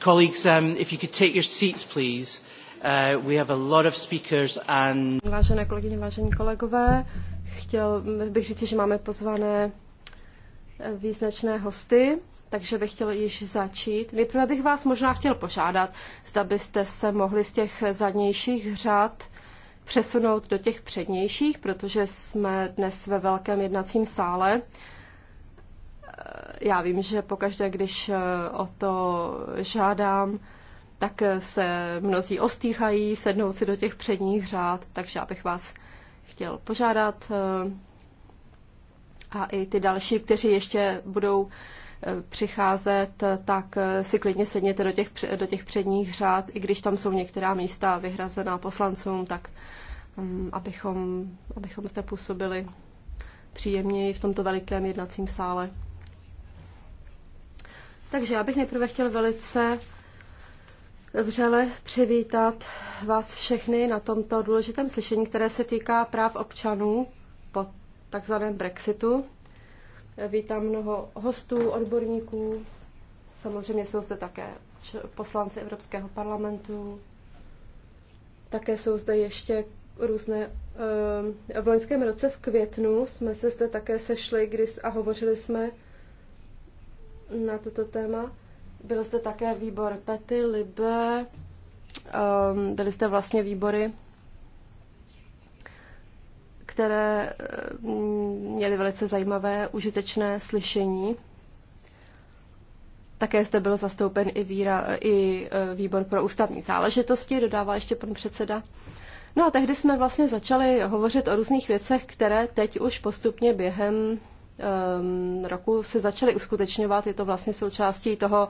Colleagues, um, if you could take your seats, please. Uh, we have a lot of speakers and... Vážené kolegyně, vážení kolegové, chtěl bych říct, že máme pozvané eh, význačné hosty, takže bych chtěl již začít. Nejprve bych vás možná chtěl požádat, zda byste se mohli z těch zadnějších řad přesunout do těch přednějších, protože jsme dnes ve velkém jednacím sále. Já vím, že pokaždé, když eh, o to žádám, tak eh, se mnozí ostýchají sednout si do těch předních řád, takže já bych vás chtěl požádat eh, a i ty další, kteří ještě budou přicházet, tak si klidně sedněte do těch, do těch předních řád, i když tam jsou některá místa vyhrazená poslancům, tak mm, abychom, abychom zde působili příjemněji v tomto velikém jednacím sále. Takže já bych nejprve chtěl velice vřele přivítat vás všechny na tomto důležitém slyšení, které se týká práv občanů po takzvaném Brexitu. Vítám mnoho hostů, odborníků. Samozřejmě jsou zde také poslanci Evropského parlamentu. Také jsou zde ještě různé. Ehm, v loňském roce v květnu jsme se zde také sešli a hovořili jsme na toto téma. Byl zde také výbor Pety, Libe, ehm, byly zde vlastně výbory které eh, měly velice zajímavé, užitečné slyšení. Také zde byl zastoupen i, víra, i eh, výbor pro ústavní záležitosti, dodává ještě pan předseda. No a tehdy jsme vlastně začali hovořit o různých věcech, které teď už postupně během um, roku se začaly uskutečňovat. Je to vlastně součástí toho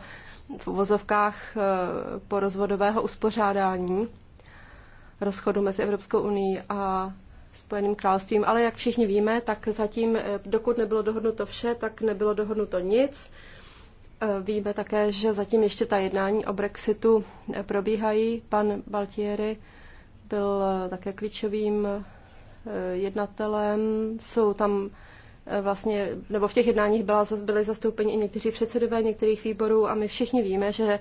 v uvozovkách eh, porozvodového uspořádání rozchodu mezi Evropskou unii a Spojeným královstvím, ale jak všichni víme, tak zatím, eh, dokud nebylo dohodnuto vše, tak nebylo dohodnuto nic. Eh, víme také, že zatím ještě ta jednání o Brexitu eh, probíhají. Pan Baltieri byl také klíčovým jednatelem. Jsou tam vlastně, nebo v těch jednáních byla, byly zastoupeni i někteří předsedové některých výborů a my všichni víme, že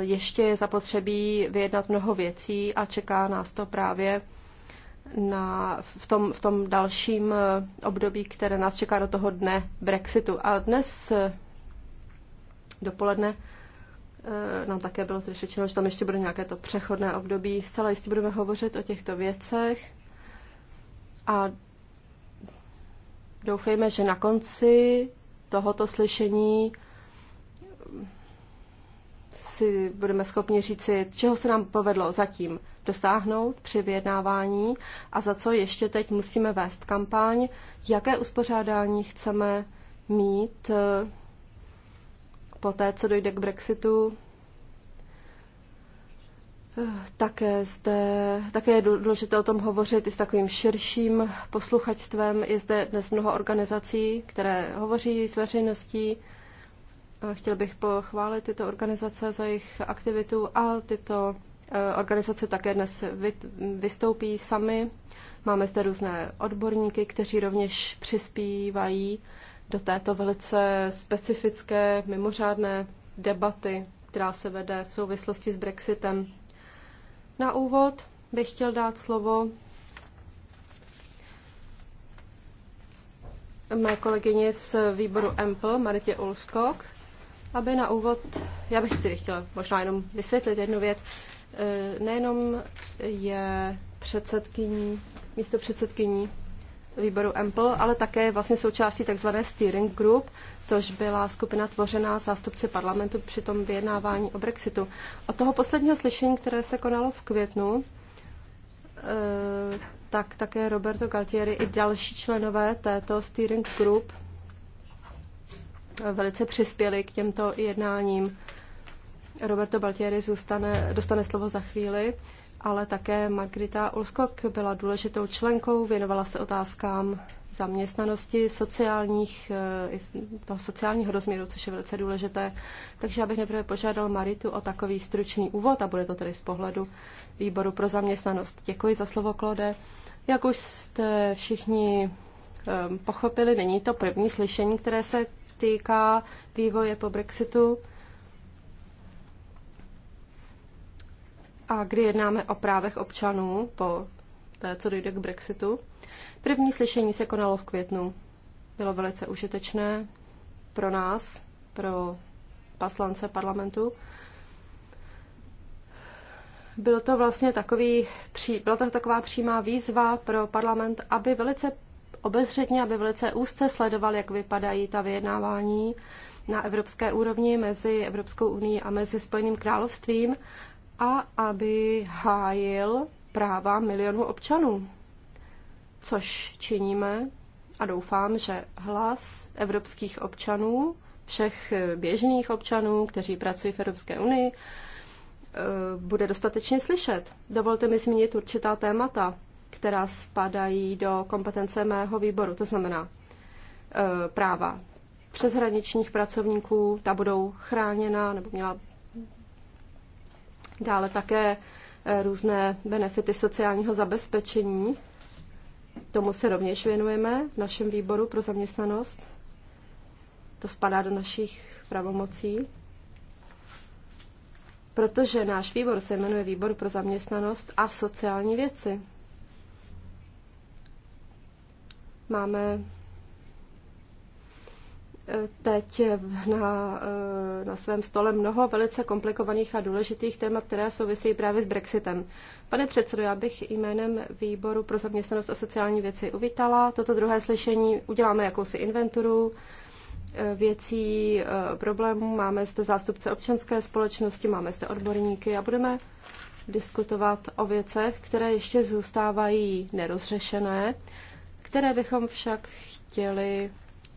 ještě je zapotřebí vyjednat mnoho věcí a čeká nás to právě na, v, tom, v tom dalším eh, období, které nás čeká do toho dne Brexitu. A dnes eh, dopoledne eh, nám také bylo řečeno, že tam ještě bude nějaké to přechodné období. Zcela jistě budeme hovořit o těchto věcech a doufejme, že na konci tohoto slyšení si budeme schopni říci, čeho se nám povedlo zatím dosáhnout při vyjednávání a za co ještě teď musíme vést kampaň, jaké uspořádání chceme mít eh, po té, co dojde k Brexitu. Eh, také, zde, také je důležité o tom hovořit i s takovým širším posluchačstvem. Je zde dnes mnoho organizací, které hovoří s veřejností. Eh, chtěl bych pochválit tyto organizace za jejich aktivitu a tyto Eh, organizace také dnes vystoupí sami. Máme zde různé odborníky, kteří rovněž přispívají do této velice specifické, mimořádné debaty, která se vede v souvislosti s Brexitem. Na úvod bych chtěl dát slovo mé kolegyně z výboru EMPL, Maritě Ulskok, aby na úvod, já bych tedy chtěla možná jenom vysvětlit jednu věc. Eh, nejenom je předsedkyní, místo předsedkyní výboru Ample, ale také vlastně součástí tzv. steering group, což byla skupina tvořená zástupci parlamentu při tom vyjednávání o Brexitu. Od toho posledního slyšení, které se konalo v květnu, eh, tak také Roberto Galtieri i další členové této steering group velice přispěli k těmto jednáním. Roberto Baltieri zůstane, dostane slovo za chvíli, ale také Margrita Ulskok byla důležitou členkou, věnovala se otázkám zaměstnanosti, sociálních, eh, toho sociálního rozměru, což je velice důležité. Takže já bych nejprve požádal Maritu o takový stručný úvod a bude to tedy z pohledu výboru pro zaměstnanost. Děkuji za slovo, Klode. Jak už jste všichni eh, pochopili, není to první slyšení, které se týká vývoje po Brexitu. a kdy jednáme o právech občanů po té, co dojde k Brexitu. První slyšení se konalo v květnu. Bylo velice užitečné pro nás, pro poslance parlamentu. Bylo to vlastně takový, byla to taková přímá výzva pro parlament, aby velice obezřetně, aby velice úzce sledoval, jak vypadají ta vyjednávání na evropské úrovni mezi Evropskou unii a mezi Spojeným královstvím a aby hájil práva milionů občanů, což činíme a doufám, že hlas evropských občanů, všech běžných občanů, kteří pracují v Evropské unii, eh, bude dostatečně slyšet. Dovolte mi zmínit určitá témata, která spadají do kompetence mého výboru, to znamená eh, práva přeshraničních pracovníků, ta budou chráněna nebo měla Dále také eh, různé benefity sociálního zabezpečení. Tomu se rovněž věnujeme v našem výboru pro zaměstnanost. To spadá do našich pravomocí. Protože náš výbor se jmenuje Výbor pro zaměstnanost a sociální věci. Máme teď na, eh, na svém stole mnoho velice komplikovaných a důležitých témat, které souvisí právě s Brexitem. Pane předsedo, já bych jménem Výboru pro zaměstnanost a sociální věci uvítala toto druhé slyšení. Uděláme jakousi inventuru eh, věcí, eh, problémů. Máme zde zástupce občanské společnosti, máme zde odborníky a budeme diskutovat o věcech, které ještě zůstávají nerozřešené, které bychom však chtěli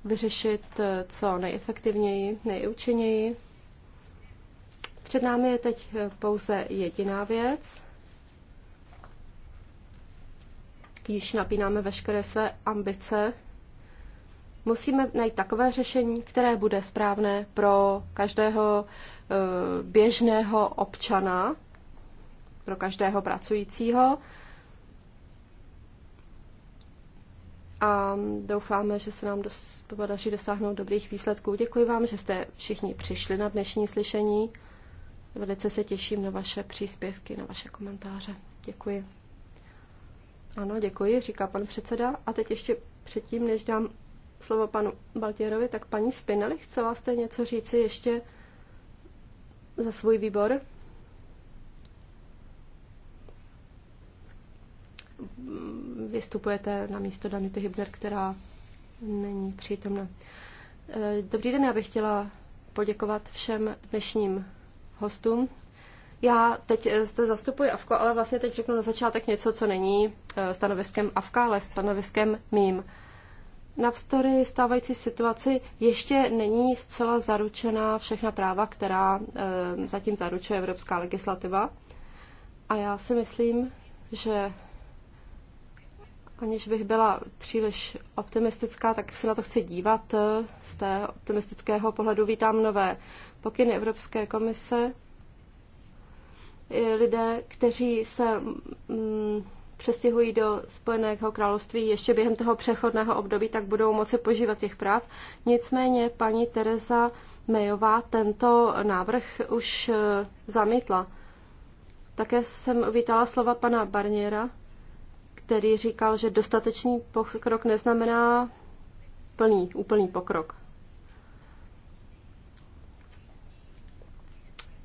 vyřešit eh, co nejefektivněji, nejúčinněji. Před námi je teď eh, pouze jediná věc. Když napínáme veškeré své ambice, musíme najít takové řešení, které bude správné pro každého eh, běžného občana, pro každého pracujícího a doufáme, že se nám podaří dosáhnout dobrých výsledků. Děkuji vám, že jste všichni přišli na dnešní slyšení. Velice se těším na vaše příspěvky, na vaše komentáře. Děkuji. Ano, děkuji, říká pan předseda. A teď ještě předtím, než dám slovo panu Baltěrovi, tak paní Spinelli, chcela jste něco říci ještě za svůj výbor? vystupujete na místo Danity Hybner, která není přítomna. Eh, dobrý den, já bych chtěla poděkovat všem dnešním hostům. Já teď eh, zde zastupuji Avko, ale vlastně teď řeknu na začátek něco, co není eh, stanoviskem Avka, ale stanoviskem mým. Navzdory stávající situaci ještě není zcela zaručená všechna práva, která zatím zaručuje evropská legislativa. A já si myslím, že Aniž bych byla příliš optimistická, tak se na to chci dívat eh, z té optimistického pohledu. Vítám nové pokyny Evropské komise. Eh, lidé, kteří se mm, přestěhují do Spojeného království ještě během toho přechodného období, tak budou moci požívat těch práv. Nicméně paní Tereza Mejová tento návrh už eh, zamítla. Také jsem uvítala slova pana Barniera, který říkal, že dostatečný pokrok neznamená plný, úplný pokrok.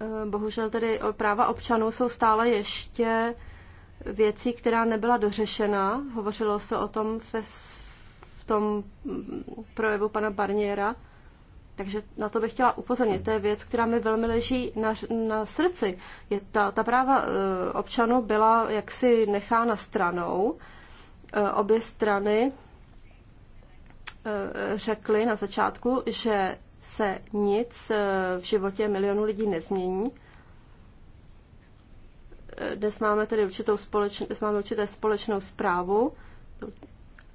Eh, bohužel tedy práva občanů jsou stále ještě věcí, která nebyla dořešena. Hovořilo se o tom v tom mm, projevu pana Barniera. Takže na to bych chtěla upozornit. To je věc, která mi velmi leží na, na srdci. Je ta, ta práva eh, občanů byla jaksi nechána stranou. Eh, obě strany eh, řekly na začátku, že se nic v životě milionu lidí nezmění. Dnes máme tedy určitou společn- dnes máme určité společnou zprávu,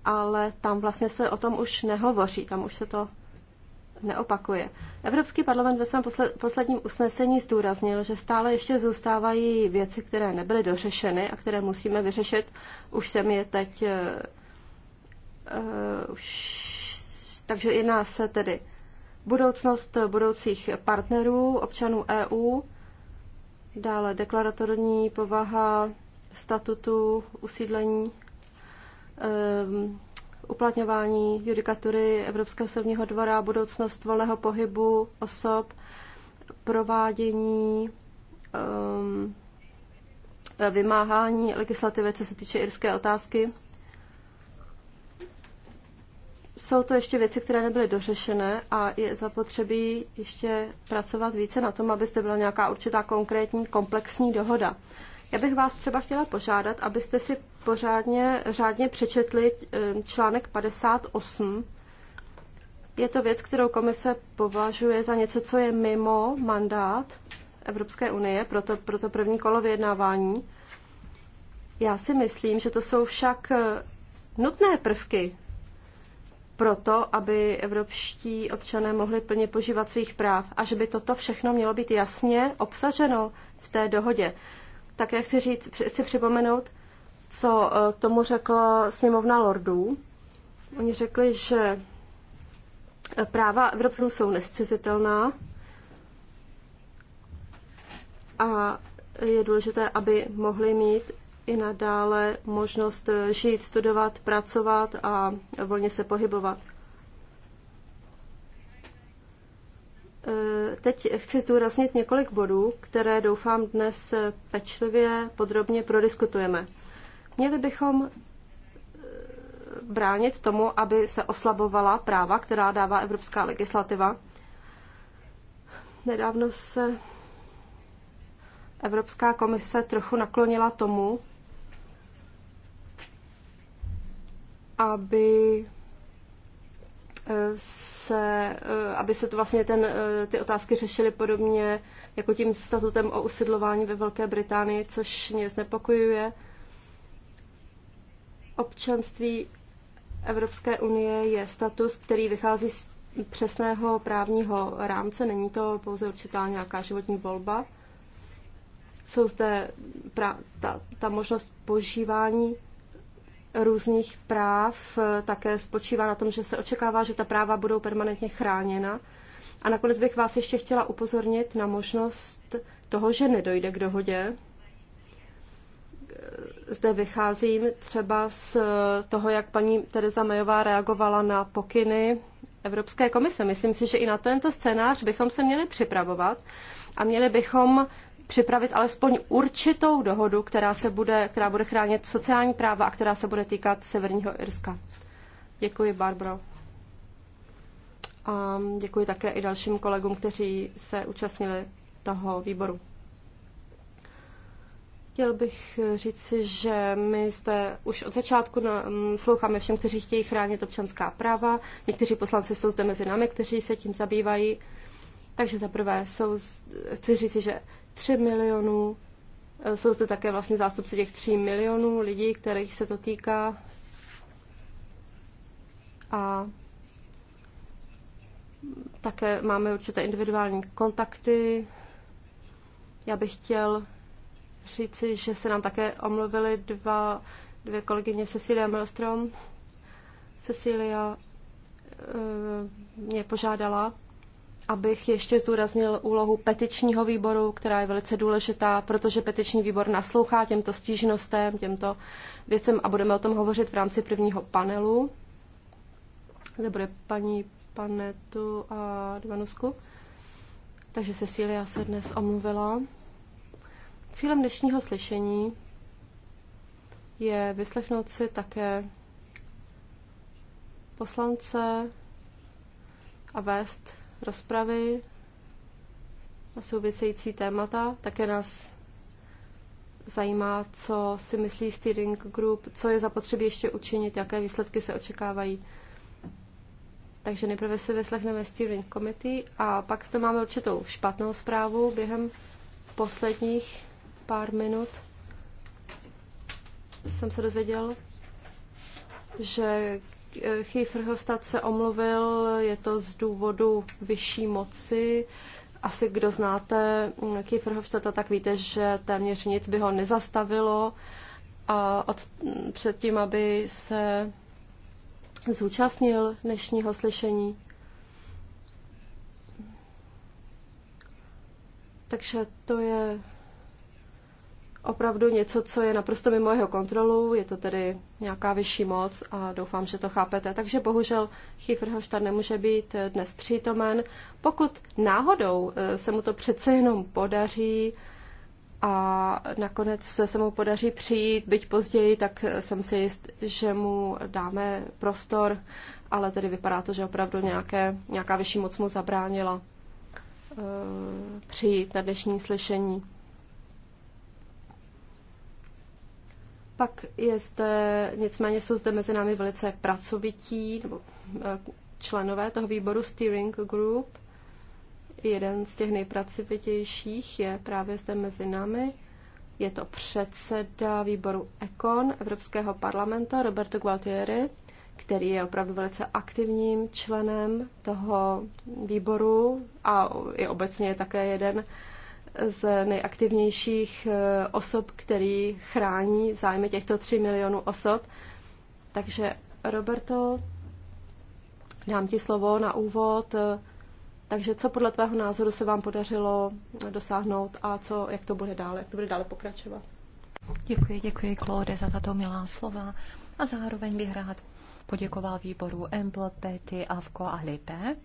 ale tam vlastně se o tom už nehovoří, tam už se to neopakuje. Evropský parlament ve svém posledním usnesení zdůraznil, že stále ještě zůstávají věci, které nebyly dořešeny a které musíme vyřešit. Už jsem je teď. Uh, už, takže jedná se tedy budoucnost budoucích partnerů, občanů EU, dále deklaratorní povaha statutu usídlení, ehm, uplatňování judikatury Evropského soudního dvora, budoucnost volného pohybu osob, provádění, um, vymáhání legislativy, co se týče irské otázky. Jsou to ještě věci, které nebyly dořešené a je zapotřebí ještě pracovat více na tom, aby zde byla nějaká určitá konkrétní komplexní dohoda. Já bych vás třeba chtěla požádat, abyste si pořádně, řádně přečetli eh, článek 58. Je to věc, kterou komise považuje za něco, co je mimo mandát Evropské unie, Pro to první kolo vyjednávání. Já si myslím, že to jsou však eh, nutné prvky pro to, aby evropští občané mohli plně požívat svých práv a že by toto všechno mělo být jasně obsaženo v té dohodě. Také chci, říct, chci připomenout, co eh, tomu řekla sněmovna lordů. Oni řekli, že práva Evropskou jsou nescizitelná a je důležité, aby mohli mít i nadále možnost žít, studovat, pracovat a volně se pohybovat. Eh, teď chci zdůraznit několik bodů, které doufám dnes pečlivě podrobně prodiskutujeme. Měli bychom eh, bránit tomu, aby se oslabovala práva, která dává evropská legislativa. Nedávno se Evropská komise trochu naklonila tomu, aby se, eh, aby se to vlastně ten, eh, ty otázky řešily podobně jako tím statutem o usidlování ve Velké Británii, což mě znepokojuje. Občanství Evropské unie je status, který vychází z přesného právního rámce, není to pouze určitá nějaká životní volba. Jsou zde pra, ta, ta možnost požívání různých práv eh, také spočívá na tom, že se očekává, že ta práva budou permanentně chráněna. A nakonec bych vás ještě chtěla upozornit na možnost toho, že nedojde k dohodě. Zde vycházím třeba z eh, toho, jak paní Tereza Majová reagovala na pokyny Evropské komise. Myslím si, že i na tento scénář bychom se měli připravovat a měli bychom připravit alespoň určitou dohodu, která, se bude, která bude chránit sociální práva a která se bude týkat Severního Irska. Děkuji, Barbro. A děkuji také i dalším kolegům, kteří se účastnili toho výboru. Chtěl bych říci, že my zde už od začátku mm, sloucháme všem, kteří chtějí chránit občanská práva. Někteří poslanci jsou zde mezi námi, kteří se tím zabývají. Takže zaprvé jsou, chci říci, že 3 milionů. Eh, jsou zde také vlastně zástupci těch 3 milionů lidí, kterých se to týká. A také máme určité individuální kontakty. Já bych chtěl říci, že se nám také omluvili dva, dvě kolegyně Cecilia Melstrom. Cecilia e, mě požádala, abych ještě zdůraznil úlohu petičního výboru, která je velice důležitá, protože petiční výbor naslouchá těmto stížnostem, těmto věcem a budeme o tom hovořit v rámci prvního panelu. Zde bude paní Panetu a Dvanusku. Takže Cecília se dnes omluvila. Cílem dnešního slyšení je vyslechnout si také poslance a vést rozpravy a související témata. Také nás zajímá, co si myslí Steering Group, co je zapotřebí ještě učinit, jaké výsledky se očekávají. Takže nejprve si vyslechneme Steering Committee a pak zde máme určitou špatnou zprávu během posledních pár minut. Jsem se dozvěděl, že Guy se omluvil, je to z důvodu vyšší moci. Asi kdo znáte Guy tak víte, že téměř nic by ho nezastavilo a od, předtím, aby se zúčastnil dnešního slyšení. Takže to je opravdu něco, co je naprosto mimo jeho kontrolu, je to tedy nějaká vyšší moc a doufám, že to chápete. Takže bohužel Schieferhoštar nemůže být dnes přítomen. Pokud náhodou eh, se mu to přece jenom podaří a nakonec se mu podaří přijít, byť později, tak eh, jsem si jist, že mu dáme prostor, ale tedy vypadá to, že opravdu nějaké, nějaká vyšší moc mu zabránila eh, přijít na dnešní slyšení. Pak je zde, nicméně jsou zde mezi námi velice pracovití nebo eh, členové toho výboru Steering Group. Jeden z těch nejpracovitějších je právě zde mezi námi. Je to předseda výboru ECON Evropského parlamentu Roberto Gualtieri, který je opravdu velice aktivním členem toho výboru a je obecně také jeden z nejaktivnějších e, osob, který chrání zájmy těchto 3 milionů osob. Takže Roberto, dám ti slovo na úvod. E, takže co podle tvého názoru se vám podařilo dosáhnout a co, jak to bude dále, jak to bude dále pokračovat? Děkuji, děkuji Claude za tato milá slova a zároveň bych rád poděkoval výboru Empl, Pety, Avko a Lipe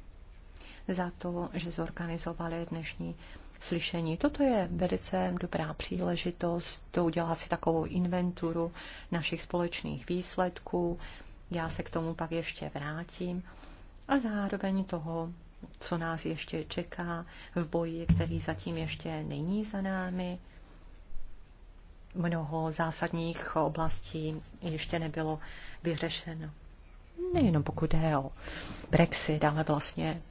za to, že zorganizovali dnešní slyšení. Toto je velice dobrá příležitost to udělat si takovou inventuru našich společných výsledků. Já se k tomu pak ještě vrátím. A zároveň toho, co nás ještě čeká v boji, který zatím ještě není za námi. Mnoho zásadních oblastí ještě nebylo vyřešeno. Nejenom pokud jde o Brexit, ale vlastně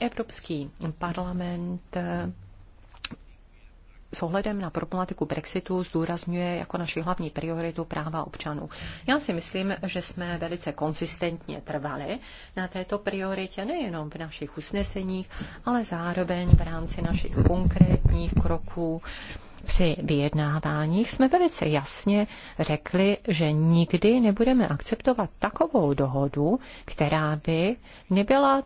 Evropský parlament s ohledem na problematiku Brexitu zdůrazňuje jako naši hlavní prioritu práva občanů. Já si myslím, že jsme velice konsistentně trvali na této prioritě nejenom v našich usneseních, ale zároveň v rámci našich konkrétních kroků při vyjednáváních jsme velice jasně řekli, že nikdy nebudeme akceptovat takovou dohodu, která by nebyla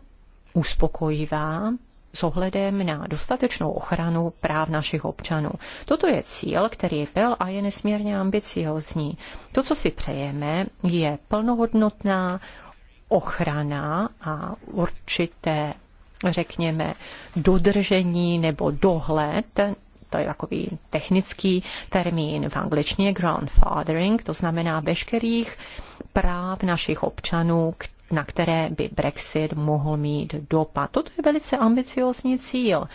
uspokojivá s ohledem na dostatečnou ochranu práv našich občanů. Toto je cíl, který byl a je nesmírně ambiciozní. To, co si přejeme, je plnohodnotná ochrana a určité řekněme, dodržení nebo dohled to je takový technický termín v angličtině grandfathering, to znamená veškerých práv našich občanů, na které by Brexit mohl mít dopad. Toto je velice ambiciózní cíl.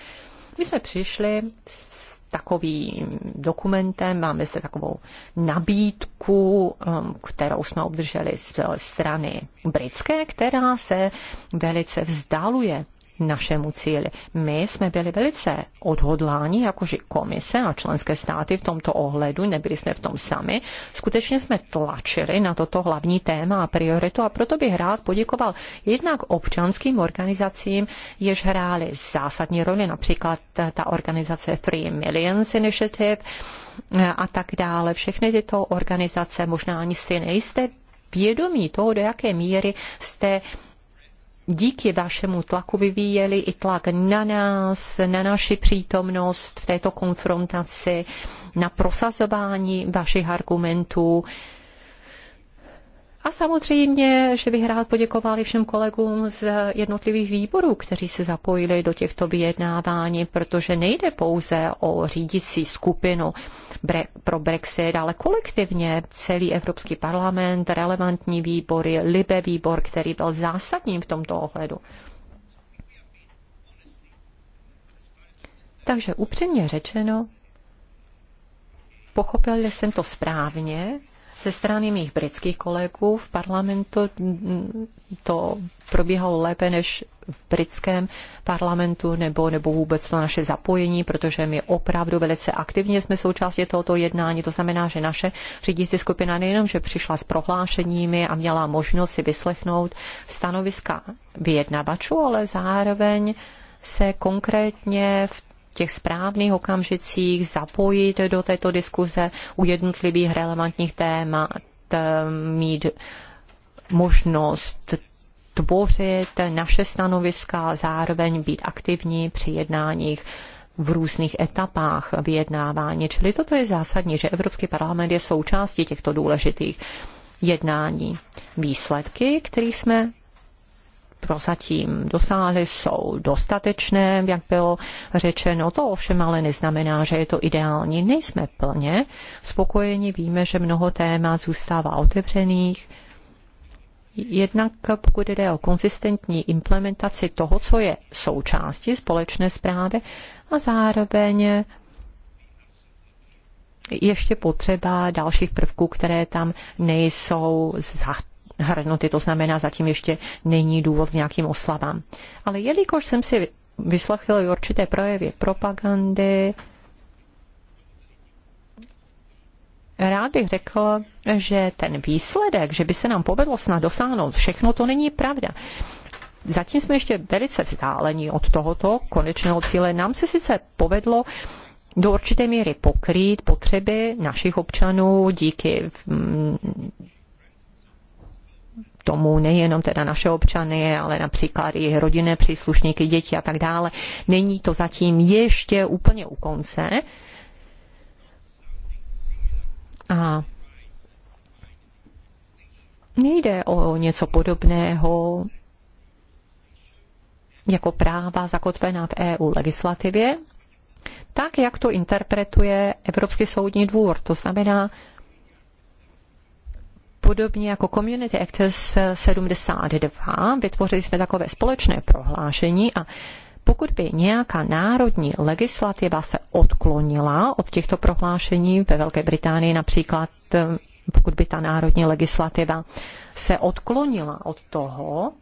My jsme přišli s takovým dokumentem, máme zde takovou nabídku, um, kterou jsme obdrželi z strany britské, která se velice vzdaluje našemu cíli. My jsme byli velice odhodláni, jakože komise a členské státy v tomto ohledu, nebyli jsme v tom sami. Skutečně jsme tlačili na toto hlavní téma a prioritu a proto bych rád poděkoval jednak občanským organizacím, jež hrály zásadní roli, například ta organizace Three Millions Initiative, a tak dále. Všechny tyto organizace, možná ani si nejste vědomí toho, do jaké míry jste díky vašemu tlaku vyvíjeli i tlak na nás, na naši přítomnost v této konfrontaci, na prosazování vašich argumentů. A samozřejmě, že bych rád poděkoval i všem kolegům z jednotlivých výborů, kteří se zapojili do těchto vyjednávání, protože nejde pouze o řídící skupinu pro Brexit, ale kolektivně celý Evropský parlament, relevantní výbory, Libe výbor, který byl zásadním v tomto ohledu. Takže upřímně řečeno, pochopil jsem to správně, ze strany mých britských kolegů v parlamentu to probíhalo lépe než v britském parlamentu nebo, nebo vůbec to naše zapojení, protože my opravdu velice aktivně jsme součástí tohoto jednání. To znamená, že naše řídící skupina nejenom, že přišla s prohlášeními a měla možnost si vyslechnout stanoviska vyjednavačů, ale zároveň se konkrétně v těch správných okamžicích zapojit do této diskuze u jednotlivých relevantních témat, eh, mít možnost tvořit naše stanoviska a zároveň být aktivní při jednáních v různých etapách vyjednávání. Čili toto je zásadní, že Evropský parlament je součástí těchto důležitých jednání. Výsledky, které jsme prozatím dosáhli, jsou dostatečné, jak bylo řečeno. To ovšem ale neznamená, že je to ideální. Nejsme plně spokojeni, víme, že mnoho témat zůstává otevřených. Jednak pokud jde o konzistentní implementaci toho, co je součástí společné zprávy a zároveň ještě potřeba dalších prvků, které tam nejsou hrnuty, to znamená zatím ještě není důvod k nějakým oslavám. Ale jelikož jsem si vyslechl i určité projevy propagandy, rád bych řekl, že ten výsledek, že by se nám povedlo snad dosáhnout všechno, to není pravda. Zatím jsme ještě velice vzdálení od tohoto konečného cíle. Nám se sice povedlo do určité míry pokrýt potřeby našich občanů díky mm, tomu nejenom teda naše občany, ale například i rodinné příslušníky, děti a tak dále. Není to zatím ještě úplně u konce. A nejde o něco podobného jako práva zakotvená v EU legislativě, tak jak to interpretuje Evropský soudní dvůr. To znamená, podobně jako Community Actors 72 vytvořili jsme takové společné prohlášení a pokud by nějaká národní legislativa se odklonila od těchto prohlášení, ve Velké Británii například, eh, pokud by ta národní legislativa se odklonila od toho,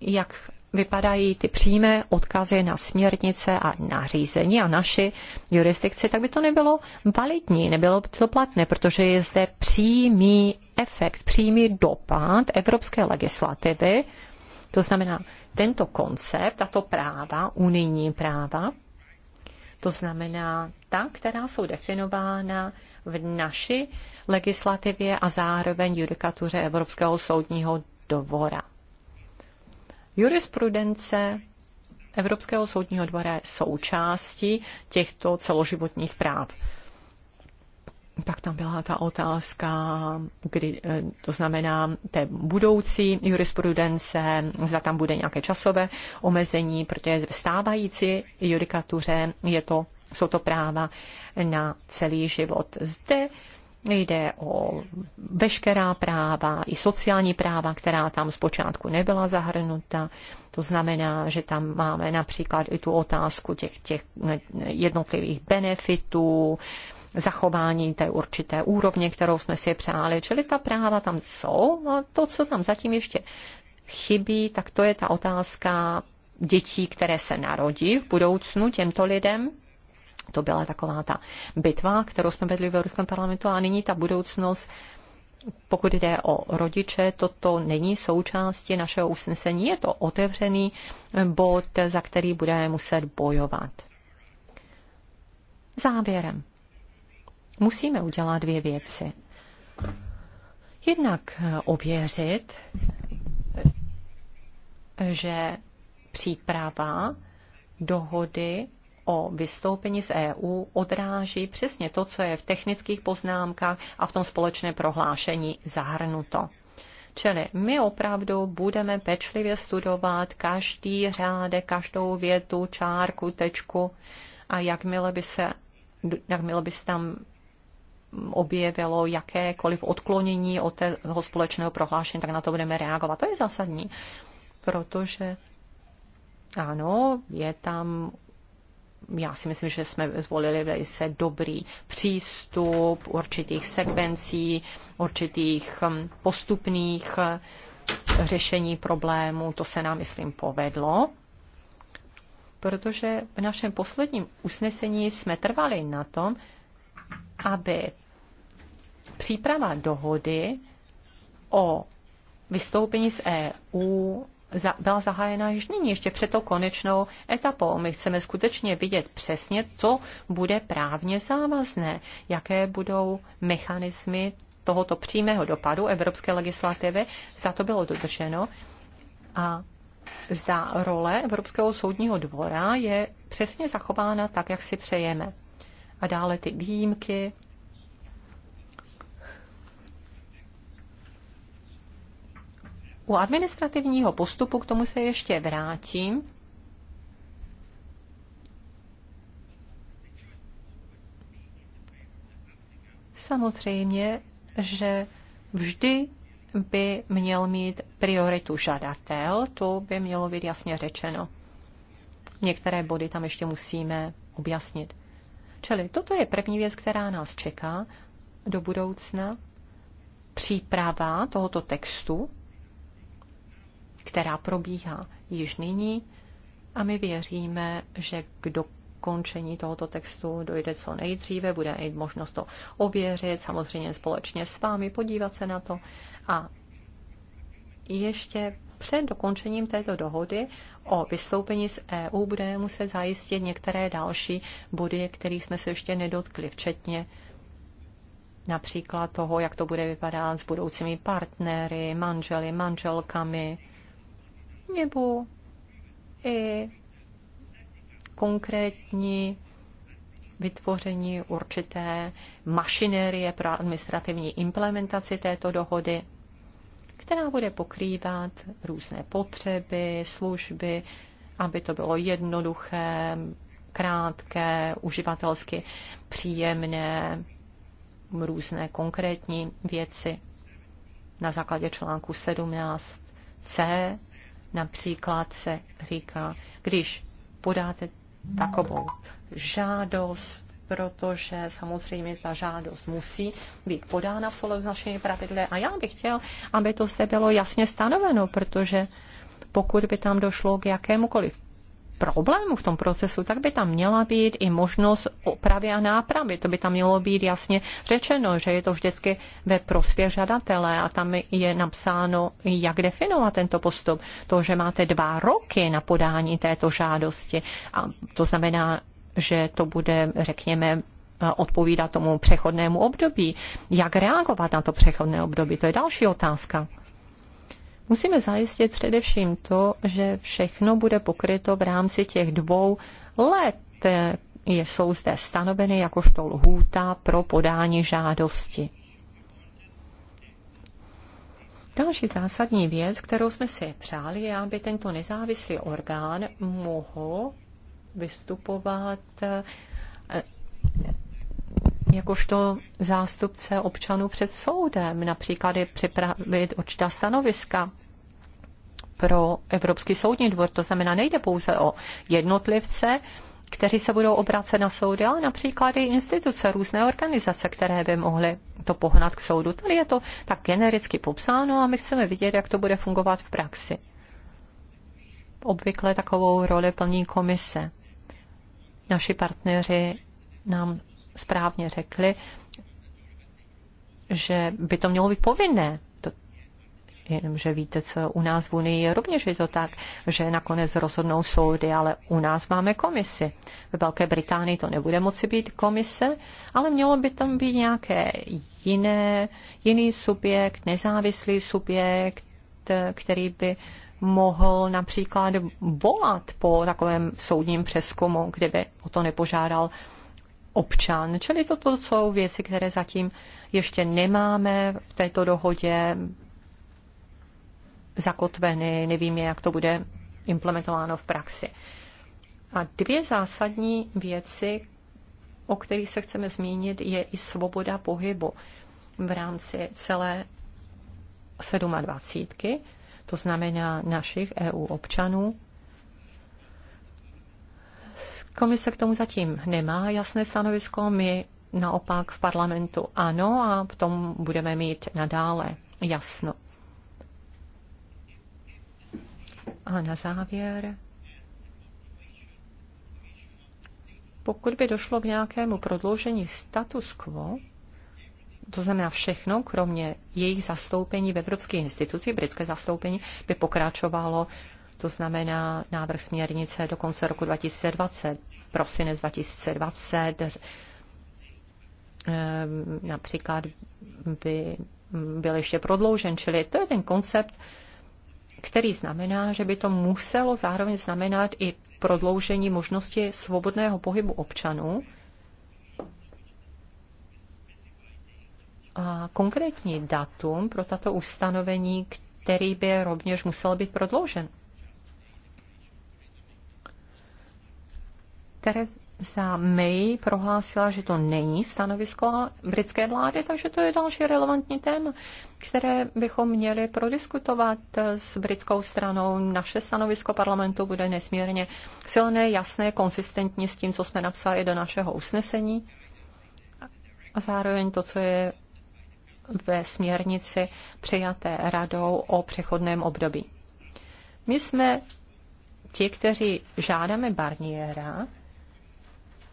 jak vypadají ty přímé odkazy na směrnice a nařízení a naši jurisdikci, tak by to nebylo validní, nebylo by to platné, protože je zde přímý efekt, přímý dopad evropské legislativy, to znamená tento koncept, tato práva, unijní práva, to znamená ta, která jsou definována v naší legislativě a zároveň judikatuře Evropského soudního dvora. Jurisprudence Evropského soudního dvora je součástí těchto celoživotních práv. Pak tam byla ta otázka, kdy, eh, to znamená té budoucí jurisprudence, zda tam bude nějaké časové omezení, protože v stávající judikatuře je to, jsou to práva na celý život. Zde Jde o veškerá práva, i sociální práva, která tam zpočátku nebyla zahrnuta. To znamená, že tam máme například i tu otázku těch, těch jednotlivých benefitů, zachování té určité úrovně, kterou jsme si přáli. Čili ta práva tam jsou a to, co tam zatím ještě chybí, tak to je ta otázka dětí, které se narodí v budoucnu těmto lidem. To byla taková ta bitva, kterou jsme vedli v Evropském parlamentu a nyní ta budoucnost pokud jde o rodiče, toto není součástí našeho usnesení, je to otevřený bod, za který budeme muset bojovat. Závěrem. Musíme udělat dvě věci. Jednak ověřit, že příprava dohody o vystoupení z EU odráží přesně to, co je v technických poznámkách a v tom společné prohlášení zahrnuto. Čili my opravdu budeme pečlivě studovat každý řádek, každou větu, čárku, tečku a jakmile by se, jakmile by se tam objevilo jakékoliv odklonění od toho společného prohlášení, tak na to budeme reagovat. To je zásadní, protože ano, je tam já si myslím, že jsme zvolili velice dobrý přístup určitých sekvencí, určitých hm, postupných eh, řešení problému. To se nám, myslím, povedlo, protože v našem posledním usnesení jsme trvali na tom, aby příprava dohody o vystoupení z EU byla zahájena již nyní, ještě před tou konečnou etapou. My chceme skutečně vidět přesně, co bude právně závazné, jaké budou mechanismy tohoto přímého dopadu evropské legislativy, zda to bylo dodrženo a zda role Evropského soudního dvora je přesně zachována tak, jak si přejeme. A dále ty výjimky, U administrativního postupu k tomu se ještě vrátím. Samozřejmě, že vždy by měl mít prioritu žadatel, to by mělo být jasně řečeno. Některé body tam ještě musíme objasnit. Čili toto je první věc, která nás čeká do budoucna. Příprava tohoto textu která probíhá již nyní a my věříme, že k dokončení tohoto textu dojde co nejdříve, bude i možnost to ověřit, samozřejmě společně s vámi, podívat se na to a ještě před dokončením této dohody o vystoupení z EU bude muset zajistit některé další body, kterých jsme se ještě nedotkli, včetně například toho, jak to bude vypadat s budoucími partnery, manželi, manželkami, nebo i konkrétní vytvoření určité mašinérie pro administrativní implementaci této dohody, která bude pokrývat různé potřeby, služby, aby to bylo jednoduché, krátké, uživatelsky příjemné, různé konkrétní věci. Na základě článku 17c Například se říká, když podáte takovou žádost, protože samozřejmě ta žádost musí být podána v souladu s našimi pravidly. A já bych chtěl, aby to zde bylo jasně stanoveno, protože pokud by tam došlo k jakémukoliv problémů v tom procesu, tak by tam měla být i možnost opravy a nápravy. To by tam mělo být jasně řečeno, že je to vždycky ve prospěch žadatele a tam je napsáno, jak definovat tento postup. To, že máte dva roky na podání této žádosti a to znamená, že to bude, řekněme, odpovídat tomu přechodnému období. Jak reagovat na to přechodné období? To je další otázka. Musíme zajistit především to, že všechno bude pokryto v rámci těch dvou let, eh, je jsou zde stanoveny jakožto lhůta pro podání žádosti. Další zásadní věc, kterou jsme si přáli, je, aby tento nezávislý orgán mohl vystupovat eh, jakožto zástupce občanů před soudem, například je připravit určitá stanoviska pro Evropský soudní dvor. To znamená, nejde pouze o jednotlivce, kteří se budou obracet na soudy, ale například i instituce, různé organizace, které by mohly to pohnat k soudu. Tady je to tak genericky popsáno a my chceme vidět, jak to bude fungovat v praxi. Obvykle takovou roli plní komise. Naši partneři nám správně řekli, že by to mělo být povinné. To, jenomže víte, co u nás v Unii je rovněž je to tak, že nakonec rozhodnou soudy, ale u nás máme komisi. Ve Velké Británii to nebude moci být komise, ale mělo by tam být nějaké jiné, jiný subjekt, nezávislý subjekt, který by mohl například volat po takovém soudním přeskumu, kdyby o to nepožádal občan. Čili toto jsou věci, které zatím ještě nemáme v této dohodě zakotveny, nevíme, jak to bude implementováno v praxi. A dvě zásadní věci, o kterých se chceme zmínit, je i svoboda pohybu v rámci celé 27. To znamená našich EU občanů, Komise k tomu zatím nemá jasné stanovisko, my naopak v parlamentu ano a v tom budeme mít nadále jasno. A na závěr, pokud by došlo k nějakému prodloužení status quo, to znamená všechno, kromě jejich zastoupení v Evropské instituci, britské zastoupení, by pokračovalo to znamená návrh směrnice do konce roku 2020, prosinec 2020. Ehm, například by byl ještě prodloužen, čili to je ten koncept, který znamená, že by to muselo zároveň znamenat i prodloužení možnosti svobodného pohybu občanů. A konkrétní datum pro tato ustanovení, který by rovněž musel být prodloužen. Theresa May prohlásila, že to není stanovisko britské vlády, takže to je další relevantní téma, které bychom měli prodiskutovat s britskou stranou. Naše stanovisko parlamentu bude nesmírně silné, jasné, konsistentní s tím, co jsme napsali do našeho usnesení. A zároveň to, co je ve směrnici přijaté radou o přechodném období. My jsme ti, kteří žádáme Barniera,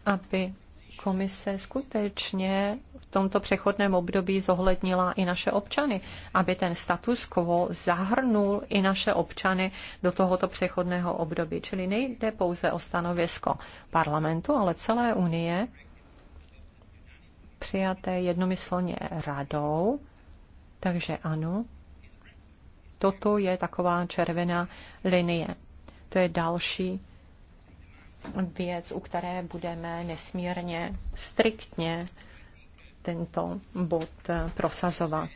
aby komise skutečně v tomto přechodném období zohlednila i naše občany, aby ten status quo zahrnul i naše občany do tohoto přechodného období. Čili nejde pouze o stanovisko parlamentu, ale celé Unie přijaté jednomyslně radou. Takže ano, toto je taková červená linie. To je další věc, u které budeme nesmírně striktně tento bod eh, prosazovat.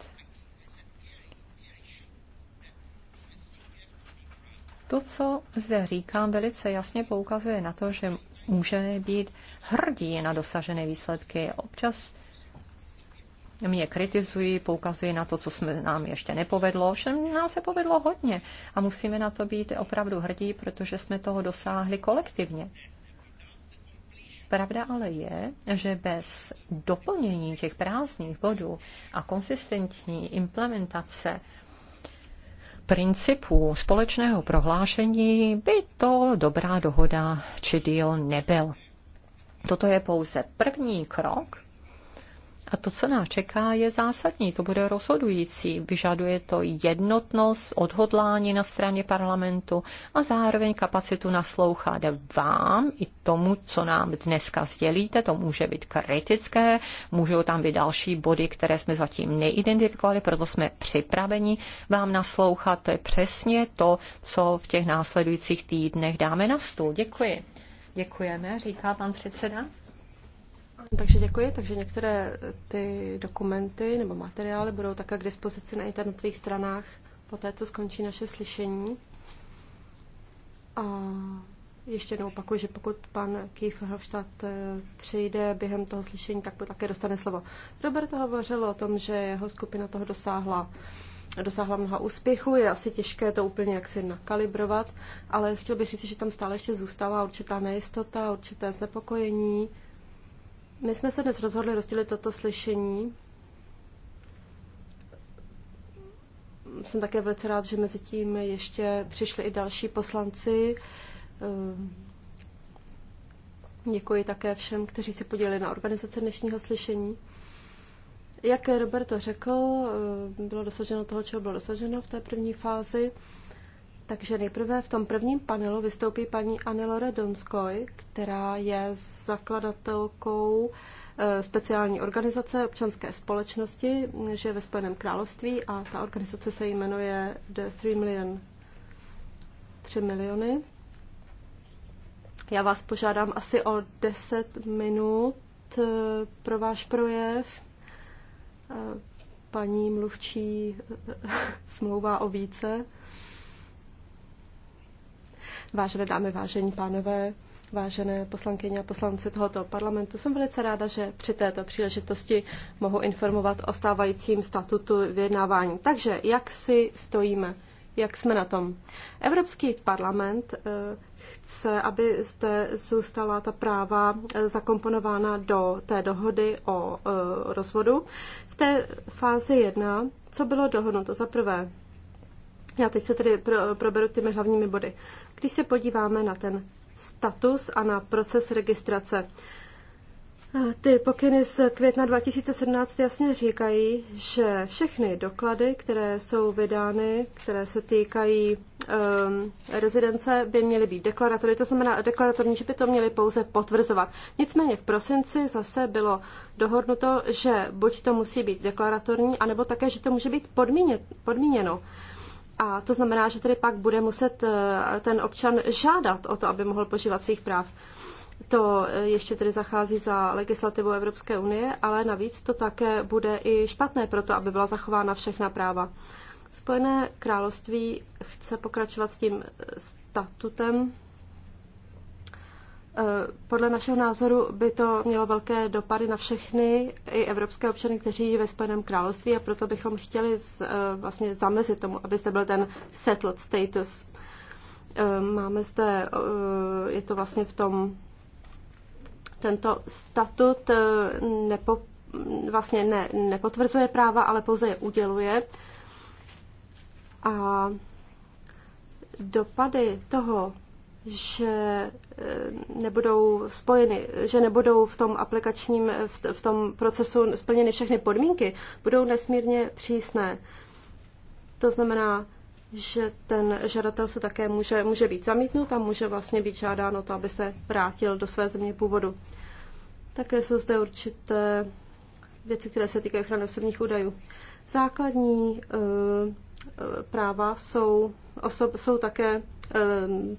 To, co zde říkám, velice jasně poukazuje na to, že můžeme být hrdí na dosažené výsledky. Občas mě kritizují, poukazují na to, co jsme nám ještě nepovedlo. Všem nám se povedlo hodně a musíme na to být opravdu hrdí, protože jsme toho dosáhli kolektivně. Pravda ale je, že bez doplnění těch prázdných bodů a konsistentní implementace principů společného prohlášení by to dobrá dohoda či deal nebyl. Toto je pouze první krok a to, co nás čeká, je zásadní, to bude rozhodující. Vyžaduje to jednotnost, odhodlání na straně parlamentu a zároveň kapacitu naslouchat vám i tomu, co nám dneska sdělíte. To může být kritické, můžou tam být další body, které jsme zatím neidentifikovali, proto jsme připraveni vám naslouchat. To je přesně to, co v těch následujících týdnech dáme na stůl. Děkuji. Děkujeme, říká pan předseda. Takže děkuji. Takže některé eh, ty dokumenty nebo materiály budou také k dispozici na internetových stranách po té, co skončí naše slyšení. A ještě jednou opakuju, že pokud pan Keith Hofstadt eh, přijde během toho slyšení, tak také dostane slovo. Robert hovořil o tom, že jeho skupina toho dosáhla dosáhla mnoha úspěchu, je asi těžké to úplně jaksi nakalibrovat, ale chtěl bych říct, že tam stále ještě zůstává určitá nejistota, určité znepokojení my jsme se dnes rozhodli rozdělit toto slyšení. Jsem také velice rád, že mezi tím ještě přišli i další poslanci. Ehm, děkuji také všem, kteří si podělili na organizaci dnešního slyšení. Jak Roberto řekl, ehm, bylo dosaženo toho, čeho bylo dosaženo v té první fázi. Takže nejprve v tom prvním panelu vystoupí paní Anelore Donskoj, která je zakladatelkou eh, speciální organizace občanské společnosti, že je ve Spojeném království a ta organizace se jmenuje The 3 Million 3 miliony. Já vás požádám asi o 10 minut eh, pro váš projev. Eh, paní mluvčí smlouvá o více vážené dámy, vážení pánové, vážené poslankyně a poslanci tohoto parlamentu. Jsem velice ráda, že při této příležitosti mohu informovat o stávajícím statutu vyjednávání. Takže jak si stojíme? Jak jsme na tom? Evropský parlament eh, chce, aby zde zůstala ta práva eh, zakomponována do té dohody o eh, rozvodu. V té fázi jedna, co bylo dohodnuto? Za prvé, já teď se tedy proberu těmi hlavními body. Když se podíváme na ten status a na proces registrace, ty pokyny z května 2017 jasně říkají, že všechny doklady, které jsou vydány, které se týkají um, rezidence, by měly být deklaratorní. To znamená deklaratorní, že by to měly pouze potvrzovat. Nicméně v prosinci zase bylo dohodnuto, že buď to musí být deklaratorní, anebo také, že to může být podmíně, podmíněno. A to znamená, že tedy pak bude muset eh, ten občan žádat o to, aby mohl požívat svých práv. To eh, ještě tedy zachází za legislativu Evropské unie, ale navíc to také bude i špatné pro to, aby byla zachována všechna práva. Spojené království chce pokračovat s tím statutem Eh, podle našeho názoru by to mělo velké dopady na všechny i evropské občany, kteří žijí ve Spojeném království a proto bychom chtěli z, eh, vlastně zamezit tomu, aby zde byl ten settled status. Eh, máme zde, je to vlastně v tom, tento statut nepo, vlastně ne, nepotvrzuje práva, ale pouze je uděluje. A dopady toho že eh, nebudou spojeny, že nebudou v tom aplikačním, v tom procesu splněny všechny podmínky, budou nesmírně přísné. To znamená, že ten žadatel se také může, může být zamítnut a může vlastně být žádáno to, aby se vrátil do své země původu. Také jsou zde určité věci, které se týkají ochrany osobních údajů. Základní uh, práva jsou, osob, jsou také Ehm,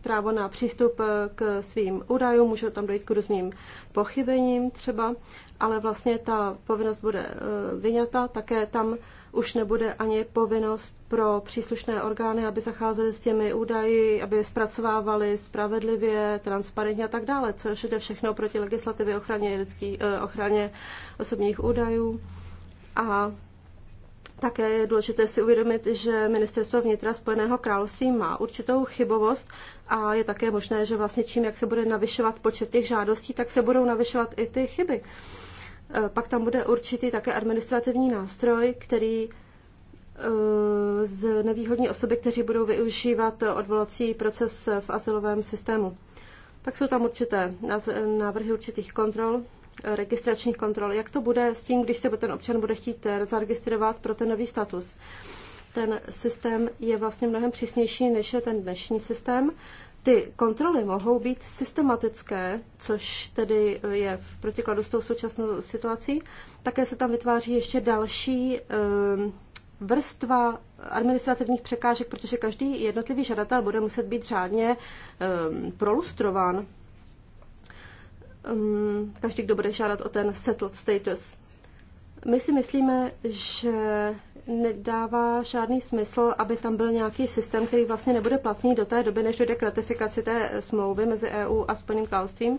právo na přístup eh, k svým údajům, může tam dojít k různým pochybením třeba, ale vlastně ta povinnost bude eh, vyňata, také tam už nebude ani povinnost pro příslušné orgány, aby zacházely s těmi údaji, aby je zpracovávali spravedlivě, transparentně a tak dále, což jde všechno proti legislativě ochraně, lidský, eh, ochraně osobních údajů. A také je důležité si uvědomit, že ministerstvo vnitra Spojeného království má určitou chybovost a je také možné, že vlastně čím, jak se bude navyšovat počet těch žádostí, tak se budou navyšovat i ty chyby. E, pak tam bude určitý také administrativní nástroj, který e, z nevýhodní osoby, kteří budou využívat odvolací proces v asilovém systému. Pak jsou tam určité návrhy určitých kontrol, registračních kontrol. Jak to bude s tím, když se ten občan bude chtít eh, zaregistrovat pro ten nový status? Ten systém je vlastně mnohem přísnější, než je ten dnešní systém. Ty kontroly mohou být systematické, což tedy eh, je v protikladu s tou současnou situací. Také se tam vytváří ještě další eh, vrstva administrativních překážek, protože každý jednotlivý žadatel bude muset být řádně prolustrován um, každý, kdo bude žádat o ten settled status. My si myslíme, že nedává žádný smysl, aby tam byl nějaký systém, který vlastně nebude platný do té doby, než dojde k ratifikaci té smlouvy mezi EU a Spojeným královstvím.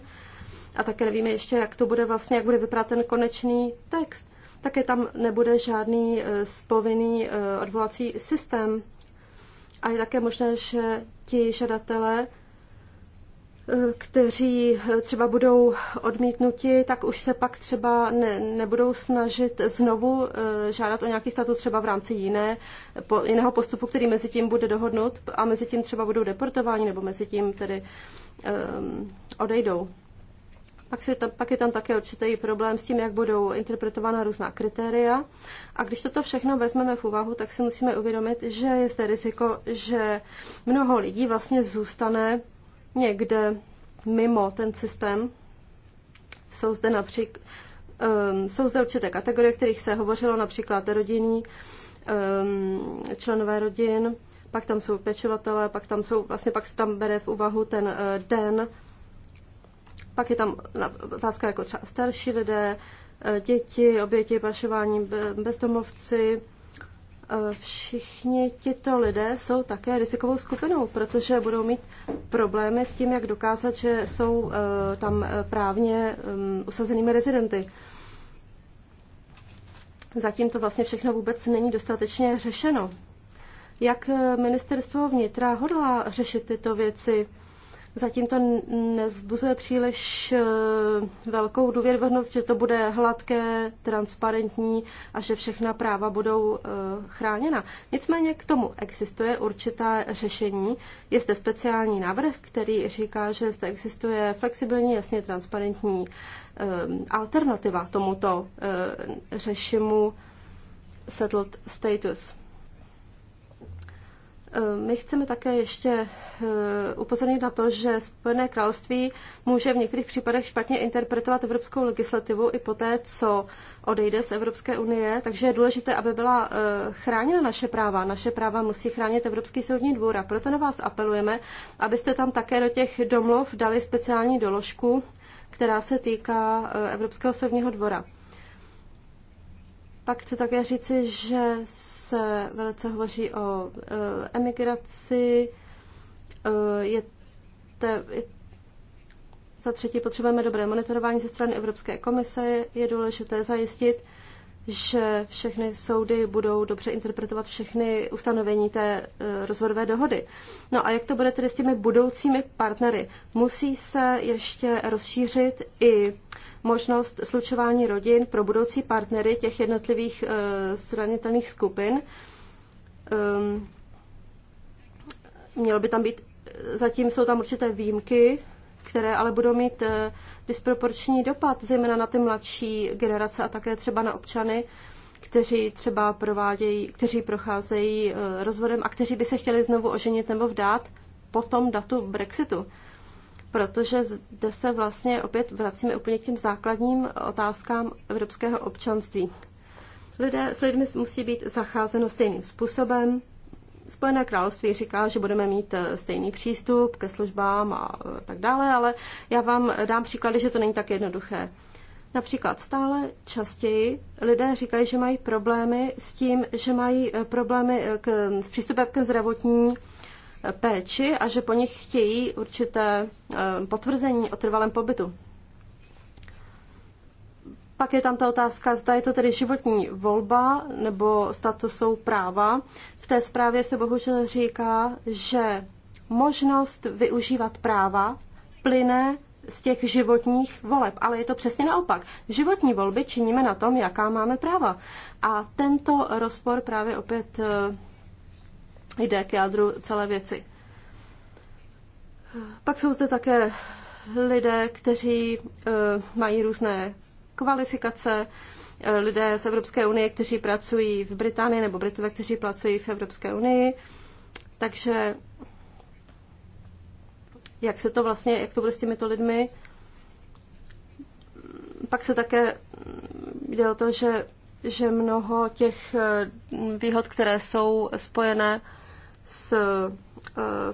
A také nevíme ještě, jak to bude vlastně, jak bude vypadat ten konečný text. Také tam nebude žádný spovinný eh, eh, odvolací systém. A je také možné, že ti žadatelé kteří třeba budou odmítnuti, tak už se pak třeba ne, nebudou snažit znovu eh, žádat o nějaký statut třeba v rámci jiné, po, jiného postupu, který mezi tím bude dohodnut a mezi tím třeba budou deportováni nebo mezi tím tedy um, odejdou. Pak, si tam, pak je tam také určitý problém s tím, jak budou interpretována různá kritéria. A když toto všechno vezmeme v úvahu, tak si musíme uvědomit, že je zde riziko, že mnoho lidí vlastně zůstane někde mimo ten systém. Jsou zde například um, ehm, jsou zde určité kategorie, kterých se hovořilo, například rodinní, um, ehm, členové rodin, pak tam jsou pečovatelé, pak tam jsou, vlastně pak se tam bere v úvahu ten uh, den, pak je tam otázka jako třeba starší lidé, eh, děti, oběti, pašování, bezdomovci, všichni tito lidé jsou také rizikovou skupinou, protože budou mít problémy s tím, jak dokázat, že jsou eh, tam eh, právně mm, usazenými rezidenty. Zatím to vlastně všechno vůbec není dostatečně řešeno. Jak eh, ministerstvo vnitra hodlá řešit tyto věci? Zatím to nezbuzuje příliš eh, velkou důvěryhodnost, že to bude hladké, transparentní a že všechna práva budou eh, chráněna. Nicméně k tomu existuje určitá řešení. Je zde speciální návrh, který říká, že zde existuje flexibilní, jasně transparentní eh, alternativa tomuto řešimu settled status. Eh, my chceme také ještě eh, upozornit na to, že Spojené království může v některých případech špatně interpretovat evropskou legislativu i poté, co odejde z Evropské unie, takže je důležité, aby byla eh, chráněna naše práva. Naše práva musí chránit Evropský soudní dvůr a proto na vás apelujeme, abyste tam také do těch domluv dali speciální doložku, která se týká Evropského soudního dvora. Pak chci také říci, že se velice hovoří o eh, emigraci, eh, je, te, je za třetí potřebujeme dobré monitorování ze strany Evropské komise. Je důležité zajistit, že všechny soudy budou dobře interpretovat všechny ustanovení té eh, rozvodové dohody. No a jak to bude tedy s těmi budoucími partnery? Musí se ještě rozšířit i možnost slučování rodin pro budoucí partnery těch jednotlivých eh, zranitelných skupin. Ehm, mělo by tam být, zatím jsou tam určité výjimky, které ale budou mít eh, disproporční dopad, zejména na ty mladší generace a také třeba na občany, kteří třeba provádějí, kteří procházejí eh, rozvodem a kteří by se chtěli znovu oženit nebo vdát po tom datu Brexitu protože zde se vlastně opět vracíme úplně k těm základním otázkám evropského občanství. Lidé s lidmi musí být zacházeno stejným způsobem. Spojené království říká, že budeme mít eh, stejný přístup ke službám a eh, tak dále, ale já vám dám příklady, že to není tak jednoduché. Například stále častěji lidé říkají, že mají problémy s tím, že mají eh, problémy k, s přístupem ke zdravotní péči a že po nich chtějí určité eh, potvrzení o trvalém pobytu. Pak je tam ta otázka, zda je to tedy životní volba nebo statusou jsou práva. V té zprávě se bohužel říká, že možnost využívat práva plyne z těch životních voleb, ale je to přesně naopak. Životní volby činíme na tom, jaká máme práva. A tento rozpor právě opět eh, jde k jádru celé věci. Pak jsou zde také lidé, kteří eh, mají různé kvalifikace, eh, lidé z Evropské unie, kteří pracují v Británii, nebo Britové, kteří pracují v Evropské unii. Takže jak se to vlastně, jak to bude s těmito lidmi? Pak se také jde o to, že, že mnoho těch eh, výhod, které jsou spojené s, eh,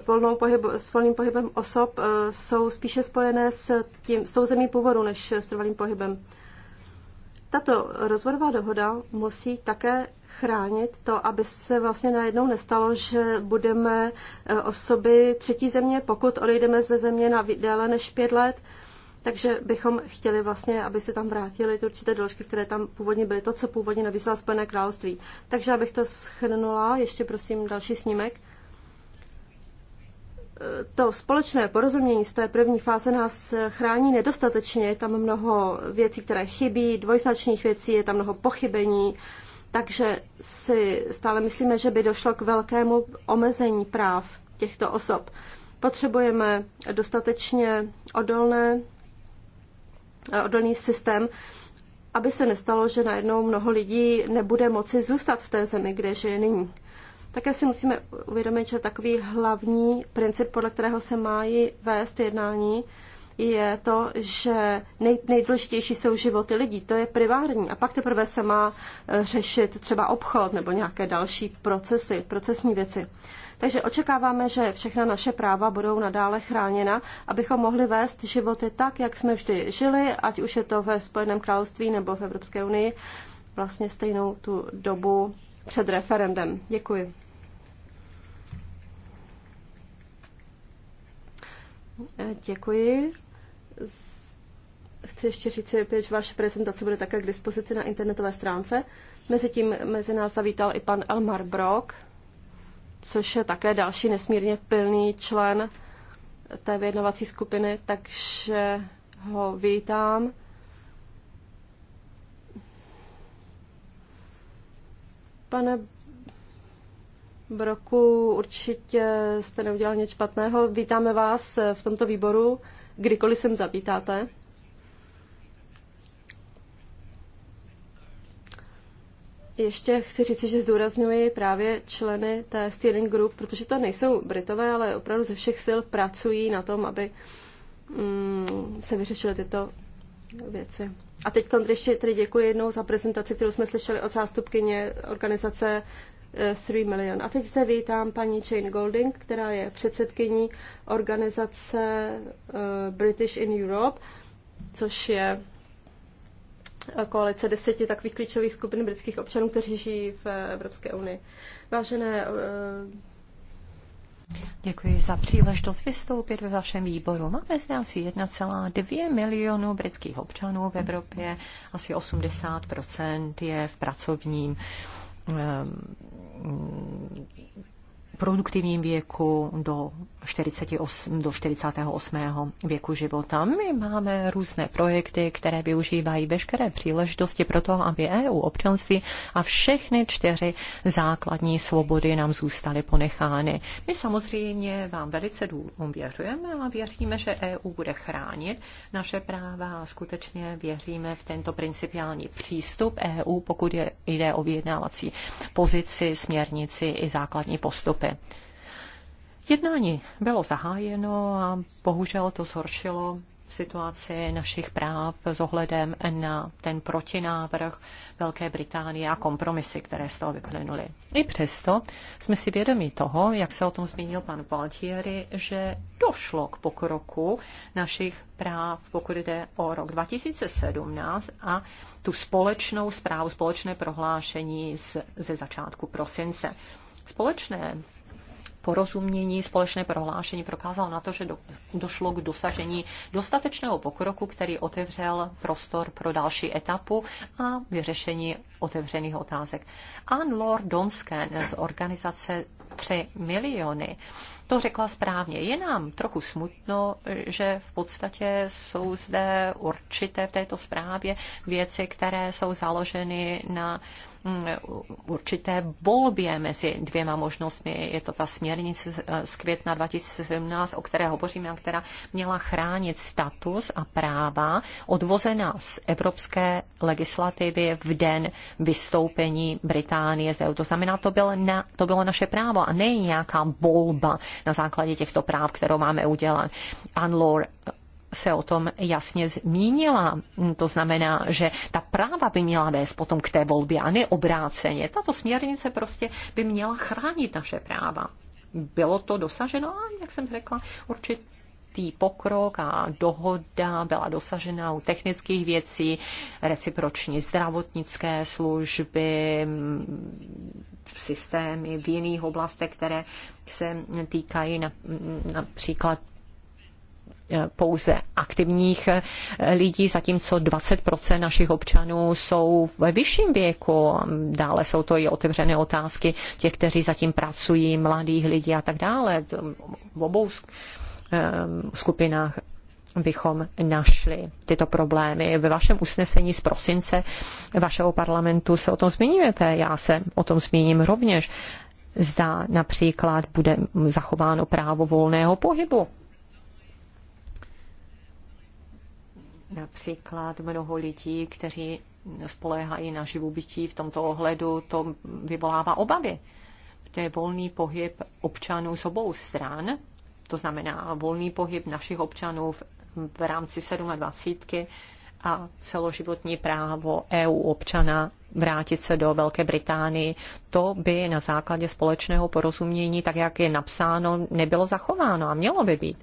volnou pohybu, s volným pohybem osob eh, jsou spíše spojené s, tím, s tou zemí původu než s trvalým pohybem. Tato rozvodová dohoda musí také chránit to, aby se vlastně najednou nestalo, že budeme eh, osoby třetí země, pokud odejdeme ze země na déle než pět let, takže bychom chtěli vlastně, aby se tam vrátily ty určité doložky, které tam původně byly, to, co původně nabízela Spojené království. Takže abych to schrnula, ještě prosím další snímek. To společné porozumění z té první fáze nás chrání nedostatečně. Je tam mnoho věcí, které chybí, dvojznačných věcí, je tam mnoho pochybení. Takže si stále myslíme, že by došlo k velkému omezení práv těchto osob potřebujeme dostatečně odolné odolný systém, aby se nestalo, že najednou mnoho lidí nebude moci zůstat v té zemi, kde žije nyní. Také si musíme uvědomit, že takový hlavní princip, podle kterého se mají vést jednání, je to, že nej, nejdůležitější jsou životy lidí. To je privární. A pak teprve se má eh, řešit třeba obchod nebo nějaké další procesy, procesní věci. Takže očekáváme, že všechna naše práva budou nadále chráněna, abychom mohli vést životy tak, jak jsme vždy žili, ať už je to ve Spojeném království nebo v Evropské unii, vlastně stejnou tu dobu před referendem. Děkuji. Eh, děkuji. Chci ještě říct, že vaše prezentace bude také k dispozici na internetové stránce. Mezitím mezi nás zavítal i pan Elmar Brok, což je také další nesmírně pilný člen té vyjednovací skupiny, takže ho vítám. Pane Broku, určitě jste neudělal nic špatného. Vítáme vás v tomto výboru, kdykoliv sem zavítáte. ještě chci říct, že zdůrazňuji právě členy té steering group, protože to nejsou Britové, ale opravdu ze všech sil pracují na tom, aby mm, se vyřešily tyto věci. A teď ještě tedy děkuji jednou za prezentaci, kterou jsme slyšeli od zástupkyně organizace 3 eh, Million. A teď zde vítám paní Jane Golding, která je předsedkyní organizace eh, British in Europe, což je koalice deseti takových klíčových skupin britských občanů, kteří žijí v Evropské unii. Vážené eh, Děkuji za příležitost vystoupit ve vašem výboru. Máme zde asi 1,2 milionu britských občanů v Evropě, asi 80 je v pracovním produktivním věku do, 48, do 48. věku života. My máme různé projekty, které využívají veškeré příležitosti pro to, aby EU občanství a všechny čtyři základní svobody nám zůstaly ponechány. My samozřejmě vám velice důvěřujeme a věříme, že EU bude chránit naše práva a skutečně věříme v tento principiální přístup EU, pokud je, jde o vyjednávací pozici, směrnici i základní postupy. Jednání bylo zahájeno a bohužel to zhoršilo situaci našich práv s ohledem na ten protinávrh Velké Británie a kompromisy, které z toho vyplynuly. I přesto jsme si vědomi toho, jak se o tom zmínil pan Valtieri, že došlo k pokroku našich práv, pokud jde o rok 2017 a tu společnou zprávu, společné prohlášení z, ze začátku prosince. Společné porozumění, společné prohlášení prokázalo na to, že do, došlo k dosažení dostatečného pokroku, který otevřel prostor pro další etapu a vyřešení otevřených otázek. Anne-Laure Donsken z organizace 3 miliony to řekla správně. Je nám trochu smutno, že v podstatě jsou zde určité v této zprávě věci, které jsou založeny na uh, Mm, určité volbě mezi dvěma možnostmi. Je to ta směrnice z eh, května 2017, o které hovoříme a která měla chránit status a práva odvozená z evropské legislativy v den vystoupení Británie z EU. To znamená, to, bylo, na, to bylo naše právo a ne nějaká volba na základě těchto práv, kterou máme udělat. Unlawed se o tom jasně zmínila. To znamená, že ta práva by měla vést potom k té volbě a ne obráceně. Tato směrnice prostě by měla chránit naše práva. Bylo to dosaženo a, jak jsem řekla, určitě určitý pokrok a dohoda byla dosažena u technických věcí, reciproční zdravotnické služby, systémy v jiných oblastech, které se týkají na, například Eh, pouze aktivních eh, lidí, zatímco 20% našich občanů jsou ve vyšším věku. Dále jsou to i otevřené otázky těch, kteří zatím pracují, mladých lidí a tak dále. Mm, v obou eh, skupinách bychom našli tyto problémy. Ve vašem usnesení z prosince vašeho parlamentu se o tom zmiňujete, já se o tom zmíním rovněž. Zda například bude zachováno právo volného pohybu Například mnoho lidí, kteří spoléhají na živobytí v tomto ohledu, to vyvolává obavy. To je volný pohyb občanů z obou stran, to znamená volný pohyb našich občanů v, v rámci 27 a celoživotní právo EU občana vrátit se do Velké Británii, to by na základě společného porozumění, tak jak je napsáno, nebylo zachováno a mělo by být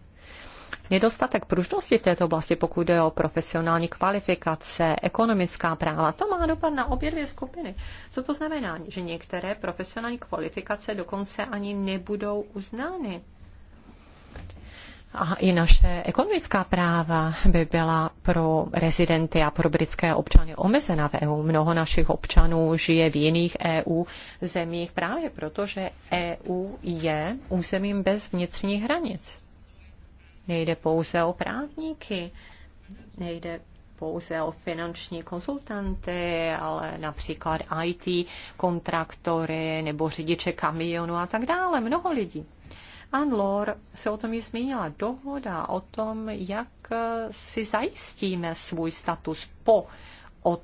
nedostatek pružnosti v této oblasti, pokud jde o profesionální kvalifikace, ekonomická práva, to má dopad na obě dvě skupiny. Co to znamená? Že některé profesionální kvalifikace dokonce ani nebudou uznány. A i naše ekonomická práva by byla pro rezidenty a pro britské občany omezena v EU. Mnoho našich občanů žije v jiných EU zemích právě proto, že EU je územím bez vnitřních hranic. Nejde pouze o právníky, nejde pouze o finanční konzultanty, ale například IT kontraktory nebo řidiče kamionu a tak dále. Mnoho lidí. Ann Lor se o tom již zmínila. Dohoda o tom, jak si zajistíme svůj status po od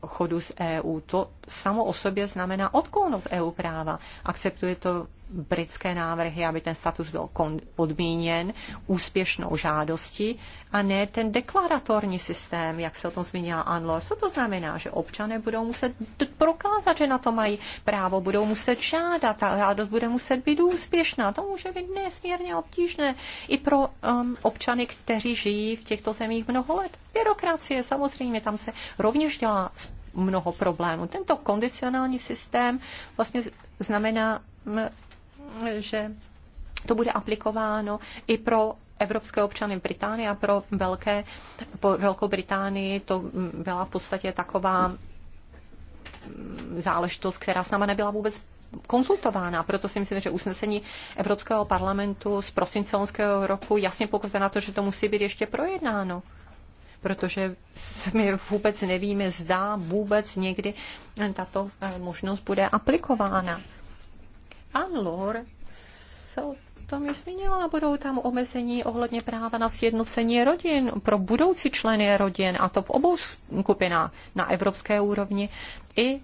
odchodu z EU. To samo o sobě znamená odklon od EU práva. Akceptuje to britské návrhy, aby ten status byl podmíněn úspěšnou žádostí a ne ten deklaratorní systém, jak se o tom zmínila Anlo. Co to znamená, že občané budou muset prokázat, že na to mají právo, budou muset žádat a žádost bude muset být úspěšná. To může být nesmírně obtížné i pro um, občany, kteří žijí v těchto zemích mnoho let. Byrokracie, samozřejmě, tam se rovněž dělá mnoho problémů. Tento kondicionální systém vlastně znamená, mm, že to bude aplikováno i pro evropské občany v Británii a pro Velké, po Velkou Británii to mm, byla v podstatě taková mm, záležitost, která s náma nebyla vůbec konzultována. Proto si myslím, že usnesení Evropského parlamentu z prosince roku jasně pokazuje na to, že to musí být ještě projednáno protože my vůbec nevíme, zda vůbec někdy tato eh, možnost bude aplikována. A Lor se o tom již zmínila, budou tam omezení ohledně práva na sjednocení rodin pro budoucí členy rodin, a to v obou skupinách, na evropské úrovni i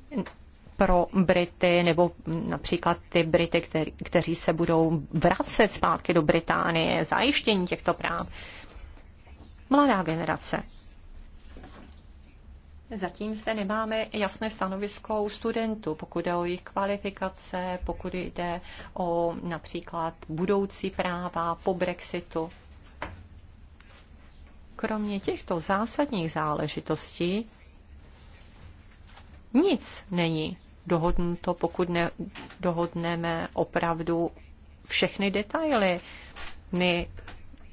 pro Brity nebo například ty Brity, který, kteří se budou vracet zpátky do Británie, zajištění těchto práv mladá generace. Zatím zde nemáme jasné stanovisko u studentů, pokud jde o jejich kvalifikace, pokud jde o například budoucí práva po Brexitu. Kromě těchto zásadních záležitostí nic není dohodnuto, pokud nedohodneme opravdu všechny detaily. My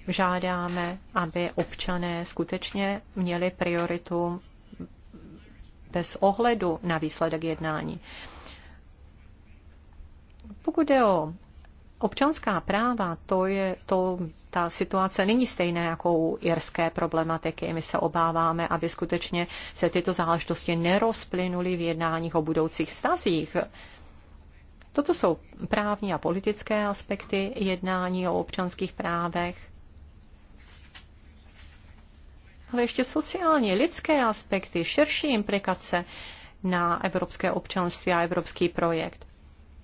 žádáme, aby občané skutečně měli prioritu bez ohledu na výsledek jednání. Pokud je o občanská práva, to je to, ta situace není stejná jako u jirské problematiky. My se obáváme, aby skutečně se tyto záležitosti nerozplynuly v jednáních o budoucích vztazích. Toto jsou právní a politické aspekty jednání o občanských právech ale ještě sociální, lidské aspekty, širší implikace na evropské občanství a evropský projekt.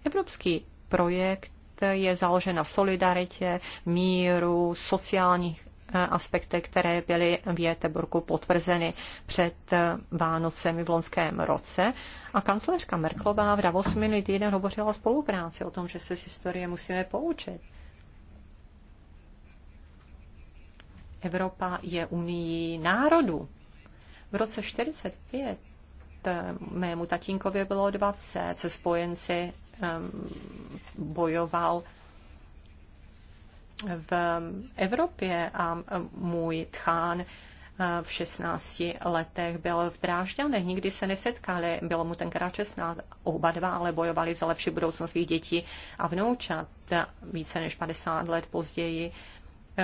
Evropský projekt je založen na solidaritě, míru, sociálních eh, aspektech, které byly v Jeteburku potvrzeny před eh, Vánocemi v loňském roce. A kancelářka Merklová v Davosu minulý týden hovořila o spolupráci, o tom, že se z historie musíme poučit. Evropa je unii národů. V roce 45 eh, mému tatínkovi bylo 20, se spojenci eh, bojoval v Evropě a eh, můj tchán v 16 letech byl v Drážďanech, nikdy se nesetkali, bylo mu tenkrát 16, oba dva ale bojovali za lepší budoucnost svých dětí a vnoučat. Více než 50 let později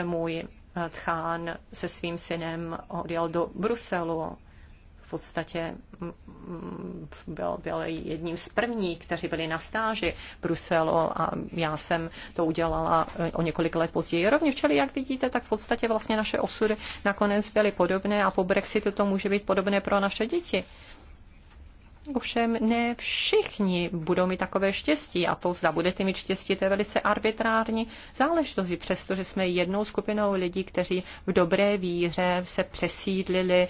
můj Tchán se svým synem odjel do Bruselu. V podstatě mm, mm, byl, byl jedním z prvních, kteří byli na stáži v Bruselu a já jsem to udělala eh, o několik let později. Rovněž, čili jak vidíte, tak v podstatě vlastně naše osudy nakonec byly podobné a po Brexitu to může být podobné pro naše děti. Ovšem ne všichni budou mít takové štěstí a to zda budete mít štěstí, to je velice arbitrární záležitost, přestože jsme jednou skupinou lidí, kteří v dobré víře se přesídlili,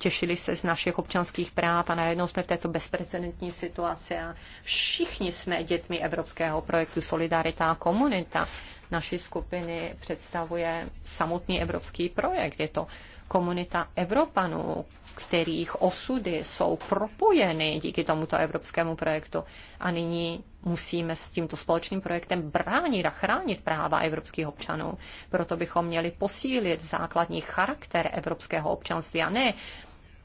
těšili se z našich občanských práv a najednou jsme v této bezprecedentní situaci a všichni jsme dětmi evropského projektu Solidarita a komunita. Naší skupiny představuje samotný evropský projekt. Je to komunita Evropanů, kterých osudy jsou propojeny díky tomuto evropskému projektu. A nyní musíme s tímto společným projektem bránit a chránit práva evropských občanů. Proto bychom měli posílit základní charakter evropského občanství a ne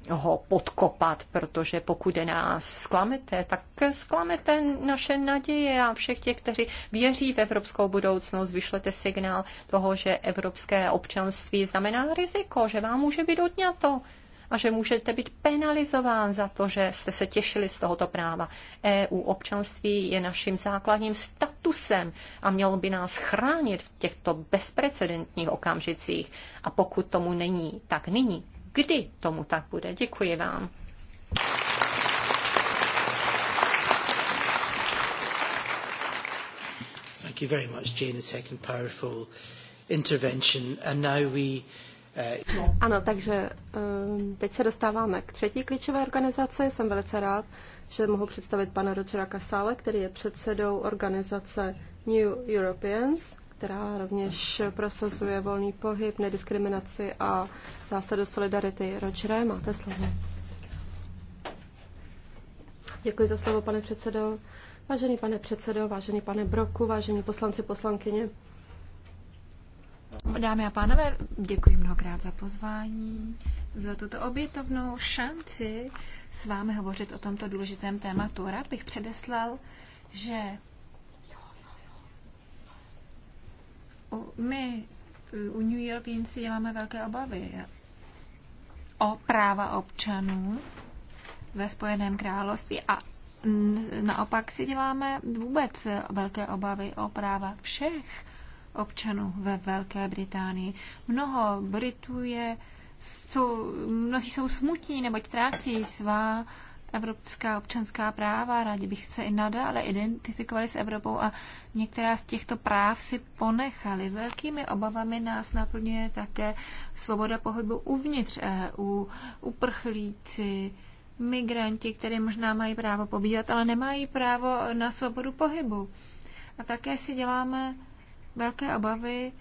ho podkopat, protože pokud nás zklamete, tak zklamete naše naděje a všech těch, kteří věří v evropskou budoucnost, vyšlete signál toho, že evropské občanství znamená riziko, že vám může být odňato a že můžete být penalizován za to, že jste se těšili z tohoto práva. EU občanství je naším základním statusem a mělo by nás chránit v těchto bezprecedentních okamžicích. A pokud tomu není, tak nyní kdy tomu tak bude. Děkuji vám. Thank you very much, Jane. The second powerful intervention. And now we uh, ano, takže um, teď se dostáváme k třetí klíčové organizaci. Jsem velice rád, že mohu představit pana Rogera Kasále, který je předsedou organizace New Europeans která rovněž prosazuje volný pohyb, nediskriminaci a zásadu solidarity. Ročré, máte slovo. Děkuji za slovo, pane předsedo. Vážený pane předsedo, vážený pane Broku, vážení poslanci, poslankyně. Dámy a pánové, děkuji mnohokrát za pozvání, za tuto obětovnou šanci s vámi hovořit o tomto důležitém tématu. Rád bych předeslal, že my u New European si děláme velké obavy o práva občanů ve Spojeném království a naopak si děláme vůbec velké obavy o práva všech občanů ve Velké Británii. Mnoho Britů je, jsou, mnozí jsou smutní neboť trácí svá evropská občanská práva. Rádi bych se i nadále identifikovali s Evropou a některá z těchto práv si ponechali. Velkými obavami nás naplňuje také svoboda pohybu uvnitř EU, uprchlíci, migranti, kteří možná mají právo pobíhat, ale nemají právo na svobodu pohybu. A také si děláme velké obavy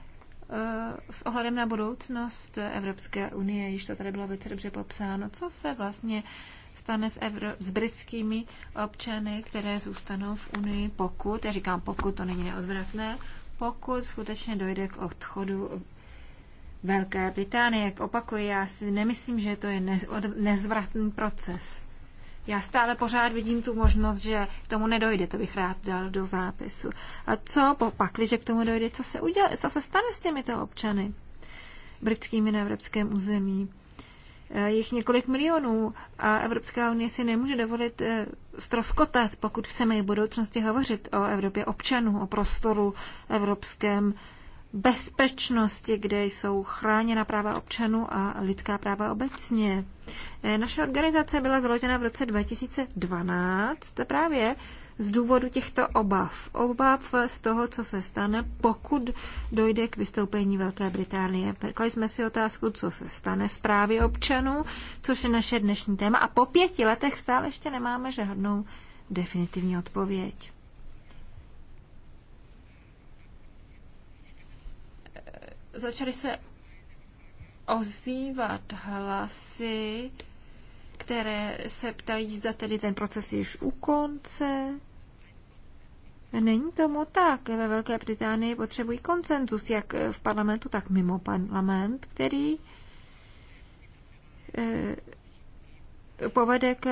s ohledem na budoucnost Evropské unie, již to tady bylo velice dobře popsáno, co se vlastně stane s, Evro- s britskými občany, které zůstanou v Unii, pokud, já říkám pokud, to není neodvratné, pokud skutečně dojde k odchodu Velké Británie. Jak opakuji, já si nemyslím, že to je nez- nezvratný proces. Já stále pořád vidím tu možnost, že k tomu nedojde, to bych rád dal do zápisu. A co popakli, že k tomu dojde, co se, udělá, co se stane s těmito občany britskými na evropském území? E, jich několik milionů a Evropská unie si nemůže dovolit stroskotat, e, pokud chceme i v budoucnosti hovořit o Evropě občanů, o prostoru evropském bezpečnosti, kde jsou chráněna práva občanů a lidská práva obecně. Eh, naše organizace byla založena v roce 2012 právě z důvodu těchto obav. Obav z toho, co se stane, pokud dojde k vystoupení Velké Británie. Perkali jsme si otázku, co se stane s právy občanů, což je naše dnešní téma. A po pěti letech stále ještě nemáme žádnou definitivní odpověď. začaly se ozývat hlasy, které se ptají, zda tedy ten proces je již u konce. Není tomu tak. Ve Velké Británii potřebují koncenzus, jak v parlamentu, tak mimo parlament, který eh, povede k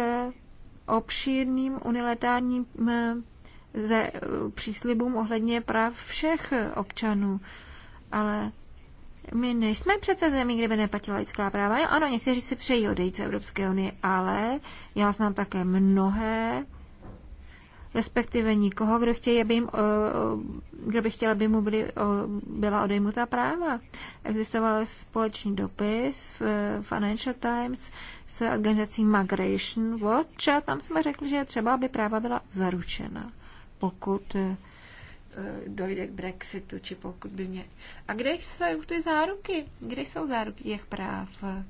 obšírným unilatárním eh, eh, příslibům ohledně práv všech občanů. Ale my nejsme přece zemí, kde by neplatila lidská práva. Ano, někteří si přejí odejít z Evropské unie, ale já znám také mnohé, respektive nikoho, kdo, chtějí, aby jim, eh, eh, kdo by chtěl, aby mu byly, eh, byla odejmuta práva. Existoval společný dopis v Financial Times s organizací Migration Watch a tam jsme řekli, že třeba, aby práva byla zaručena, pokud Eh, dojde k Brexitu, či pokud by mě... A kde jsou ty záruky? Kde jsou záruky jejich práv? Eh,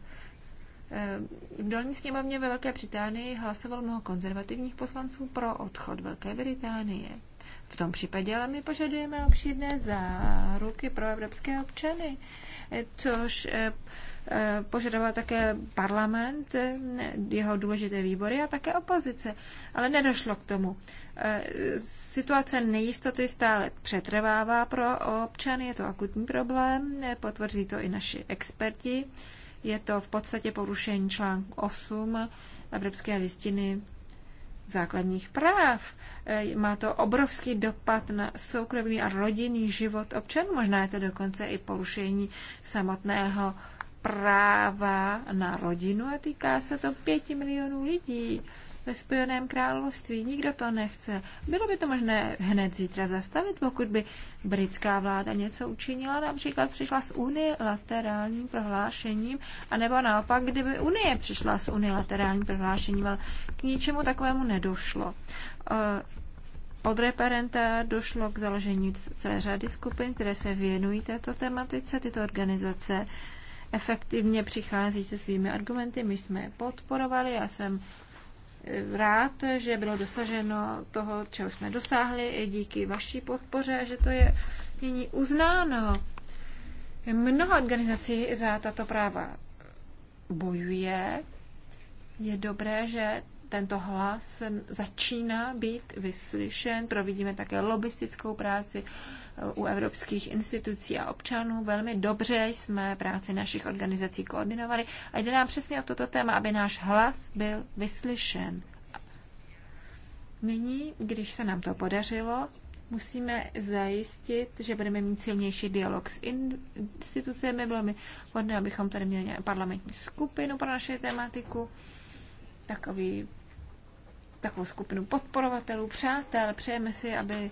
v dolní sněmovně ve Velké Británii hlasoval mnoho konzervativních poslanců pro odchod Velké Británie. V tom případě ale my požadujeme obšírné záruky pro evropské občany, eh, což požadoval také parlament, jeho důležité výbory a také opozice. Ale nedošlo k tomu. E, situace nejistoty stále přetrvává pro občany, je to akutní problém, potvrdí to i naši experti. Je to v podstatě porušení článku 8 Evropské listiny základních práv. E, má to obrovský dopad na soukromý a rodinný život občanů. Možná je to dokonce i porušení samotného práva na rodinu a týká se to pěti milionů lidí ve Spojeném království. Nikdo to nechce. Bylo by to možné hned zítra zastavit, pokud by britská vláda něco učinila, například přišla s unilaterálním prohlášením, anebo naopak, kdyby Unie přišla s unilaterálním prohlášením, ale k ničemu takovému nedošlo. Eh, Od referenta došlo k založení celé řady skupin, které se věnují této tematice. Tyto organizace efektivně přichází se svými argumenty. My jsme je podporovali, já jsem eh, rád, že bylo dosaženo toho, čeho jsme dosáhli, i díky vaší podpoře, že to je nyní uznáno. Mnoho organizací za tato práva bojuje. Je dobré, že tento hlas začíná být vyslyšen. Providíme také lobistickou práci, u evropských institucí a občanů. Velmi dobře jsme práci našich organizací koordinovali a jde nám přesně o toto téma, aby náš hlas byl vyslyšen. Nyní, když se nám to podařilo, musíme zajistit, že budeme mít silnější dialog s institucemi. Bylo mi vhodné, abychom tady měli parlamentní skupinu pro naši tematiku, takový, takovou skupinu podporovatelů, přátel. Přejeme si, aby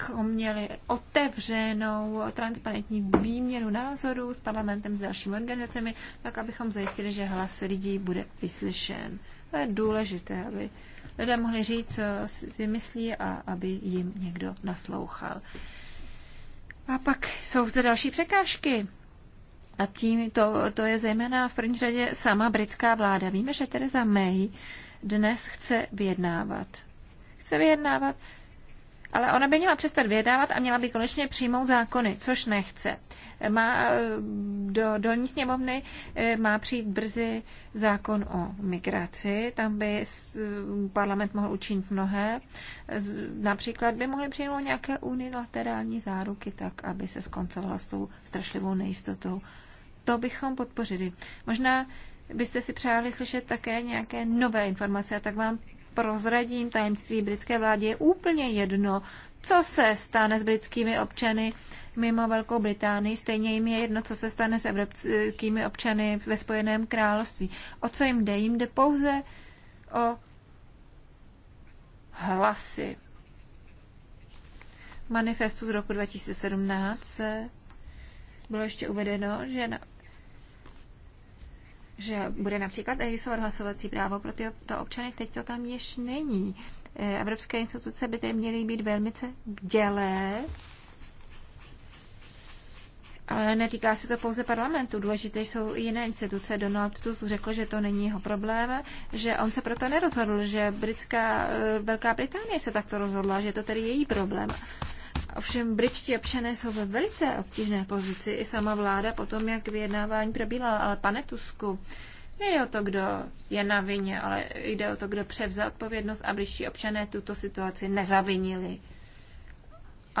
abychom měli otevřenou, transparentní výměnu názorů s parlamentem, s dalšími organizacemi, tak abychom zajistili, že hlas lidí bude vyslyšen. To je důležité, aby lidé mohli říct, co si myslí a aby jim někdo naslouchal. A pak jsou zde další překážky. A tím to, to je zejména v první řadě sama britská vláda. Víme, že Theresa May dnes chce vyjednávat. Chce vyjednávat ale ona by měla přestat vyjednávat a měla by konečně přijmout zákony, což nechce. Má eh, do dolní sněmovny eh, má přijít brzy zákon o migraci, tam by eh, parlament mohl učinit mnohé. Například by mohli přijmout nějaké unilaterální záruky tak, aby se skoncovala s tou strašlivou nejistotou. To bychom podpořili. Možná byste si přáli slyšet také nějaké nové informace a tak vám prozradím tajemství britské vládě, je úplně jedno, co se stane s britskými občany mimo Velkou Británii, stejně jim je jedno, co se stane s evropskými občany ve Spojeném království. O co jim jde? Jim jde pouze o hlasy. V manifestu z roku 2017 bylo ještě uvedeno, že na že bude například existovat hlasovací právo pro tyto občany, teď to tam již není. Eh, Evropské instituce by tedy měly být velmi dělé, ale netýká se to pouze parlamentu. Důležité jsou i jiné instituce. Donald Tusk řekl, že to není jeho problém, že on se proto nerozhodl, že britská, eh, Velká Británie se takto rozhodla, že to tedy její problém. Ovšem britští občané jsou ve velice obtížné pozici. I sama vláda potom, jak vyjednávání probíhala, ale pane Tusku, nejde o to, kdo je na vině, ale jde o to, kdo převzal odpovědnost a britští občané tuto situaci nezavinili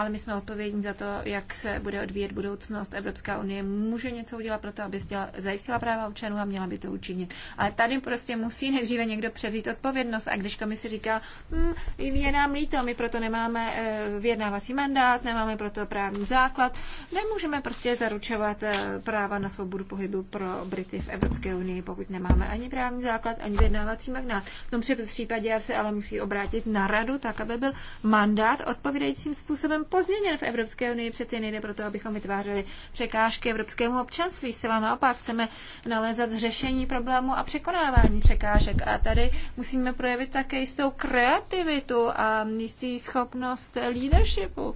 ale my jsme odpovědní za to, jak se bude odvíjet budoucnost. Evropská unie může něco udělat pro to, aby zajistila práva občanů a měla by to učinit. Ale tady prostě musí nejdříve někdo převzít odpovědnost. A když komise říká, hm, je nám líto, my proto nemáme eh, vyjednávací mandát, nemáme proto právní základ, nemůžeme prostě zaručovat eh, práva na svobodu pohybu pro Brity v Evropské unii, pokud nemáme ani právní základ, ani vyjednávací mandát. V tom případě se ale musí obrátit na radu, tak aby byl mandát odpovídajícím způsobem pozměněn v Evropské unii. Přeci nejde proto, abychom vytvářeli překážky evropskému občanství. vám naopak chceme nalézat řešení problému a překonávání překážek. A tady musíme projevit také jistou kreativitu a jistý schopnost leadershipu,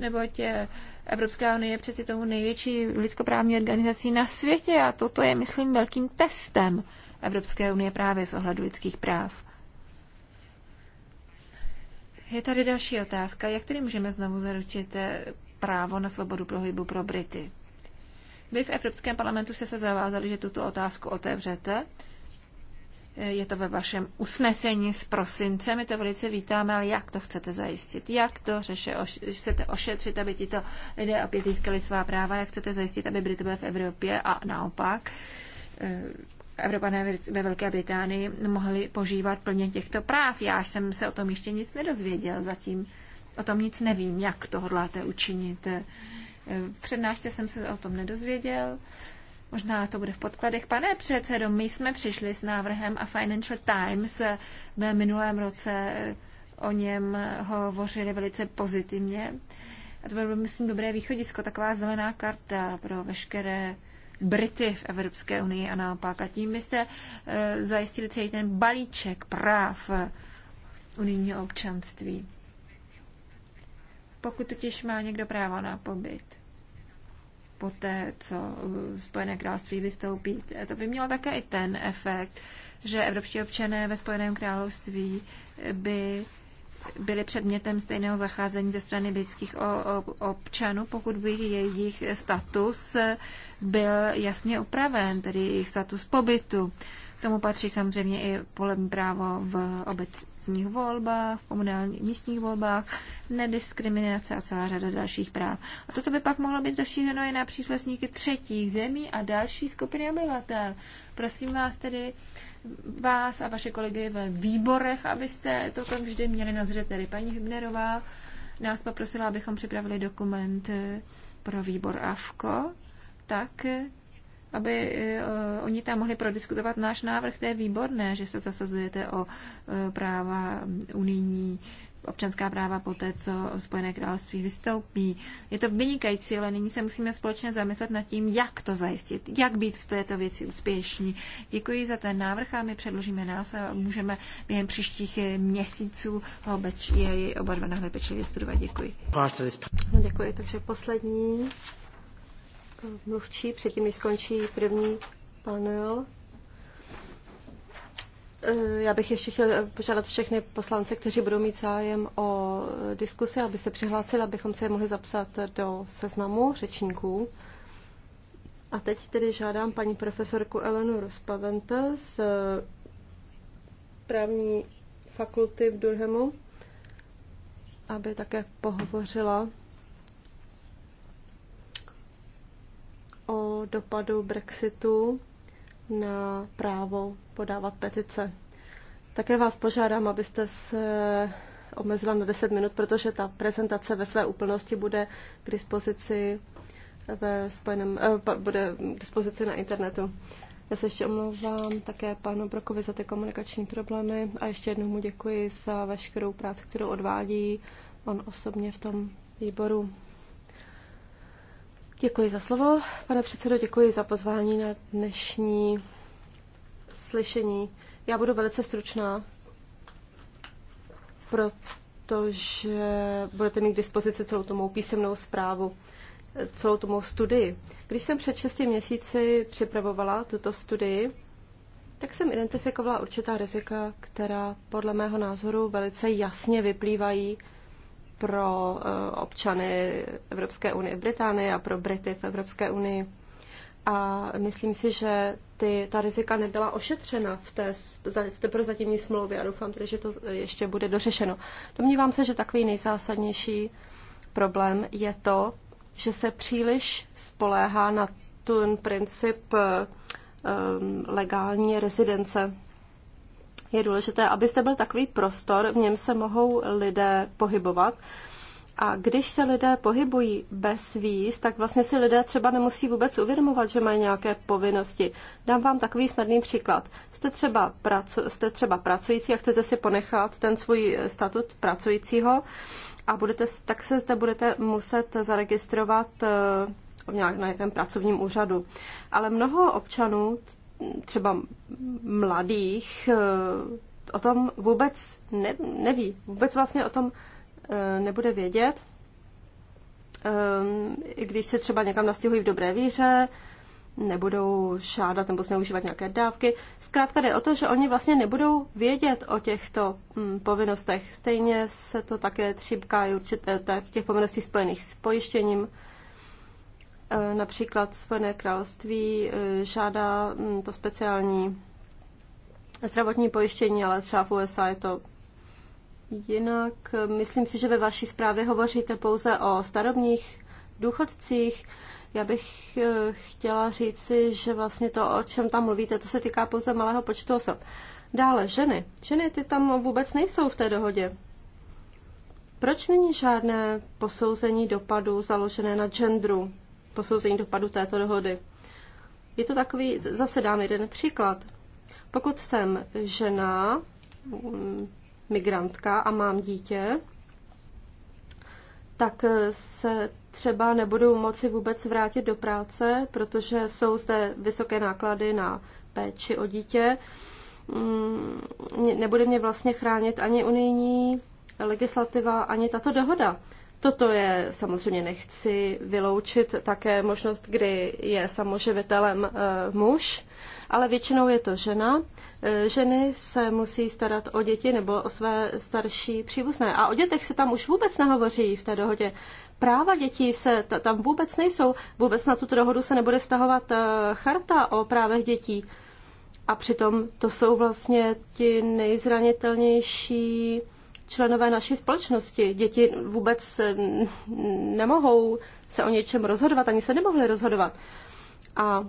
neboť je eh, Evropská unie je přeci tomu největší lidskoprávní organizací na světě a toto je, myslím, velkým testem Evropské unie právě z ohledu lidských práv. Je tady další otázka. Jak tedy můžeme znovu zaručit eh, právo na svobodu prohybu pro Brity? Vy v Evropském parlamentu jste se zavázali, že tuto otázku otevřete. Eh, je to ve vašem usnesení z prosince, my to velice vítáme, ale jak to chcete zajistit? Jak to řeše, oš, chcete ošetřit, aby tito lidé opět získali svá práva? Jak chcete zajistit, aby Britové v Evropě a naopak eh, Evropané ve Velké Británii mohli požívat plně těchto práv. Já jsem se o tom ještě nic nedozvěděl zatím. O tom nic nevím, jak to hodláte učinit. V e, přednášce jsem se o tom nedozvěděl. Možná to bude v podkladech. Pane předsedo, my jsme přišli s návrhem a Financial Times v minulém roce e, o něm hovořili velice pozitivně. A to bylo, myslím, dobré východisko, taková zelená karta pro veškeré Brity v Evropské unii a naopak. A tím byste eh, zajistili celý ten balíček práv eh, unijního občanství. Pokud totiž má někdo právo na pobyt po té, co eh, Spojené království vystoupí, to by mělo také i ten efekt, že evropští občané ve Spojeném království by byly předmětem stejného zacházení ze strany britských občanů, pokud by jejich status byl jasně upraven, tedy jejich status pobytu. K tomu patří samozřejmě i volební právo v obecních volbách, v komunálních místních volbách, nediskriminace a celá řada dalších práv. A toto by pak mohlo být rozšířeno i na příslušníky třetích zemí a další skupiny obyvatel. Prosím vás tedy, vás a vaše kolegy ve výborech, abyste to tam vždy měli na zřeteli. Paní Hübnerová nás poprosila, abychom připravili dokument eh, pro výbor AFKO, tak eh, aby eh, oni tam mohli prodiskutovat náš návrh. To je výborné, že se zasazujete o práva unijní občanská práva po té, co Spojené království vystoupí. Je to vynikající, ale nyní se musíme společně zamyslet nad tím, jak to zajistit, jak být v této věci úspěšní. Děkuji za ten návrh a my předložíme nás a můžeme během příštích eh, měsíců ho beč, jej oba dva nahle pečlivě studovat. Děkuji. No, děkuji, takže poslední eh, mluvčí, předtím, než skončí první panel. Eh, já bych ještě chtěl eh, požádat všechny poslance, kteří budou mít zájem o eh, diskusi, aby se přihlásili, abychom se je mohli zapsat do seznamu řečníků. A teď tedy žádám paní profesorku Elenu Rospavente z právní fakulty v Durhamu, aby také pohovořila o dopadu Brexitu na právo podávat petice. Také vás požádám, abyste se omezila na 10 minut, protože ta prezentace ve své úplnosti bude k dispozici ve spojeném, eh, bude k dispozici na internetu. Já se ještě omlouvám také panu Brokovi za ty komunikační problémy a ještě jednou mu děkuji za veškerou práci, kterou odvádí on osobně v tom výboru. Děkuji za slovo, pane předsedo, děkuji za pozvání na dnešní slyšení. Já budu velice stručná, protože budete mít k dispozici celou tu mou písemnou zprávu, celou tu mou studii. Když jsem před 6 měsíci připravovala tuto studii, tak jsem identifikovala určitá rizika, která podle mého názoru velice jasně vyplývají pro eh, občany Evropské unie v Británii a pro Brity v Evropské unii a myslím si, že ty, ta rizika nebyla ošetřena v té, v té prozatímní smlouvě a doufám tedy, že to ještě bude dořešeno. Domnívám se, že takový nejzásadnější problém je to, že se příliš spoléhá na ten princip um, legální rezidence. Je důležité, abyste byl takový prostor, v něm se mohou lidé pohybovat, a když se lidé pohybují bez víz, tak vlastně si lidé třeba nemusí vůbec uvědomovat, že mají nějaké povinnosti. Dám vám takový snadný příklad. Jste třeba, pracu, jste třeba pracující a chcete si ponechat ten svůj eh, statut pracujícího a budete, tak se zde budete muset zaregistrovat v eh, nějak na nějakém pracovním úřadu. Ale mnoho občanů, třeba mladých, eh, o tom vůbec ne, neví. Vůbec vlastně o tom Eh, nebude vědět, ehm, i když se třeba někam nastěhují v dobré víře, nebudou šádat nebo zneužívat nějaké dávky. Zkrátka jde o to, že oni vlastně nebudou vědět o těchto mm, povinnostech. Stejně se to také třípká i určité tak, těch povinností spojených s pojištěním. E, například Spojené království e, žádá mm, to speciální zdravotní pojištění, ale třeba v USA je to Jinak myslím si, že ve vaší zprávě hovoříte pouze o starobních důchodcích. Já bych eh, chtěla říci, že vlastně to, o čem tam mluvíte, to se týká pouze malého počtu osob. Dále, ženy. Ženy ty tam vůbec nejsou v té dohodě. Proč není žádné posouzení dopadu založené na genderu, posouzení dopadu této dohody? Je to takový, zase dám jeden příklad. Pokud jsem žena, mm, migrantka a mám dítě, tak se třeba nebudu moci vůbec vrátit do práce, protože jsou zde vysoké náklady na péči o dítě. Mm, nebude mě vlastně chránit ani unijní legislativa, ani tato dohoda. Toto je samozřejmě nechci vyloučit také možnost, kdy je samoživitelem eh, muž, ale většinou je to žena. Ženy se musí starat o děti nebo o své starší příbuzné. A o dětech se tam už vůbec nehovoří v té dohodě. Práva dětí se tam vůbec nejsou. Vůbec na tuto dohodu se nebude vztahovat eh, charta o právech dětí. A přitom to jsou vlastně ti nejzranitelnější členové naší společnosti. Děti vůbec eh, nemohou se o něčem rozhodovat, ani se nemohly rozhodovat. A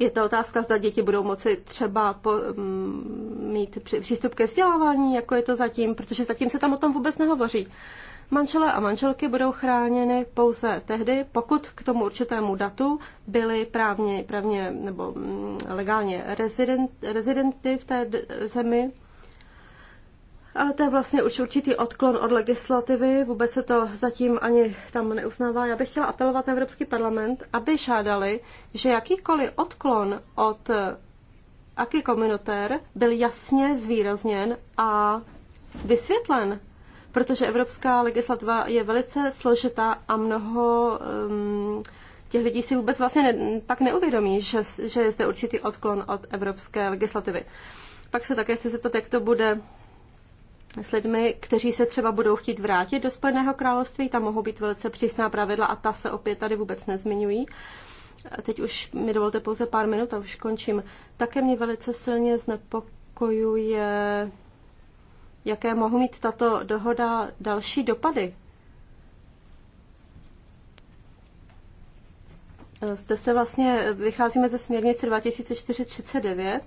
je to otázka, zda děti budou moci třeba po, mm, mít přístup ke vzdělávání, jako je to zatím, protože zatím se tam o tom vůbec nehovoří. Manželé a manželky budou chráněny pouze tehdy, pokud k tomu určitému datu byli právně, právně nebo mm, legálně rezident, rezidenty v té zemi ale to je vlastně už určitý odklon od legislativy, vůbec se to zatím ani tam neuznává. Já bych chtěla apelovat na Evropský parlament, aby žádali, že jakýkoliv odklon od eh, aký komunitér byl jasně zvýrazněn a vysvětlen, protože evropská legislativa je velice složitá a mnoho um, těch lidí si vůbec vlastně ne, pak neuvědomí, že, že je zde určitý odklon od evropské legislativy. Pak se také chci zeptat, jak to bude s lidmi, kteří se třeba budou chtít vrátit do Spojeného království. Tam mohou být velice přísná pravidla a ta se opět tady vůbec nezmiňují. A teď už mi dovolte pouze pár minut a už končím. Také mě velice silně znepokojuje, jaké mohou mít tato dohoda další dopady. Zde se vlastně vycházíme ze směrnice 2439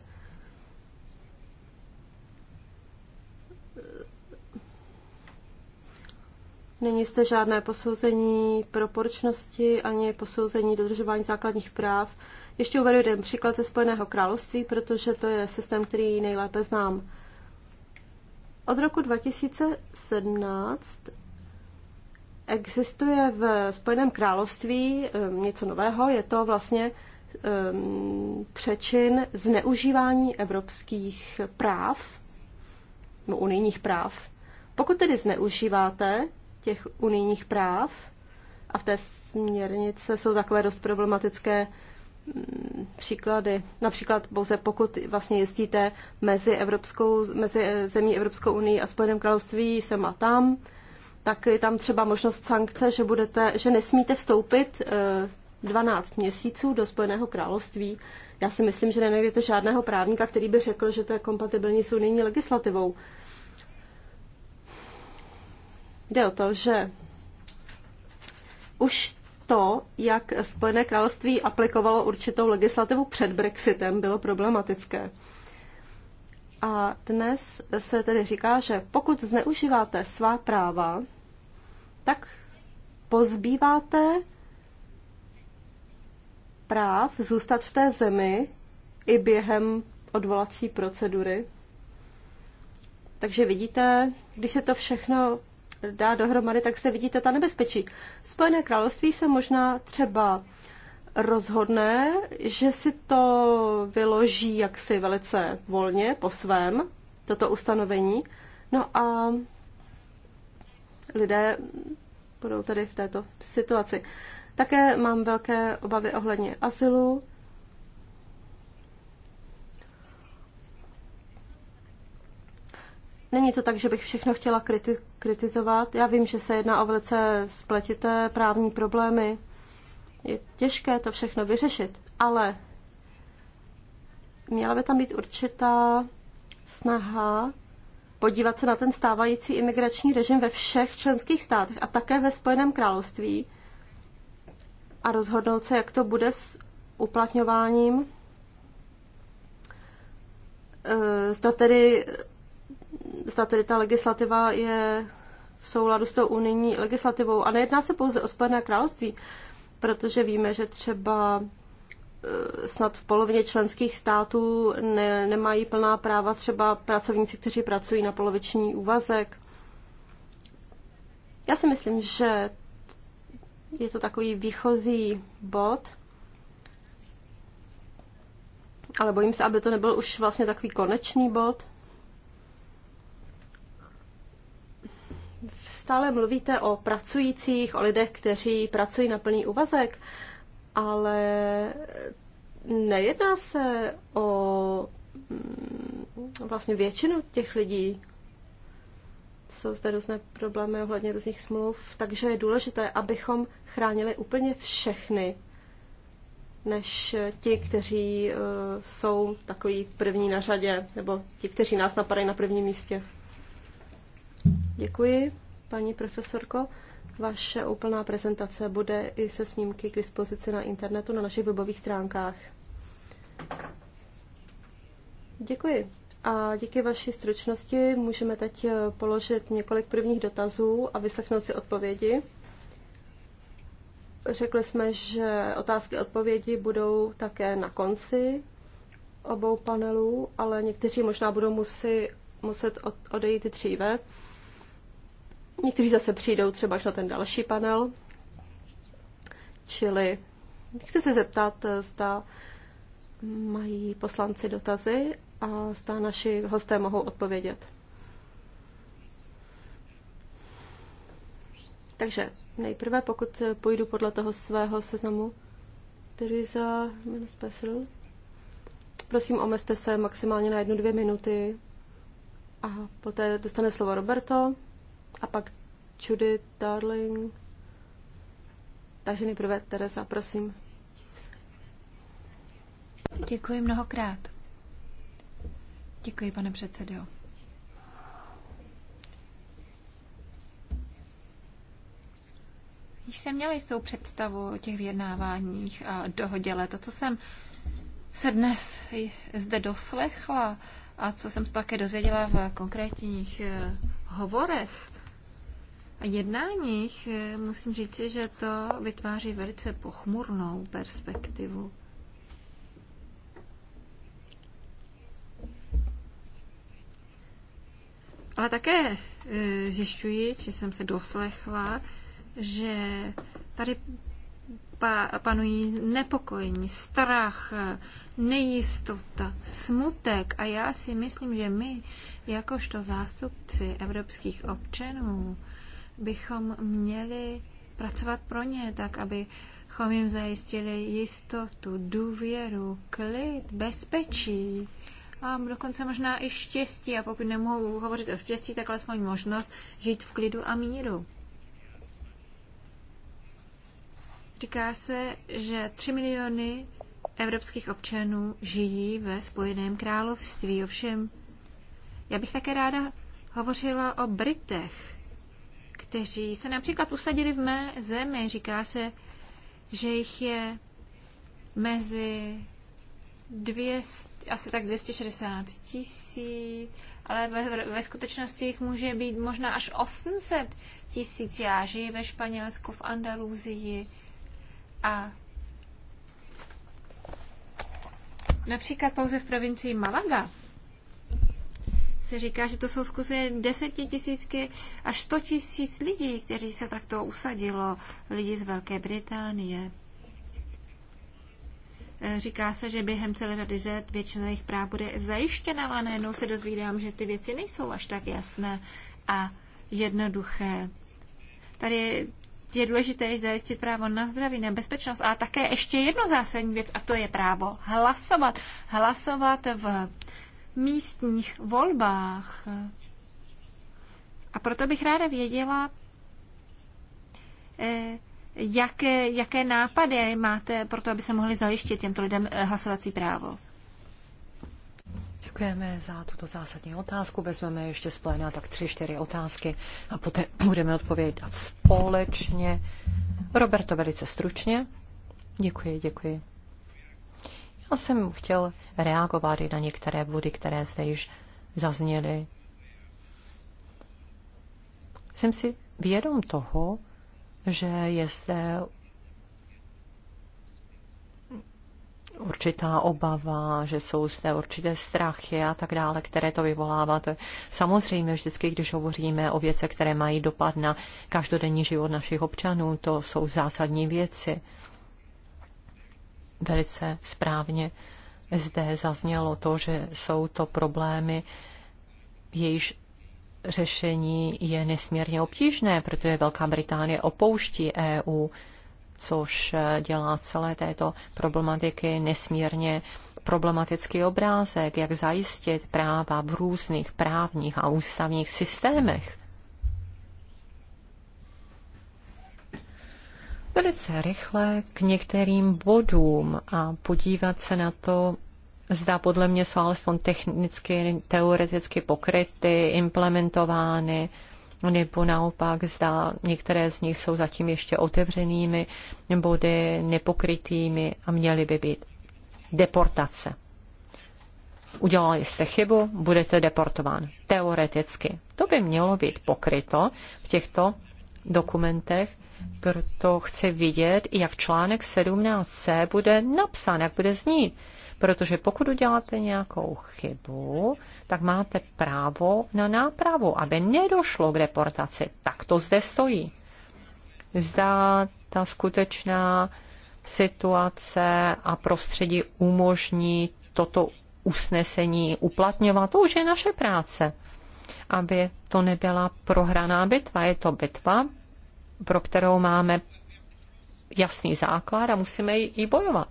Není zde žádné posouzení proporčnosti ani posouzení dodržování základních práv. Ještě uvedu jeden příklad ze Spojeného království, protože to je systém, který nejlépe znám. Od roku 2017 existuje v Spojeném království ehm, něco nového, je to vlastně ehm, přečin zneužívání evropských práv, unijních práv. Pokud tedy zneužíváte těch unijních práv a v té směrnice jsou takové dost problematické mm, příklady. Například pouze pokud vlastně jezdíte mezi, Evropskou, mezi eh, zemí Evropskou unii a Spojeném království sem a tam, tak je tam třeba možnost sankce, že, budete, že nesmíte vstoupit 12 eh, měsíců do Spojeného království. Já si myslím, že nenajdete žádného právníka, který by řekl, že to je kompatibilní s unijní legislativou. Jde o to, že už to, jak Spojené království aplikovalo určitou legislativu před Brexitem, bylo problematické. A dnes se tedy říká, že pokud zneužíváte svá práva, tak pozbýváte práv zůstat v té zemi i během odvolací procedury. Takže vidíte, když se to všechno dá dohromady, tak se vidíte ta nebezpečí. Spojené království se možná třeba rozhodne, že si to vyloží jaksi velice volně po svém, toto ustanovení. No a lidé budou tady v této situaci. Také mám velké obavy ohledně asilu. Není to tak, že bych všechno chtěla kriti- kritizovat. Já vím, že se jedná o velice spletité právní problémy. Je těžké to všechno vyřešit, ale měla by tam být určitá snaha podívat se na ten stávající imigrační režim ve všech členských státech a také ve Spojeném království a rozhodnout se, jak to bude s uplatňováním. Eh, zda tedy zda tedy ta legislativa je v souladu s tou unijní legislativou. A nejedná se pouze o Spojené království, protože víme, že třeba eh, snad v polovině členských států ne, nemají plná práva třeba pracovníci, kteří pracují na poloviční úvazek. Já si myslím, že je to takový výchozí bod, ale bojím se, aby to nebyl už vlastně takový konečný bod. Neustále mluvíte o pracujících, o lidech, kteří pracují na plný úvazek, ale nejedná se o mm, vlastně většinu těch lidí. Jsou zde různé problémy ohledně různých smluv, takže je důležité, abychom chránili úplně všechny, než ti, kteří eh, jsou takový první na řadě, nebo ti, kteří nás napadají na prvním místě. Děkuji paní profesorko. Vaše úplná prezentace bude i se snímky k dispozici na internetu na našich webových stránkách. Děkuji. A díky vaší stručnosti můžeme teď položit několik prvních dotazů a vyslechnout si odpovědi. Řekli jsme, že otázky a odpovědi budou také na konci obou panelů, ale někteří možná budou musí, muset odejít dříve. Někteří zase přijdou třeba až na ten další panel. Čili chci se zeptat, eh, zda mají poslanci dotazy a zda naši hosté mohou odpovědět. Takže nejprve, pokud půjdu podle toho svého seznamu, Teresa Special. Prosím, omezte se maximálně na jednu, dvě minuty a poté dostane slovo Roberto. A pak Judy Darling. Takže nejprve Teresa, prosím. Děkuji mnohokrát. Děkuji, pane předsedo. Když jsem měla jistou představu o těch vyjednáváních a dohoděle, to, co jsem se dnes zde doslechla a co jsem se také dozvěděla v konkrétních eh, hovorech, jednáních eh, musím říci, že to vytváří velice pochmurnou perspektivu. Ale také eh, zjišťuji, či jsem se doslechla, že tady panují nepokojení, strach, nejistota, smutek a já si myslím, že my, jakožto zástupci evropských občanů, bychom měli pracovat pro ně, tak abychom jim zajistili jistotu, důvěru, klid, bezpečí a dokonce možná i štěstí. A pokud nemohu hovořit o štěstí, tak alespoň možnost žít v klidu a míru. Říká se, že 3 miliony evropských občanů žijí ve Spojeném království. Ovšem, já bych také ráda hovořila o Britech kteří se například usadili v mé zemi. Říká se, že jich je mezi 200, asi tak 260 tisíc, ale ve, ve skutečnosti jich může být možná až 800 tisíc. Já žiji ve Španělsku, v Andaluzii a například pouze v provincii Malaga se říká, že to jsou zkusy desetitisícky až sto tisíc lidí, kteří se takto usadilo, lidi z Velké Británie. Eh, říká se, že během celé řady řet většina jejich práv bude zajištěna, ale najednou se dozvídám, že ty věci nejsou až tak jasné a jednoduché. Tady je důležité zajistit právo na zdraví, na bezpečnost, ale také ještě jedno zásadní věc, a to je právo hlasovat. Hlasovat v místních volbách. A proto bych ráda věděla, eh, jaké, jaké nápady máte pro to, aby se mohli zajištět těmto lidem eh, hlasovací právo. Děkujeme za tuto zásadní otázku. Vezmeme ještě z pléna tak tři, čtyři otázky a poté budeme odpovědět společně. Roberto, velice stručně. Děkuji, děkuji. Já jsem chtěl reagovat i na některé body, které zde již zazněly. Jsem si vědom toho, že je zde určitá obava, že jsou zde určité strachy a tak dále, které to vyvolává. To samozřejmě vždycky, když hovoříme o věcech, které mají dopad na každodenní život našich občanů, to jsou zásadní věci velice správně zde zaznělo to, že jsou to problémy, jejíž řešení je nesmírně obtížné, protože Velká Británie opouští EU, což eh, dělá celé této problematiky nesmírně problematický obrázek, jak zajistit práva v různých právních a ústavních systémech velice rychle k některým bodům a podívat se na to, zda podle mě jsou alespoň technicky, teoreticky pokryty, implementovány, nebo naopak zda některé z nich jsou zatím ještě otevřenými body, nepokrytými a měly by být deportace. Udělali jste chybu, budete deportován. Teoreticky. To by mělo být pokryto v těchto dokumentech proto chci vidět, jak článek 17c bude napsán, jak bude znít. Protože pokud uděláte nějakou chybu, tak máte právo na nápravu, aby nedošlo k deportaci. Tak to zde stojí. zda ta skutečná situace a prostředí umožní toto usnesení uplatňovat. To už je naše práce, aby to nebyla prohraná bitva. Je to bitva pro kterou máme jasný základ a musíme ji bojovat.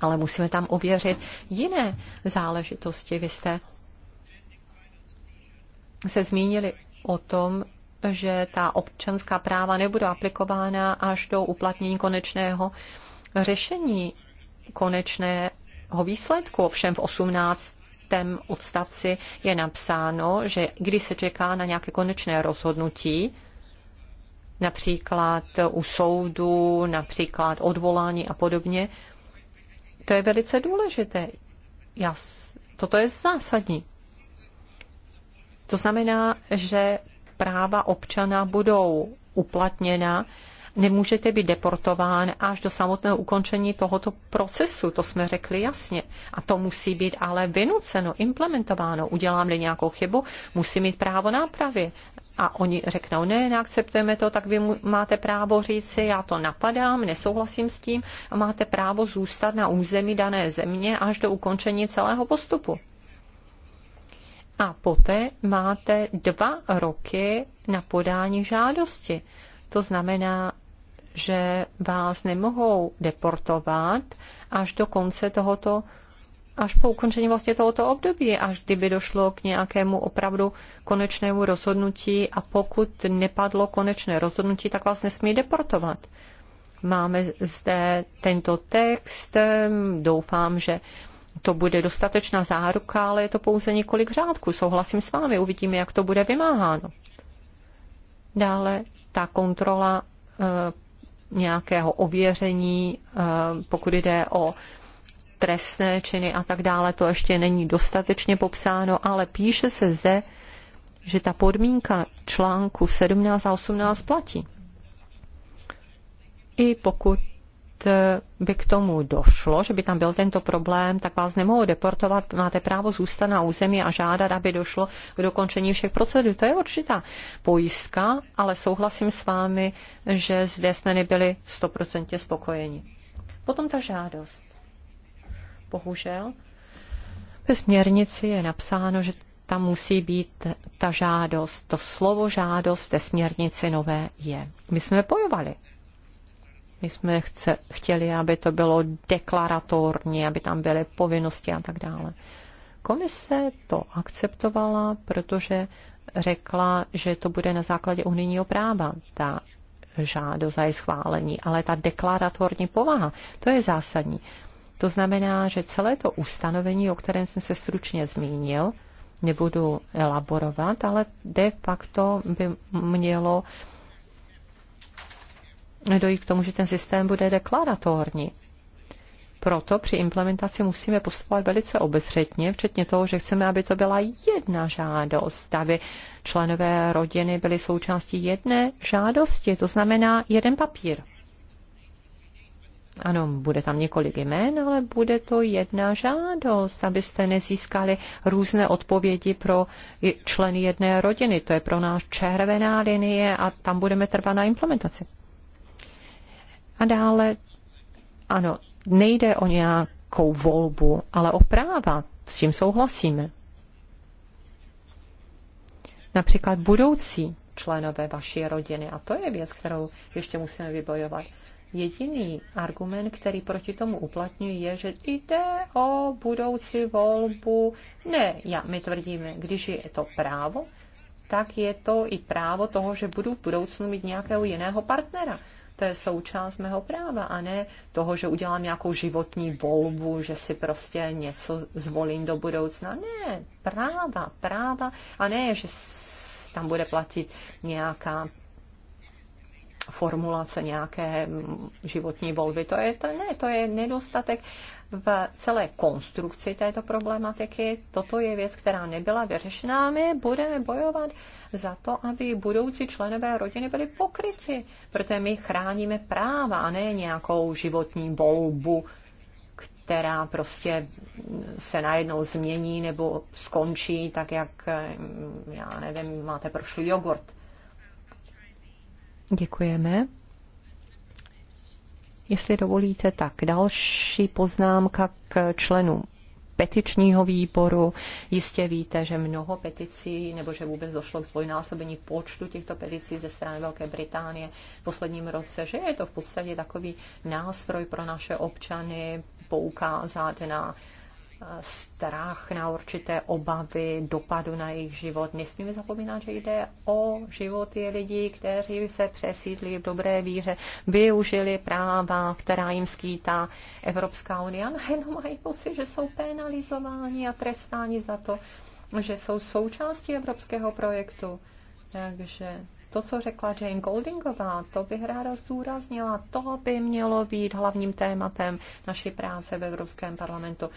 Ale musíme tam ověřit jiné záležitosti. Vy jste se zmínili o tom, že ta občanská práva nebudou aplikována až do uplatnění konečného řešení konečného výsledku. Ovšem v 18. odstavci je napsáno, že když se čeká na nějaké konečné rozhodnutí, například u soudu, například odvolání a podobně. To je velice důležité. Jas, toto je zásadní. To znamená, že práva občana budou uplatněna, nemůžete být deportován až do samotného ukončení tohoto procesu, to jsme řekli jasně. A to musí být ale vynuceno, implementováno. Udělám-li nějakou chybu, musí mít právo nápravy a oni řeknou, ne, neakceptujeme to, tak vy mu, máte právo říci, já to napadám, nesouhlasím s tím a máte právo zůstat na území dané země až do ukončení celého postupu. A poté máte dva roky na podání žádosti. To znamená, že vás nemohou deportovat až do konce tohoto až po ukončení vlastně tohoto období, až kdyby došlo k nějakému opravdu konečnému rozhodnutí a pokud nepadlo konečné rozhodnutí, tak vás nesmí deportovat. Máme zde tento text, doufám, že to bude dostatečná záruka, ale je to pouze několik řádků. Souhlasím s vámi, uvidíme, jak to bude vymáháno. Dále ta kontrola e, nějakého ověření, e, pokud jde o e, trestné činy a tak dále, to ještě není dostatečně popsáno, ale píše se zde, že ta podmínka článku 17 a 18 platí. I pokud eh, by k tomu došlo, že by tam byl tento problém, tak vás nemohou deportovat. Máte právo zůstat na území a žádat, aby došlo k dokončení všech procedur. To je určitá pojistka, ale souhlasím s vámi, že zde jsme nebyli stoprocentně spokojeni. Potom ta žádost. Bohužel ve směrnici je napsáno, že tam musí být ta žádost, to slovo žádost ve směrnici nové je. My jsme bojovali. My jsme chce, chtěli, aby to bylo deklaratorní, aby tam byly povinnosti a tak dále. Komise to akceptovala, protože řekla, že to bude na základě unijního práva, ta žádost za je schválení, ale ta deklaratorní povaha, to je zásadní. To znamená, že celé to ustanovení, o kterém jsem se stručně zmínil, nebudu elaborovat, ale de facto by mělo dojít k tomu, že ten systém bude deklaratorní. Proto při implementaci musíme postupovat velice obezřetně, včetně toho, že chceme, aby to byla jedna žádost, aby členové rodiny byly součástí jedné žádosti, to znamená jeden papír. Ano, bude tam několik jmén, ale bude to jedna žádost, abyste nezískali různé odpovědi pro členy jedné rodiny. To je pro nás červená linie a tam budeme trvat na implementaci. A dále, ano, nejde o nějakou volbu, ale o práva, s čím souhlasíme. Například budoucí členové vaší rodiny. A to je věc, kterou ještě musíme vybojovat. Jediný argument, který proti tomu uplatňuje, je, že jde o budoucí volbu. Ne, já, my tvrdíme, když je to právo, tak je to i právo toho, že budu v budoucnu mít nějakého jiného partnera. To je součást mého práva a ne toho, že udělám nějakou životní volbu, že si prostě něco zvolím do budoucna. Ne, práva, práva a ne, že tam bude platit nějaká formulace nějaké životní volby. To je, to, ne, to je nedostatek v celé konstrukci této problematiky. Toto je věc, která nebyla vyřešená. My budeme bojovat za to, aby budoucí členové rodiny byli pokryti, protože my chráníme práva a ne nějakou životní volbu, která prostě se najednou změní nebo skončí, tak jak, já nevím, máte prošlý jogurt Děkujeme. Jestli dovolíte, tak další poznámka k členům petičního výboru. Jistě víte, že mnoho peticí, nebo že vůbec došlo k zvojnásobení počtu těchto peticí ze strany Velké Británie v posledním roce, že je to v podstatě takový nástroj pro naše občany poukázat na strach, na určité obavy, dopadu na jejich život. Nesmíme zapomínat, že jde o životy lidí, kteří se přesídli v dobré víře, využili práva, která jim skýtá Evropská unie a jenom mají pocit, že jsou penalizováni a trestáni za to, že jsou součástí evropského projektu. Takže to, co řekla Jane Goldingová, to bych ráda zdůraznila. To by mělo být hlavním tématem naší práce v Evropském parlamentu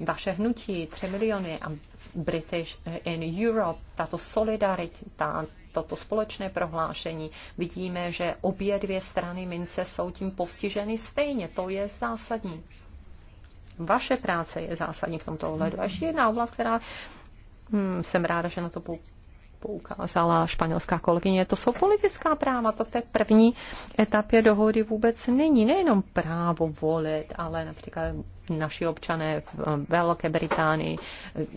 vaše hnutí 3 miliony a British in Europe, tato solidarita, toto společné prohlášení, vidíme, že obě dvě strany mince jsou tím postiženy stejně. To je zásadní. Vaše práce je zásadní v tomto ohledu. A ještě jedna oblast, která hmm, jsem ráda, že na to poukázala španělská kolegyně, to jsou politická práva, to v té první etapě dohody vůbec není. Nejenom právo volit, ale například naši občané v Velké Británii,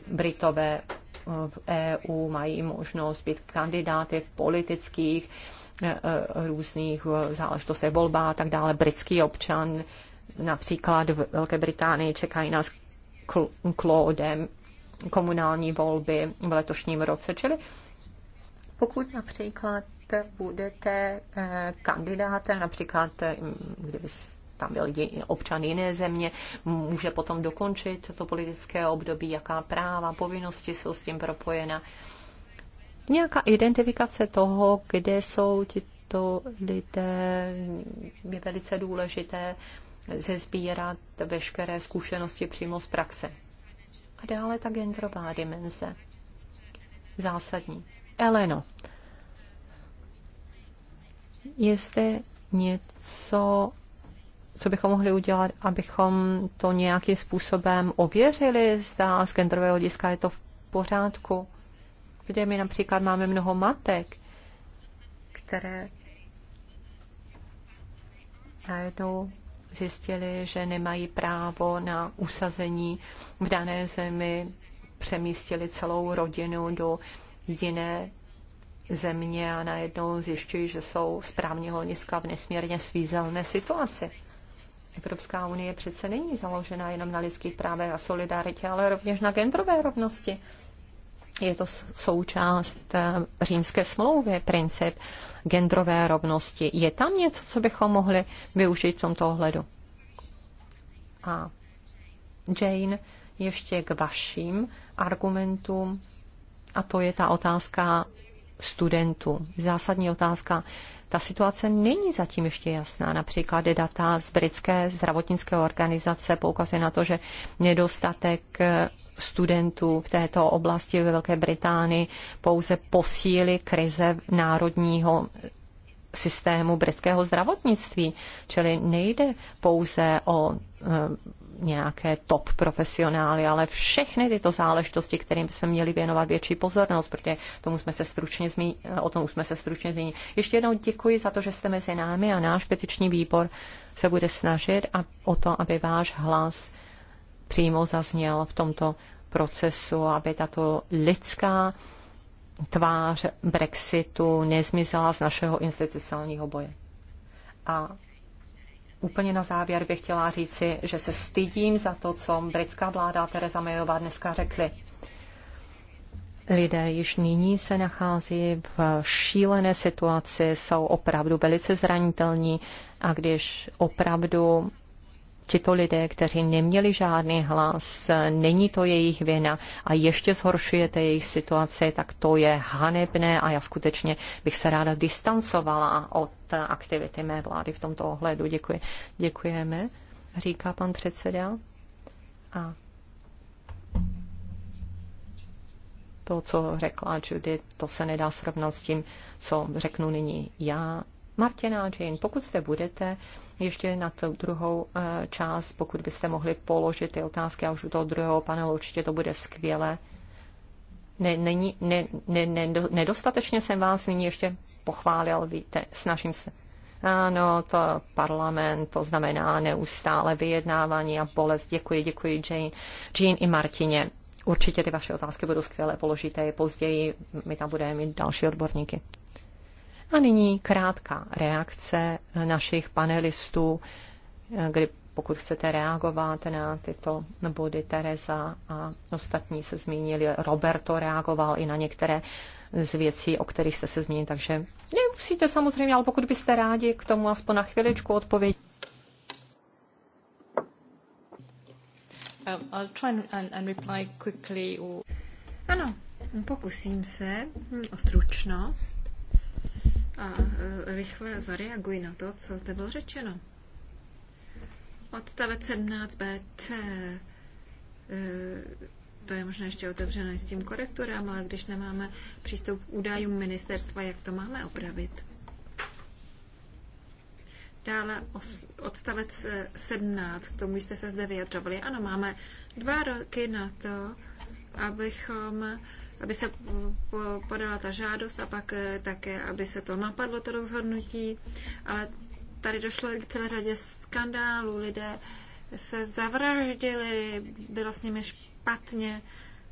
Britové v EU mají možnost být kandidáty v politických e, e, různých e, záležitostech volba a tak dále. Britský občan například v Velké Británii čekají nás Claude komunální volby v letošním roce, čili pokud například budete eh, kandidátem, například eh, kdyby tam byl občan jiné země, může potom dokončit to politické období, jaká práva, povinnosti jsou s tím propojena. Nějaká identifikace toho, kde jsou tito lidé, je velice důležité zezbírat veškeré zkušenosti přímo z praxe. A dále ta genderová dimenze. Zásadní. Eleno, je zde něco, co bychom mohli udělat, abychom to nějakým způsobem ověřili, zda z genderového diska je to v pořádku. Kde my například máme mnoho matek, které najednou zjistili, že nemají právo na usazení v dané zemi, přemístili celou rodinu do jiné země a najednou zjišťují, že jsou správně právního v nesmírně svízelné situaci. Evropská unie přece není založena jenom na lidských právech a solidaritě, ale rovněž na genderové rovnosti. Je to součást eh, římské smlouvy, princip genderové rovnosti. Je tam něco, co bychom mohli využít v tomto ohledu? A Jane, ještě k vašim argumentům a to je ta otázka studentů. Zásadní otázka. Ta situace není zatím ještě jasná. Například data z britské zdravotnické organizace poukazuje na to, že nedostatek eh, studentů v této oblasti ve Velké Británii pouze posílí krize národního systému britského zdravotnictví. Čili nejde pouze o eh, nějaké top profesionály, ale všechny tyto záležitosti, kterým bychom měli věnovat větší pozornost, protože tomu jsme se stručně zmí, o tom jsme se stručně zmínili. Ještě jednou děkuji za to, že jste mezi námi a náš petiční výbor se bude snažit a, o to, aby váš hlas přímo zazněl v tomto procesu, aby tato lidská tvář Brexitu nezmizela z našeho institucionálního boje. A Úplně na závěr bych chtěla říci, že se stydím za to, co britská vláda Tereza Mayová dneska řekli. Lidé již nyní se nachází v šílené situaci, jsou opravdu velice zranitelní a když opravdu tito lidé, kteří neměli žádný hlas, není to jejich vina a ještě zhoršujete jejich situaci, tak to je hanebné a já skutečně bych se ráda distancovala od aktivity mé vlády v tomto ohledu. Děkuji. Děkujeme, říká pan předseda. A to, co řekla Judith, to se nedá srovnat s tím, co řeknu nyní já. Martina Jane, pokud jste budete, ještě na tu druhou eh, část, pokud byste mohli položit ty otázky a už u toho druhého panelu určitě to bude skvělé. Ne, není, ne, ne, ne, nedostatečně jsem vás nyní ještě pochválil, víte, snažím se. Ano, to parlament, to znamená neustále vyjednávání a bolest. Děkuji, děkuji Jane, Jean i Martině. Určitě ty vaše otázky budou skvělé, položíte je později, my tam budeme mít další odborníky. A nyní krátká reakce našich panelistů, kdy pokud chcete reagovat na tyto body Tereza a ostatní se zmínili, Roberto reagoval i na některé z věcí, o kterých jste se zmínili, takže nemusíte samozřejmě, ale pokud byste rádi k tomu aspoň na chviličku odpovědět. Uh, ano, pokusím se o stručnost a e, rychle zareaguji na to, co zde bylo řečeno. Odstavec 17bc, e, to je možná ještě otevřené s tím korekturám, ale když nemáme přístup k údajům ministerstva, jak to máme opravit? Dále odstavec 17, e, k tomu jste se zde vyjadřovali. Ano, máme dva roky na to, abychom aby se mm, podala ta žádost a pak eh, také, aby se to napadlo, to rozhodnutí. Ale tady došlo k celé řadě skandálů, lidé se zavraždili, bylo s nimi špatně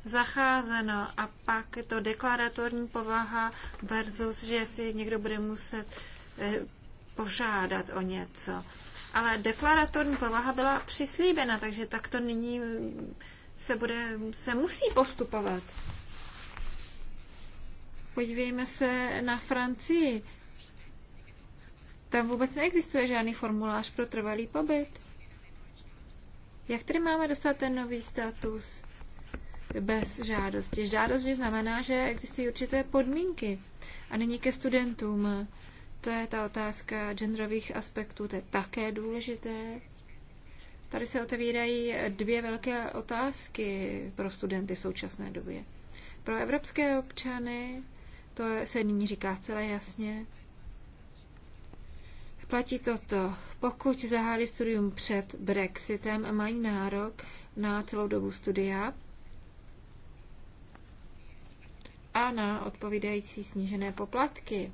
zacházeno a pak to deklaratorní povaha versus, že si někdo bude muset eh, požádat o něco. Ale deklaratorní povaha byla přislíbena, takže tak to nyní se, bude, se musí postupovat. Podívejme se na Francii. Tam vůbec neexistuje žádný formulář pro trvalý pobyt. Jak tedy máme dostat ten nový status bez žádosti? Žádost vždy znamená, že existují určité podmínky. A nyní ke studentům. To je ta otázka genderových aspektů, to je také důležité. Tady se otevírají dvě velké otázky pro studenty v současné době. Pro evropské občany to se nyní říká zcela jasně. Platí toto. Pokud zahájí studium před Brexitem, mají nárok na celou dobu studia a na odpovídající snížené poplatky.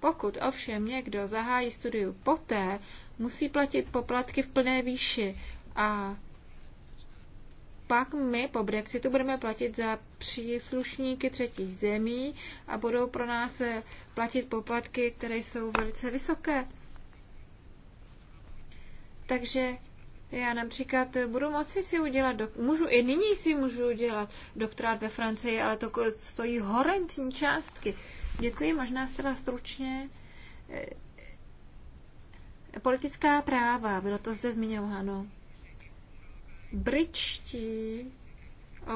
Pokud ovšem někdo zahájí studiu poté, musí platit poplatky v plné výši a pak my po Brexitu budeme platit za příslušníky třetích zemí a budou pro nás eh, platit poplatky, které jsou velice vysoké. Takže já například budu moci si udělat, do, můžu, i nyní si můžu udělat doktorát ve Francii, ale to stojí horentní částky. Děkuji, možná zcela stručně. Eh, politická práva, bylo to zde zmiňováno britští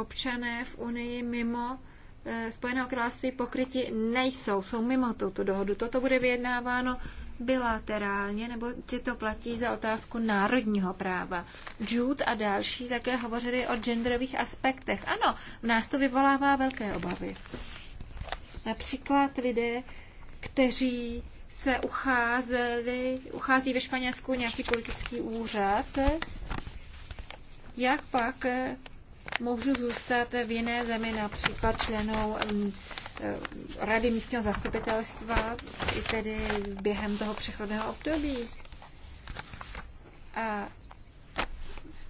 občané v Unii mimo eh, Spojeného království pokryti nejsou, jsou mimo tuto dohodu. Toto bude vyjednáváno bilaterálně, nebo ti to platí za otázku národního práva. Jude a další také hovořili o genderových aspektech. Ano, v nás to vyvolává velké obavy. Například lidé, kteří se ucházeli, uchází ve Španělsku nějaký politický úřad, jak pak eh, můžu zůstat v jiné zemi, například členou mm, eh, Rady místního zastupitelstva, i tedy během toho přechodného období. A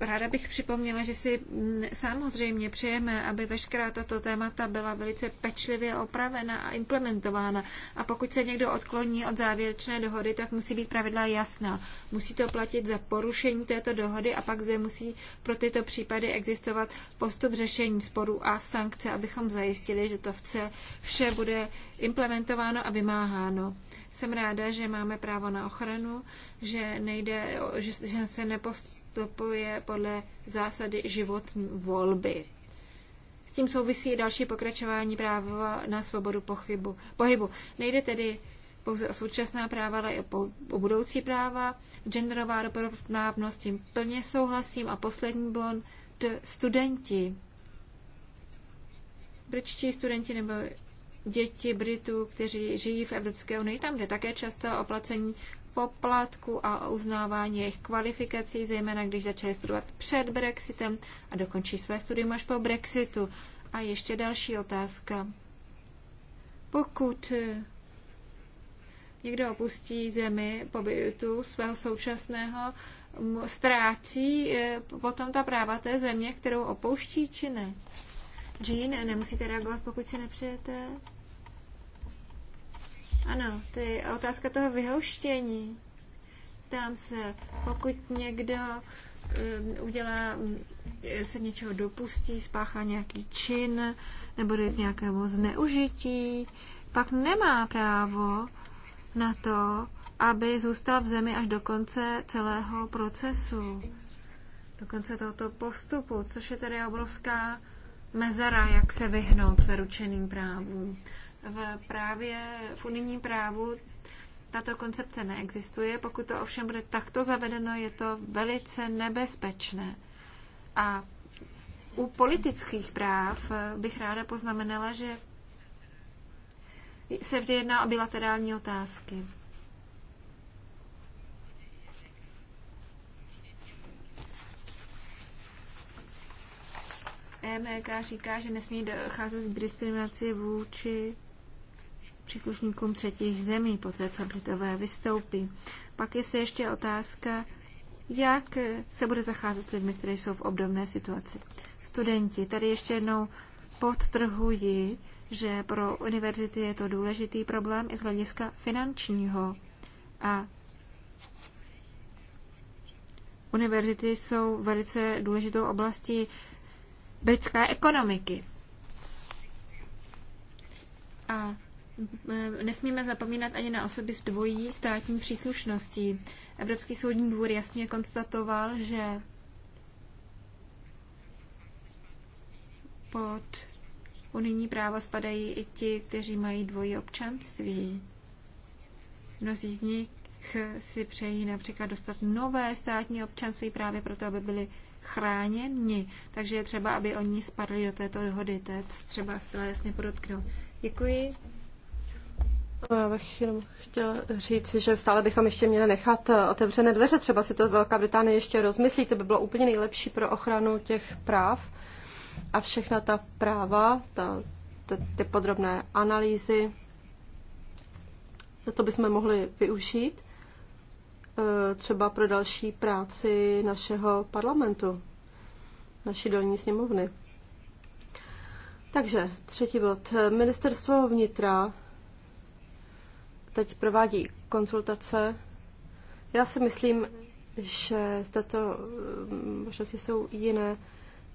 Ráda bych připomněla, že si mm, samozřejmě přejeme, aby veškerá tato témata byla velice pečlivě opravena a implementována. A pokud se někdo odkloní od závěrečné dohody, tak musí být pravidla jasná. Musí to platit za porušení této dohody a pak zde musí pro tyto případy existovat postup řešení sporů a sankce, abychom zajistili, že to vce vše bude implementováno a vymáháno. Jsem ráda, že máme právo na ochranu, že, nejde, že se nepost to je podle zásady životní volby. S tím souvisí další pokračování práva na svobodu pochybu, pohybu. Nejde tedy pouze o současná práva, ale i o, budoucí práva. Genderová rovnoprávnost tím plně souhlasím. A poslední bod: studenti. Britští studenti nebo děti Britů, kteří žijí v Evropské unii, tam jde také často o placení poplatků a uznávání jejich kvalifikací, zejména když začali studovat před Brexitem a dokončí své studium až po Brexitu. A ještě další otázka. Pokud eh, někdo opustí zemi pobytu svého současného, ztrácí eh, potom ta práva té země, kterou opouští, či ne? Jean, nemusíte reagovat, pokud si nepřejete. Ano, ty otázka toho vyhoštění. Tam se, pokud někdo um, udělá, um, se něčeho dopustí, spáchá nějaký čin, nebo je nějakému zneužití, pak nemá právo na to, aby zůstal v zemi až do konce celého procesu, do konce tohoto postupu, což je tedy obrovská mezera, jak se vyhnout zaručeným právům v právě v unijním právu tato koncepce neexistuje. Pokud to ovšem bude takto zavedeno, je to velice nebezpečné. A u politických práv bych ráda poznamenala, že se vždy jedná o bilaterální otázky. EMK říká, že nesmí docházet k diskriminaci vůči příslušníkům třetích zemí, poté co Britové vystoupí. Pak je se ještě otázka, jak se bude zacházet s lidmi, kteří jsou v obdobné situaci. Studenti, tady ještě jednou podtrhuji, že pro univerzity je to důležitý problém i z hlediska finančního. A univerzity jsou velice důležitou oblastí britské ekonomiky. A Eh, nesmíme zapomínat ani na osoby s dvojí státní příslušností. Evropský soudní dvůr jasně konstatoval, že pod unijní práva spadají i ti, kteří mají dvojí občanství. Mnozí z nich si přejí například dostat nové státní občanství právě proto, aby byli chráněni. Takže je třeba, aby oni spadli do této dohody. To je třeba zcela jasně podotknout. Děkuji. Já bych jenom chtěla říct, že stále bychom ještě měli nechat eh, otevřené dveře. Třeba si to Velká Británie ještě rozmyslí. To by bylo úplně nejlepší pro ochranu těch práv a všechna ta práva, ta, ty, ty podrobné analýzy, to bychom mohli využít eh, třeba pro další práci našeho parlamentu, naší dolní sněmovny. Takže třetí bod. Ministerstvo vnitra teď provádí konzultace. Já si myslím, že tato mm, možnosti jsou jiné.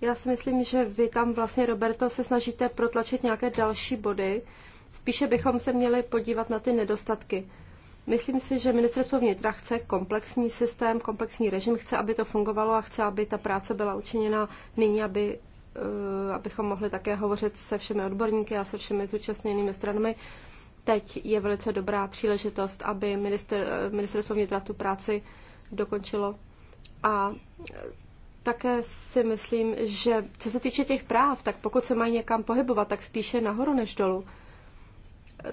Já si myslím, že vy tam vlastně, Roberto, se snažíte protlačit nějaké další body. Spíše bychom se měli podívat na ty nedostatky. Myslím si, že ministerstvo vnitra chce komplexní systém, komplexní režim, chce, aby to fungovalo a chce, aby ta práce byla učiněna nyní, aby, eh, abychom mohli také hovořit se všemi odborníky a se všemi zúčastněnými stranami teď je velice dobrá příležitost, aby minister, ministerstvo vnitra tu práci dokončilo. A e, také si myslím, že co se týče těch práv, tak pokud se mají někam pohybovat, tak spíše nahoru než dolů.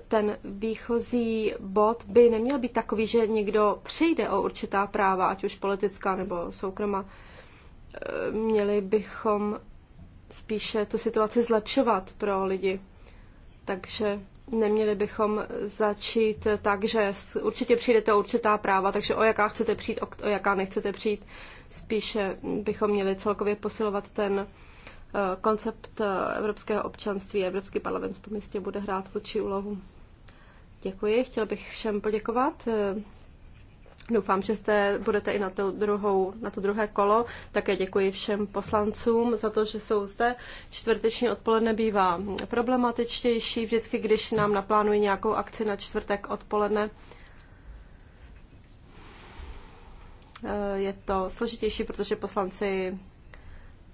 Ten výchozí bod by neměl být takový, že někdo přijde o určitá práva, ať už politická nebo soukromá. E, měli bychom spíše tu situaci zlepšovat pro lidi. Takže Neměli bychom začít tak, že určitě přijdete o určitá práva, takže o jaká chcete přijít, o jaká nechcete přijít. Spíše bychom měli celkově posilovat ten eh, koncept eh, evropského občanství. Evropský parlament v tom jistě bude hrát vůči úlohu. Děkuji, chtěl bych všem poděkovat. Eh, Doufám, že jste, budete i na to, druhou, na to druhé kolo. Také děkuji všem poslancům za to, že jsou zde. Čtvrteční odpoledne bývá problematičtější. Vždycky, když nám naplánují nějakou akci na čtvrtek odpoledne, eh, je to složitější, protože poslanci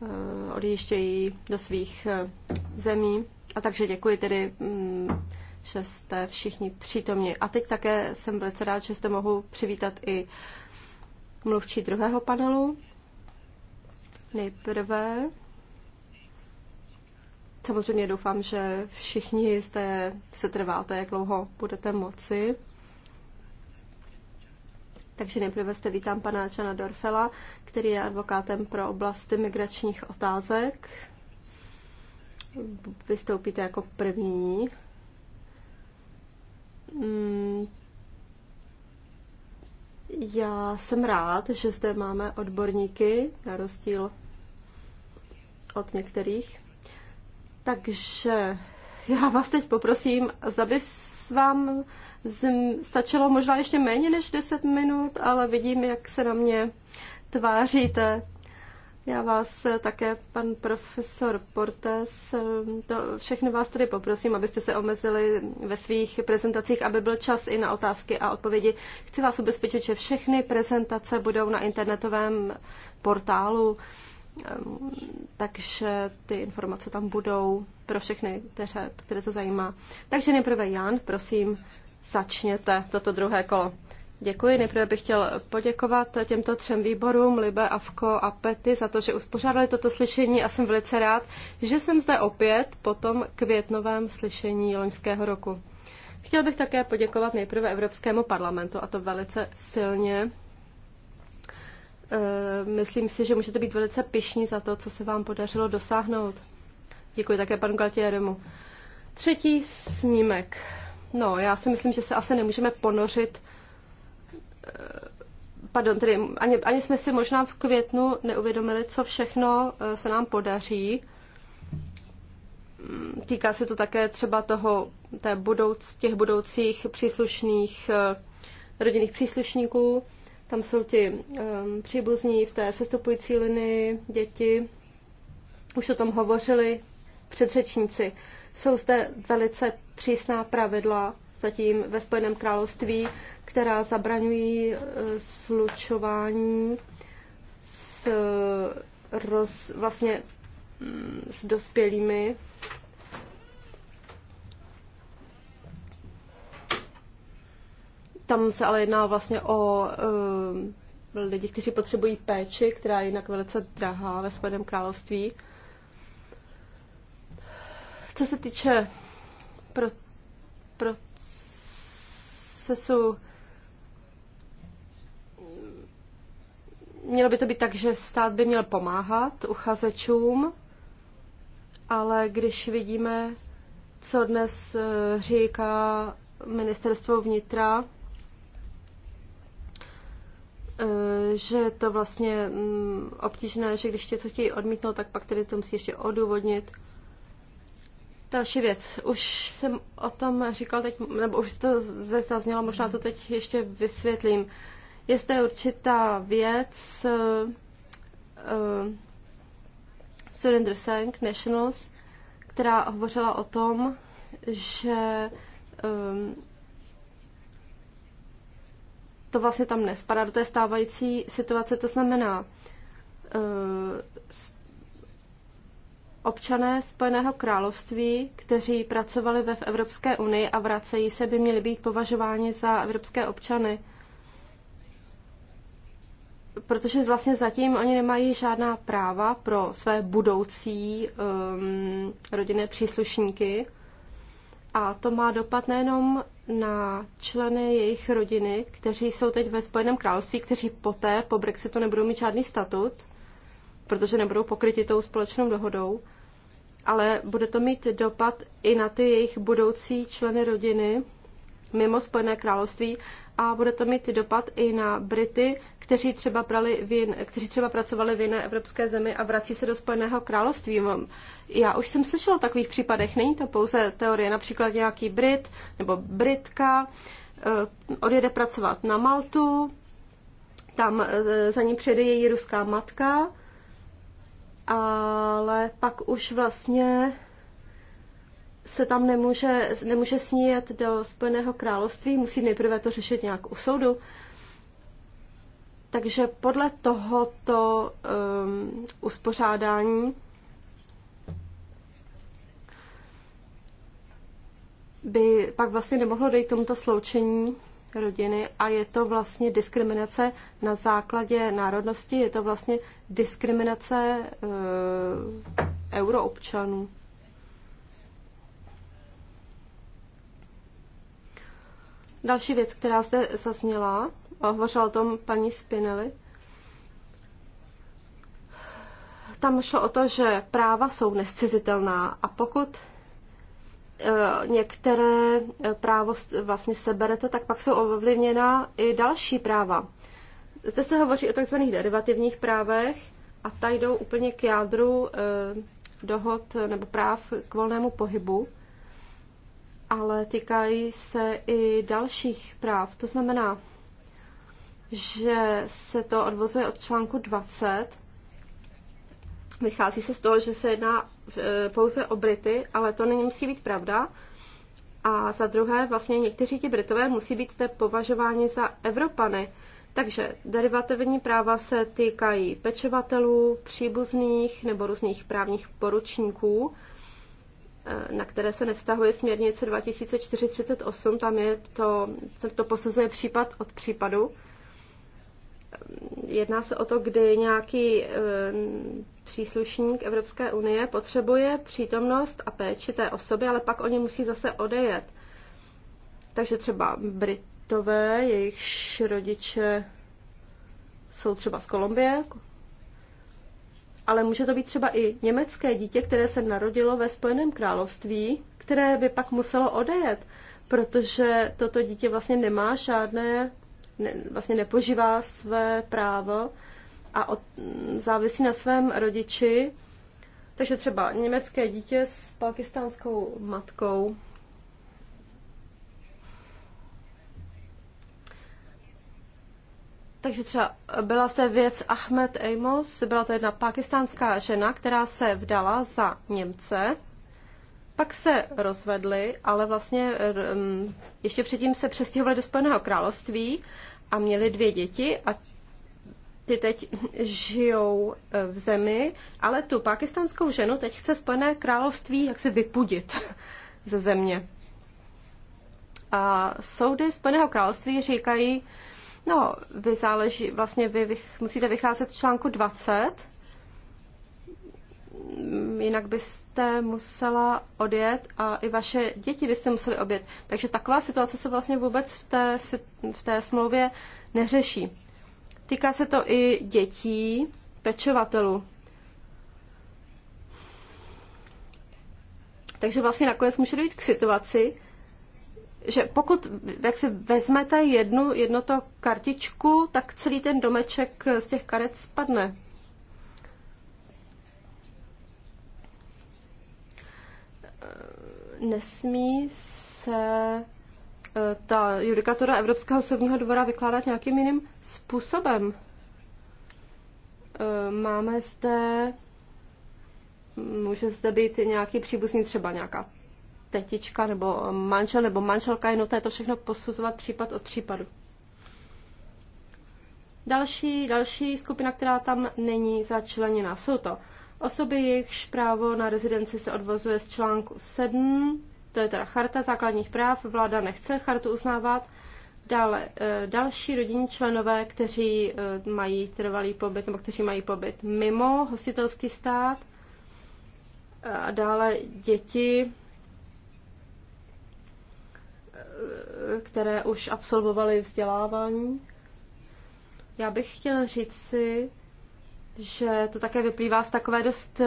eh, odjíždějí do svých eh, zemí. A takže děkuji tedy mm, že jste všichni přítomni. A teď také jsem velice rád, že jste mohu přivítat i mluvčí druhého panelu. Nejprve samozřejmě doufám, že všichni jste se trváte, jak dlouho budete moci. Takže nejprve jste vítám pana Čana Dorfela, který je advokátem pro oblast migračních otázek. Vystoupíte jako první Mm. Já jsem rád, že zde máme odborníky, na rozdíl od některých. Takže já vás teď poprosím, zda by vám stačilo možná ještě méně než 10 minut, ale vidím, jak se na mě tváříte, já vás eh, také, pan profesor Portes, eh, to všechny vás tedy poprosím, abyste se omezili ve svých prezentacích, aby byl čas i na otázky a odpovědi. Chci vás ubezpečit, že všechny prezentace budou na internetovém portálu, eh, takže ty informace tam budou pro všechny, které to zajímá. Takže nejprve Jan, prosím, začněte toto druhé kolo. Děkuji. Nejprve bych chtěl poděkovat těmto třem výborům, Libe, Avko a Pety, za to, že uspořádali toto slyšení a jsem velice rád, že jsem zde opět po tom květnovém slyšení loňského roku. Chtěl bych také poděkovat nejprve Evropskému parlamentu, a to velice silně. E, myslím si, že můžete být velice pišní za to, co se vám podařilo dosáhnout. Děkuji také panu Galtieremu. Třetí snímek. No, já si myslím, že se asi nemůžeme ponořit Eh, pardon, tedy ani, ani jsme si možná v květnu neuvědomili, co všechno eh, se nám podaří. Mm, týká se to také třeba toho, té budouc, těch budoucích příslušných eh, rodinných příslušníků. Tam jsou ti um, příbuzní v té sestupující linii, děti. Už o tom hovořili předřečníci. Jsou zde velice přísná pravidla zatím ve Spojeném království, která zabraňují eh, slučování s eh, roz, vlastně mm, s dospělými. Tam se ale jedná vlastně o uh, lidi, kteří potřebují péči, která je jinak velice drahá ve Spojeném království. Co se týče pro, pro procesu. Mělo by to být tak, že stát by měl pomáhat uchazečům, ale když vidíme, co dnes eh, říká ministerstvo vnitra, eh, že je to vlastně mm, obtížné, že když tě co chtějí odmítnout, tak pak tedy to musí ještě odůvodnit. Další věc. Už jsem o tom říkal teď, nebo už to zaznělo, možná to teď ještě vysvětlím. Je zde určitá věc, uh, Surrender Sank Nationals, která hovořila o tom, že um, to vlastně tam nespadá do té stávající situace. To znamená, uh, Občané Spojeného království, kteří pracovali ve Evropské unii a vracejí se, by měli být považováni za evropské občany. Protože vlastně zatím oni nemají žádná práva pro své budoucí um, rodinné příslušníky. A to má dopad nejenom na členy jejich rodiny, kteří jsou teď ve Spojeném království, kteří poté po Brexitu nebudou mít žádný statut, protože nebudou pokryti tou společnou dohodou, ale bude to mít dopad i na ty jejich budoucí členy rodiny mimo Spojené království a bude to mít dopad i na Brity, kteří třeba, prali v jin, kteří třeba pracovali v jiné evropské zemi a vrací se do Spojeného království. Já už jsem slyšela o takových případech, není to pouze teorie, například nějaký Brit nebo Britka eh, odjede pracovat na Maltu, tam eh, za ní přijede její ruská matka, ale pak už vlastně se tam nemůže, nemůže sníjet do Spojeného království, musí nejprve to řešit nějak u soudu. Takže podle tohoto um, uspořádání by pak vlastně nemohlo dojít k tomuto sloučení rodiny a je to vlastně diskriminace na základě národnosti, je to vlastně diskriminace eh, euroobčanů. Další věc, která zde zazněla, hovořila o tom paní Spinelli, tam šlo o to, že práva jsou nescizitelná a pokud E, některé e, právo vlastně seberete, tak pak jsou ovlivněna i další práva. Zde se hovoří o tzv. derivativních právech a ta jdou úplně k jádru e, dohod nebo práv k volnému pohybu, ale týkají se i dalších práv. To znamená, že se to odvozuje od článku 20. Vychází se z toho, že se jedná Eh, pouze o Brity, ale to nemusí být pravda. A za druhé, vlastně někteří ti Britové musí být zde považováni za Evropany. Takže derivativní práva se týkají pečovatelů, příbuzných nebo různých právních poručníků, eh, na které se nevztahuje směrnice 2438. Tam je to, se to posuzuje případ od případu jedná se o to, kdy nějaký eh, příslušník Evropské unie potřebuje přítomnost a péči té osoby, ale pak oni musí zase odejet. Takže třeba Britové, jejichž rodiče jsou třeba z Kolumbie, ale může to být třeba i německé dítě, které se narodilo ve Spojeném království, které by pak muselo odejet, protože toto dítě vlastně nemá žádné ne, vlastně nepožívá své právo a od, závisí na svém rodiči. Takže třeba německé dítě s pakistánskou matkou. Takže třeba byla zde věc Ahmed Amos, byla to jedna pakistánská žena, která se vdala za Němce pak se rozvedli, ale vlastně ještě předtím se přestěhovali do Spojeného království a měli dvě děti a ty teď žijou e, v zemi, ale tu pakistánskou ženu teď chce Spojené království jak se vypudit ze země. A soudy Spojeného království říkají, no, vy záleží, vlastně vy, vy musíte vycházet z článku 20 jinak byste musela odjet a i vaše děti byste museli odjet. Takže taková situace se vlastně vůbec v té, v té smlouvě neřeší. Týká se to i dětí, pečovatelů. Takže vlastně nakonec může dojít k situaci, že pokud jak si vezmete jednu, jedno to kartičku, tak celý ten domeček z těch karet spadne. nesmí se eh, ta judikatura Evropského soudního dvora vykládat nějakým jiným způsobem. Eh, máme zde, může zde být nějaký příbuzný, třeba nějaká tetička nebo manžel nebo manželka, je to všechno posuzovat případ od případu. Další, další skupina, která tam není začleněna, jsou to Osoby, jejichž právo na rezidenci se odvozuje z článku 7, to je teda charta základních práv, vláda nechce chartu uznávat, Dále eh, další rodinní členové, kteří eh, mají trvalý pobyt nebo kteří mají pobyt mimo hostitelský stát. Eh, a dále děti, které už absolvovaly vzdělávání. Já bych chtěla říct si, že to také vyplývá z takové dost eh,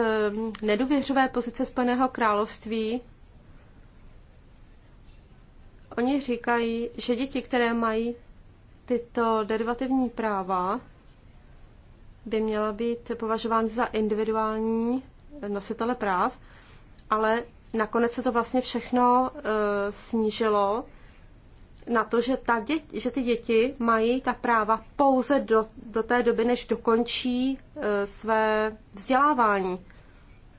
nedůvěřové pozice Spojeného království. Oni říkají, že děti, které mají tyto derivativní práva, by měla být považován za individuální nositele práv, ale nakonec se to vlastně všechno e, snížilo na to, že, ta dět, že ty děti mají ta práva pouze do, do té doby, než dokončí uh, své vzdělávání.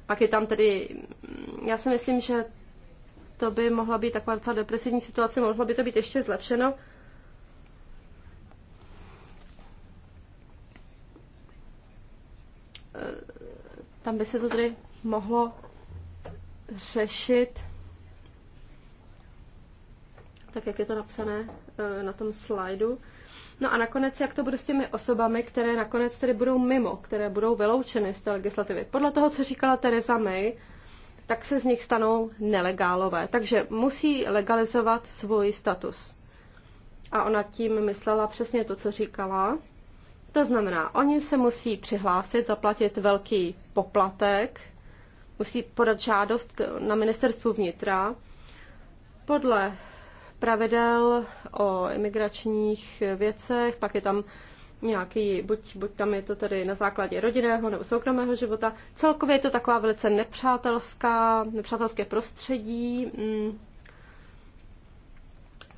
Pak je tam tedy, mm, já si myslím, že to by mohla být taková docela depresivní situace, mohlo by to být ještě zlepšeno. E, tam by se to tedy mohlo řešit tak jak je to napsané eh, na tom slajdu. No a nakonec, jak to bude s těmi osobami, které nakonec tedy budou mimo, které budou vyloučeny z té legislativy. Podle toho, co říkala Teresa May, tak se z nich stanou nelegálové. Takže musí legalizovat svůj status. A ona tím myslela přesně to, co říkala. To znamená, oni se musí přihlásit, zaplatit velký poplatek, musí podat žádost na ministerstvu vnitra. Podle pravidel o imigračních věcech, pak je tam nějaký, buď, buď tam je to tedy na základě rodinného nebo soukromého života. Celkově je to taková velice nepřátelská, nepřátelské prostředí. Mm.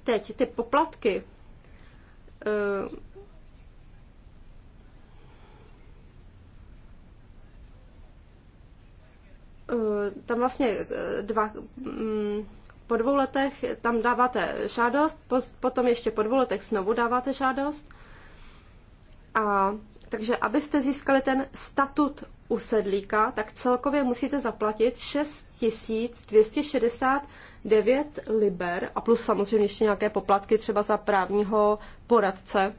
Teď ty poplatky. Eh, eh, tam vlastně eh, dva, mm, po dvou letech tam dáváte žádost, potom ještě po dvou letech znovu dáváte žádost. A takže abyste získali ten statut usedlíka, tak celkově musíte zaplatit 6269 liber a plus samozřejmě ještě nějaké poplatky třeba za právního poradce.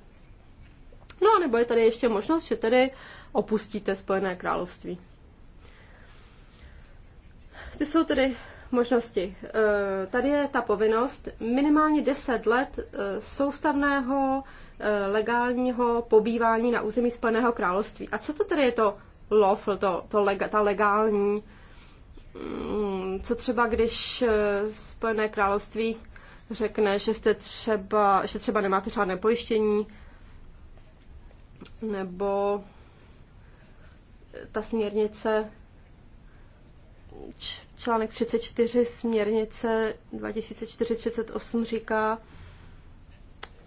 No a nebo je tady ještě možnost, že tedy opustíte Spojené království. Ty jsou tedy možnosti. Eh, tady je ta povinnost minimálně 10 let eh, soustavného eh, legálního pobývání na území Spojeného království. A co to tedy je to lawful, to, to lega, ta legální? Mm, co třeba, když Spojené království řekne, že jste třeba, že třeba nemáte žádné pojištění, nebo ta směrnice článek 34 směrnice 2438 říká,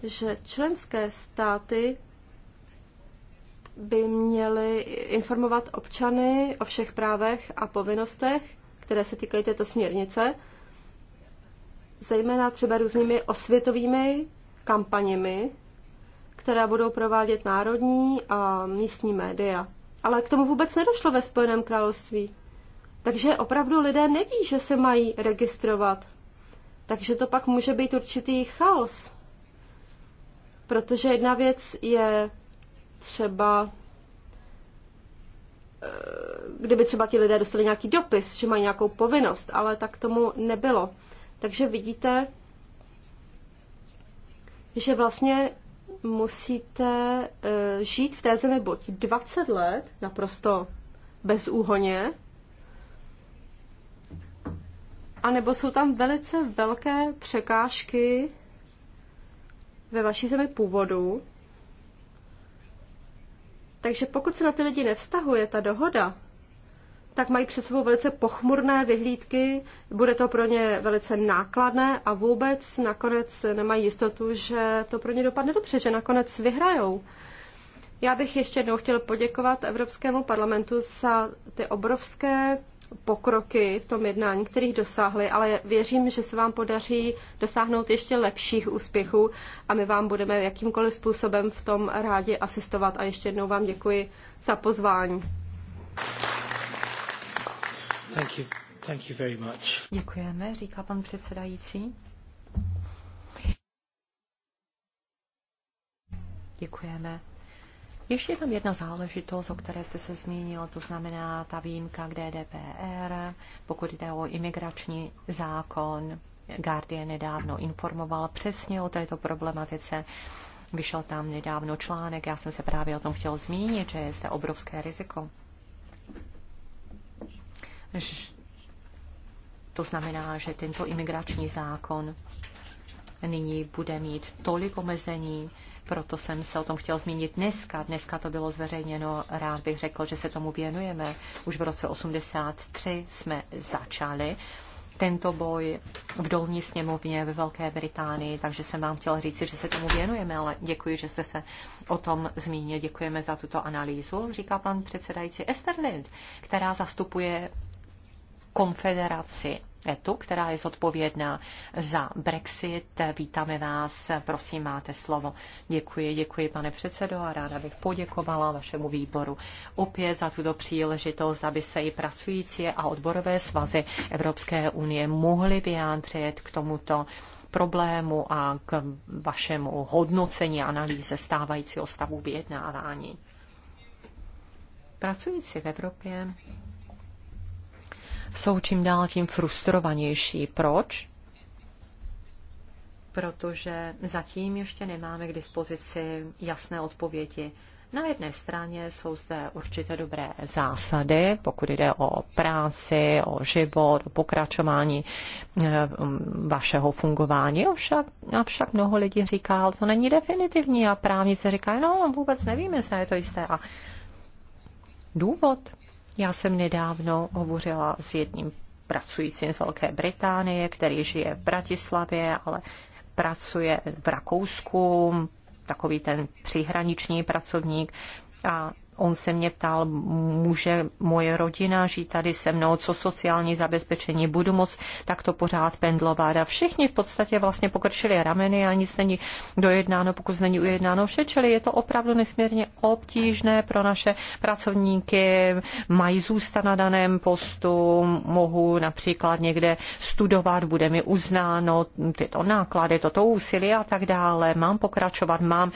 že členské státy by měly informovat občany o všech právech a povinnostech, které se týkají této směrnice, zejména třeba různými osvětovými kampaněmi, které budou provádět národní a místní média. Ale k tomu vůbec nedošlo ve Spojeném království. Takže opravdu lidé neví, že se mají registrovat. Takže to pak může být určitý chaos. Protože jedna věc je třeba, eh, kdyby třeba ti lidé dostali nějaký dopis, že mají nějakou povinnost, ale tak tomu nebylo. Takže vidíte, že vlastně musíte eh, žít v té zemi buď 20 let naprosto bezúhoně, anebo jsou tam velice velké překážky ve vaší zemi původu. Takže pokud se na ty lidi nevztahuje ta dohoda, tak mají před sebou velice pochmurné vyhlídky, bude to pro ně velice nákladné a vůbec nakonec nemají jistotu, že to pro ně dopadne dobře, že nakonec vyhrajou. Já bych ještě jednou chtěl poděkovat Evropskému parlamentu za ty obrovské pokroky v tom jednání, kterých dosáhli, ale věřím, že se vám podaří dosáhnout ještě lepších úspěchů a my vám budeme jakýmkoliv způsobem v tom rádi asistovat a ještě jednou vám děkuji za pozvání. Thank you. Thank you very much. Děkujeme, říká pan předsedající. Děkujeme ještě je tam jedna záležitost, o které jste se zmínil, to znamená ta výjimka k DDPR, pokud jde o imigrační zákon. Guardian nedávno informoval přesně o této problematice. Vyšel tam nedávno článek, já jsem se právě o tom chtěl zmínit, že je zde obrovské riziko. To znamená, že tento imigrační zákon nyní bude mít tolik omezení, proto jsem se o tom chtěl zmínit dneska. Dneska to bylo zveřejněno, rád bych řekl, že se tomu věnujeme. Už v roce 83 jsme začali tento boj v dolní sněmovně ve Velké Británii, takže jsem vám chtěla říci, že se tomu věnujeme, ale děkuji, že jste se o tom zmínil. Děkujeme za tuto analýzu, říká pan předsedající Esther Lind, která zastupuje konfederaci tu, která je zodpovědná za Brexit. Vítáme vás, prosím, máte slovo. Děkuji, děkuji, pane předsedo, a ráda bych poděkovala vašemu výboru opět za tuto příležitost, aby se i pracující a odborové svazy Evropské unie mohly vyjádřit k tomuto problému a k vašemu hodnocení analýze stávajícího stavu vyjednávání. Pracující v Evropě jsou čím dál tím frustrovanější. Proč? Protože zatím ještě nemáme k dispozici jasné odpovědi. Na jedné straně jsou zde určité dobré zásady, pokud jde o práci, o život, o pokračování eh, vašeho fungování. Ovšak, avšak mnoho lidí říká, ale to není definitivní a právnice říká, no vůbec nevíme, jestli je to jisté. A důvod já jsem nedávno hovořila s jedním pracujícím z Velké Británie, který žije v Bratislavě, ale pracuje v Rakousku, takový ten přihraniční pracovník. A On se mě ptal, může moje rodina žít tady se mnou, co sociální zabezpečení, budu moc takto pořád pendlovat. A všichni v podstatě vlastně pokrčili rameny a nic není dojednáno, pokud není ujednáno vše, čili je to opravdu nesmírně obtížné pro naše pracovníky, mají zůstat na daném postu, mohu například někde studovat, bude mi uznáno tyto náklady, toto úsilí a tak dále, mám pokračovat, mám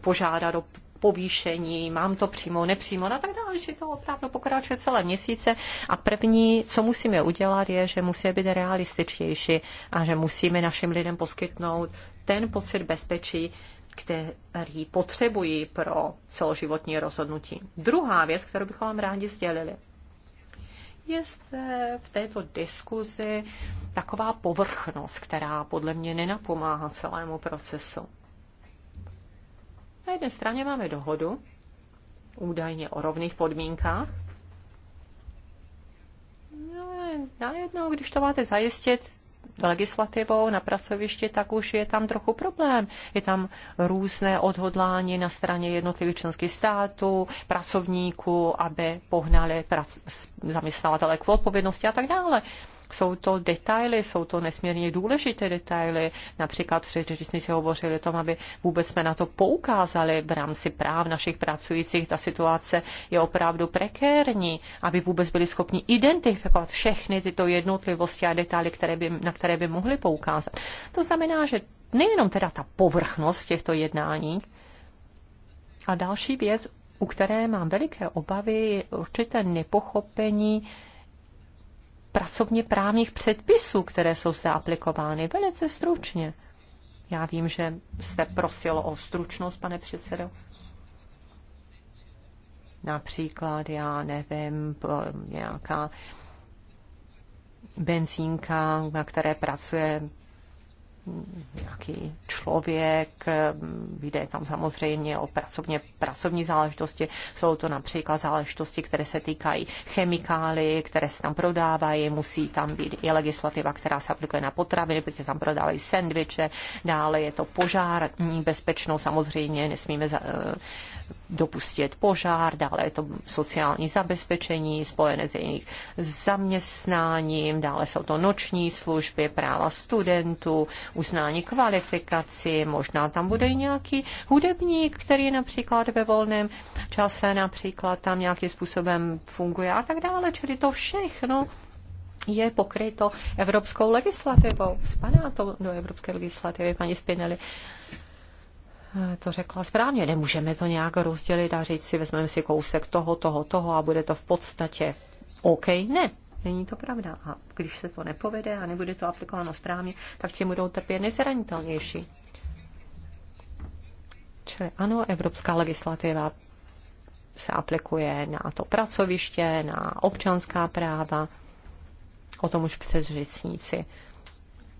požádat o povýšení, mám to přímo, nepřímo a no tak dále, že to opravdu pokračuje celé měsíce. A první, co musíme udělat, je, že musíme být realističtější a že musíme našim lidem poskytnout ten pocit bezpečí, který potřebují pro celoživotní rozhodnutí. Druhá věc, kterou bychom vám rádi sdělili, je zde v této diskuzi taková povrchnost, která podle mě nenapomáhá celému procesu. Na jedné straně máme dohodu, údajně o rovných podmínkách, No, najednou, když to máte zajistit legislativou na pracovišti, tak už je tam trochu problém. Je tam různé odhodlání na straně jednotlivých členských států, pracovníků, aby pohnali prac- zaměstnavatele k odpovědnosti a tak dále jsou to detaily, jsou to nesmírně důležité detaily. Například předřečníci hovořili o tom, aby vůbec jsme na to poukázali v rámci práv našich pracujících. Ta situace je opravdu prekérní, aby vůbec byli schopni identifikovat všechny tyto jednotlivosti a detaily, které by, na které by mohli poukázat. To znamená, že nejenom teda ta povrchnost těchto jednání, a další věc, u které mám veliké obavy, je určité nepochopení pracovně právních předpisů, které jsou zde aplikovány. Velice stručně. Já vím, že jste prosil o stručnost, pane předsedo. Například, já nevím, nějaká benzínka, na které pracuje nějaký člověk, mm, jde tam samozřejmě o pracovně, pracovní záležitosti, jsou to například záležitosti, které se týkají chemikálií, které se tam prodávají, musí tam být i legislativa, která se aplikuje na potraviny, protože tam prodávají sendviče, dále je to požární bezpečnost, samozřejmě nesmíme za, eh, dopustit požár, dále je to sociální zabezpečení spojené s jejich zaměstnáním, dále jsou to noční služby, práva studentů, uznání kvalifikaci, možná tam bude i nějaký hudebník, který například ve volném čase například tam nějakým způsobem funguje a tak dále, čili to všechno je pokryto evropskou legislativou. Spadá to do evropské legislativy, paní Spinelli eh, to řekla správně. Nemůžeme to nějak rozdělit a říct si, vezmeme si kousek toho, toho, toho a bude to v podstatě OK. Ne, Není to pravda. A když se to nepovede a nebude to aplikováno správně, tak tím budou trpět nezranitelnější. Čili ano, evropská legislativa se aplikuje na to pracoviště, na občanská práva. O tom už předřečníci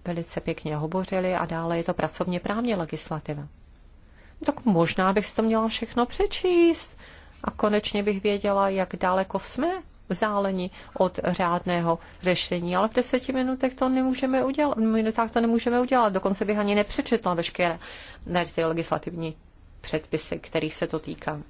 velice pěkně hovořili a dále je to pracovně právně legislativa. Tak možná bych si to měla všechno přečíst a konečně bych věděla, jak daleko jsme vzdáleni od řádného řešení. Ale v deseti minutách to nemůžeme udělat. Minutách to nemůžeme udělat. Dokonce bych ani nepřečetla veškeré ne, ty legislativní předpisy, kterých se to týká.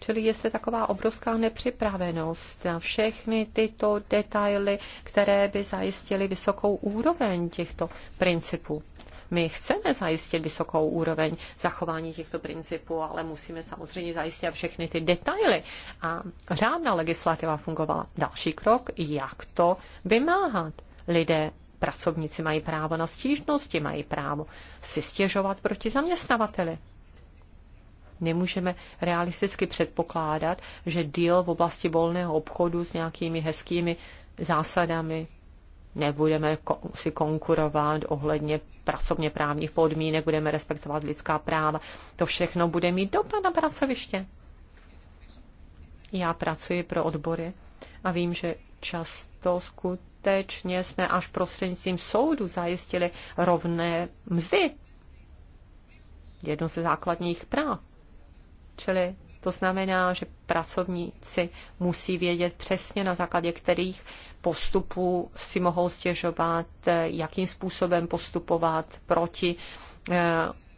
Čili je zde taková obrovská nepřipravenost na všechny tyto detaily, které by zajistily vysokou úroveň těchto principů. My chceme zajistit vysokou úroveň zachování těchto principů, ale musíme samozřejmě zajistit všechny ty detaily. A řádná legislativa fungovala. Další krok, jak to vymáhat. Lidé Pracovníci mají právo na stížnosti, mají právo si stěžovat proti zaměstnavateli. Nemůžeme realisticky předpokládat, že díl v oblasti volného obchodu s nějakými hezkými zásadami nebudeme si konkurovat ohledně pracovně právních podmínek, budeme respektovat lidská práva. To všechno bude mít dopad na pracoviště. Já pracuji pro odbory a vím, že často skutečně jsme až prostřednictvím soudu zajistili rovné mzdy. Jedno ze základních práv. Čili to znamená, že pracovníci musí vědět přesně na základě kterých postupů si mohou stěžovat, jakým způsobem postupovat proti eh,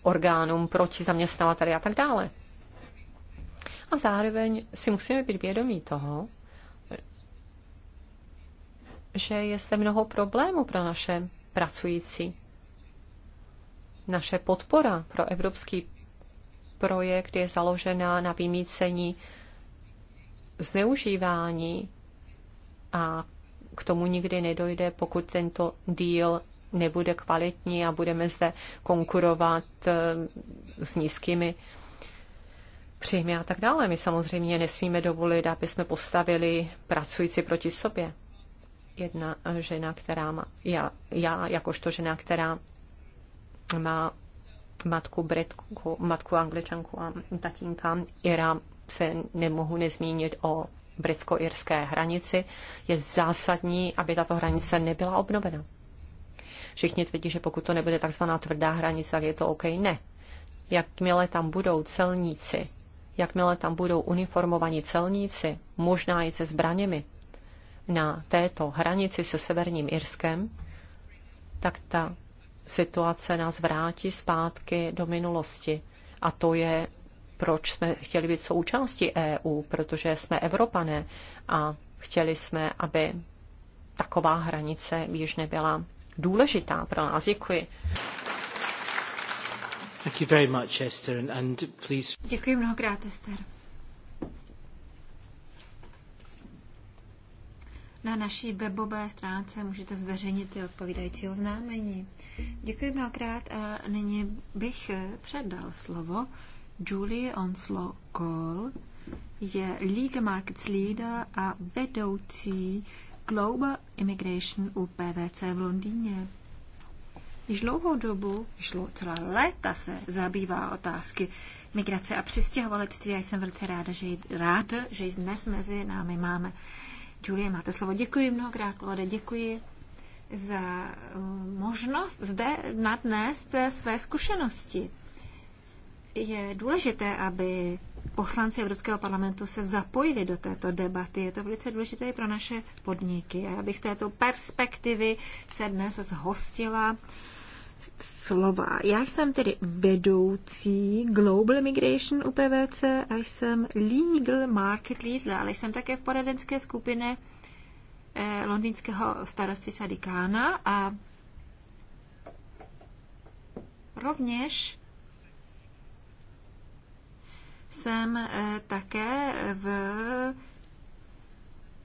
orgánům, proti zaměstnavateli a tak dále. A zároveň si musíme být vědomí toho, že je zde mnoho problémů pro naše pracující. Naše podpora pro evropský projekt je založena na vymícení zneužívání a k tomu nikdy nedojde, pokud tento díl nebude kvalitní a budeme zde konkurovat eh, s nízkými příjmy a tak dále. My samozřejmě nesmíme dovolit, aby jsme postavili pracující proti sobě. Jedna žena, která má, já, já jakožto žena, která má matku Britku, matku Angličanku a tatínka Ira se nemohu nezmínit o britsko-irské hranici. Je zásadní, aby tato hranice nebyla obnovena. Všichni tvrdí, že pokud to nebude takzvaná tvrdá hranice, tak je to OK. Ne. Jakmile tam budou celníci, jakmile tam budou uniformovaní celníci, možná i se zbraněmi, na této hranici se Severním Irskem, tak ta situace nás vrátí zpátky do minulosti. A to je, proč jsme chtěli být součástí EU, protože jsme Evropané a chtěli jsme, aby taková hranice již nebyla důležitá pro nás. Děkuji. Děkuji mnohokrát, Esther. Na naší webové stránce můžete zveřejnit i odpovídající oznámení. Děkuji mnohokrát a nyní bych předal slovo Julie Onslow Cole, je League Markets Leader a vedoucí Global Immigration u PVC v Londýně. Již dlouhou dobu, již celá léta se zabývá otázky migrace a přistěhovalectví a jsem velice ráda, že ji, rád, že ji dnes mezi námi máme. Julie, máte slovo. Děkuji mnohokrát, Klode, děkuji za eh, možnost zde nadnést eh, své zkušenosti. Je důležité, aby poslanci Evropského parlamentu se zapojili do této debaty. Je to velice důležité i pro naše podniky. Já bych této perspektivy se dnes zhostila slova. Já jsem tedy vedoucí Global Migration u PVC a jsem Legal Market Lead, ale jsem také v poradenské skupině eh, londýnského starosty Sadikána a rovněž jsem eh, také v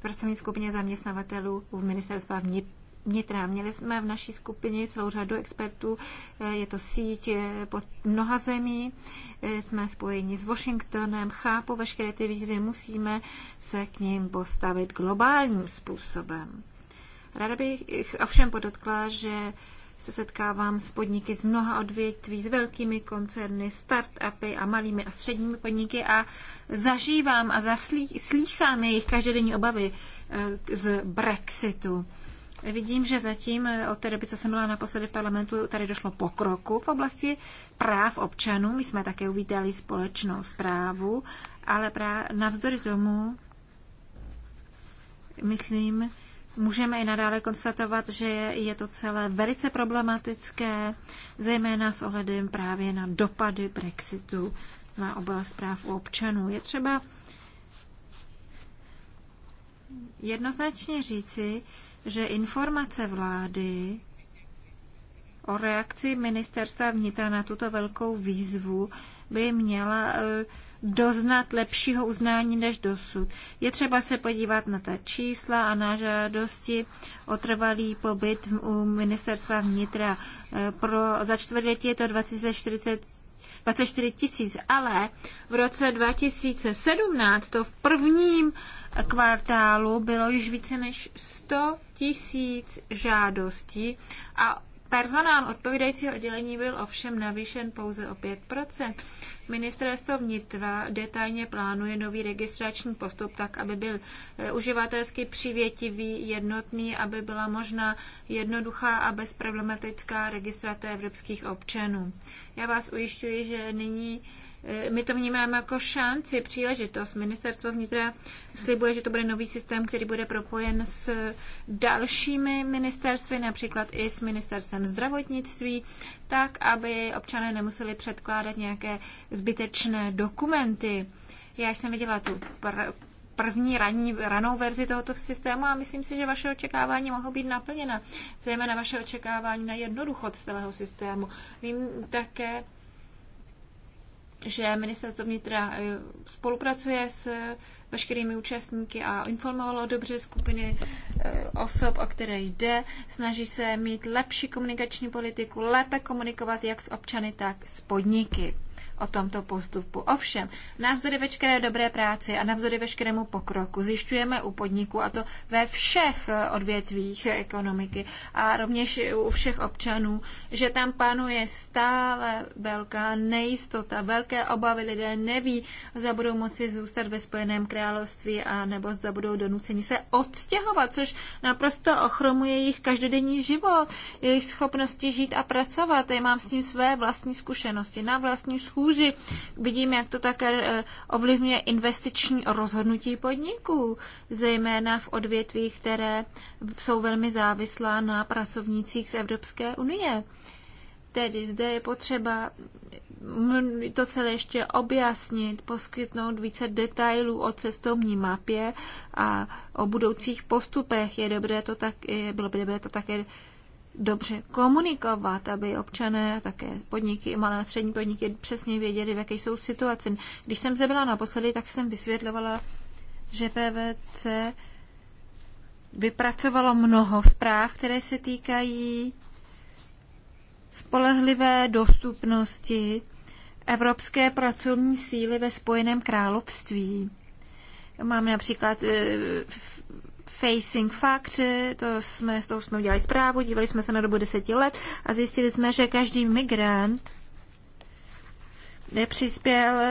pracovní skupině zaměstnavatelů v ministerstva vnitra vnitra. Měli jsme v naší skupině celou řadu expertů, eh, je to síť eh, pod mnoha zemí, eh, jsme spojeni s Washingtonem, chápu veškeré ty výzvy, musíme se k ním postavit globálním způsobem. Ráda bych ovšem podotkla, že se setkávám s podniky z mnoha odvětví, s velkými koncerny, start-upy a malými a středními podniky a zažívám a zaslýchám jejich každodenní obavy z Brexitu. Vidím, že zatím eh, od té doby, co jsem byla naposledy v parlamentu, tady došlo pokroku v oblasti práv občanů. My jsme také uvítali společnou zprávu, ale právě navzdory tomu, myslím, Můžeme i nadále konstatovat, že je to celé velice problematické, zejména s ohledem právě na dopady Brexitu na oblast práv u občanů. Je třeba jednoznačně říci, že informace vlády o reakci ministerstva vnitra na tuto velkou výzvu by měla e, doznat lepšího uznání než dosud. Je třeba se podívat na ta čísla a na žádosti o trvalý pobyt u ministerstva vnitra. E, pro, za čtvrtletí je to 2040 24 tisíc, ale v roce 2017 to v prvním kvartálu bylo již více než 100 tisíc žádostí a Personál odpovídajícího oddělení byl ovšem navýšen pouze o 5 Ministerstvo vnitra detailně plánuje nový registrační postup tak, aby byl eh, uživatelsky přivětivý, jednotný, aby byla možná jednoduchá a bezproblematická registrace evropských občanů. Já vás ujišťuji, že nyní my to vnímáme jako šanci, příležitost. Ministerstvo vnitra slibuje, že to bude nový systém, který bude propojen s dalšími ministerstvy, například i s ministerstvem zdravotnictví, tak, aby občané nemuseli předkládat nějaké zbytečné dokumenty. Já jsem viděla tu pr- první raní, ranou verzi tohoto systému a myslím si, že vaše očekávání mohou být naplněna. Zejména vaše očekávání na jednoduchost celého systému. Vím také, že ministerstvo vnitra eh, spolupracuje s eh, veškerými účastníky a informovalo dobře skupiny eh, osob, o které jde. Snaží se mít lepší komunikační politiku, lépe komunikovat jak s občany, tak s podniky o tomto postupu. Ovšem, navzdory veškeré dobré práci a navzdory veškerému pokroku zjišťujeme u podniku, a to ve všech eh, odvětvích ekonomiky a rovněž u všech občanů, že tam panuje stále velká nejistota, velké obavy lidé neví, zda budou moci zůstat ve Spojeném království a nebo zda budou donuceni se odstěhovat, což naprosto ochromuje jejich každodenní život, jejich schopnosti žít a pracovat. Já mám s tím své vlastní zkušenosti na vlastní schůzi kůži. Vidím, jak to také eh, ovlivňuje investiční rozhodnutí podniků, zejména v odvětvích, které jsou velmi závislá na pracovnících z Evropské unie. Tedy zde je potřeba mm, to celé ještě objasnit, poskytnout více detailů o cestovní mapě a o budoucích postupech. Je dobré to tak, bylo by dobré to také dobře komunikovat, aby občané, také podniky, malé a střední podniky přesně věděli, v jaké jsou situaci. Když jsem zde byla naposledy, tak jsem vysvětlovala, že PVC vypracovalo mnoho zpráv, které se týkají spolehlivé dostupnosti evropské pracovní síly ve Spojeném království. Mám například eh, Facing Fact, to jsme, s tou jsme udělali zprávu, dívali jsme se na dobu deseti let a zjistili jsme, že každý migrant přispěl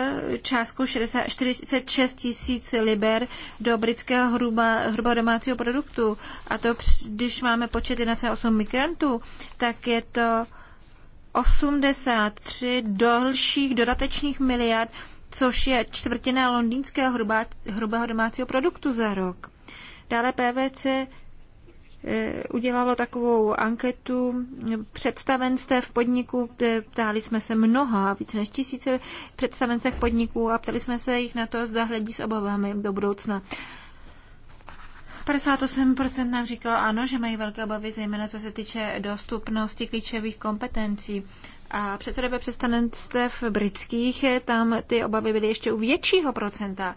částku 46 tisíc liber do britského hruba, hruba domácího produktu. A to, když máme počet 1,8 migrantů, tak je to 83 dalších dodatečných miliard, což je čtvrtina londýnského hruba, hrubého domácího produktu za rok. Dále PVC eh, udělalo takovou anketu představenstev podniků. Ptali jsme se mnoha, více než tisíce představenstev podniků a ptali jsme se jich na to, zda hledí s obavami do budoucna. 58% nám říkalo ano, že mají velké obavy, zejména co se týče dostupnosti klíčových kompetencí. A předsedové představenstev britských, tam ty obavy byly ještě u většího procenta.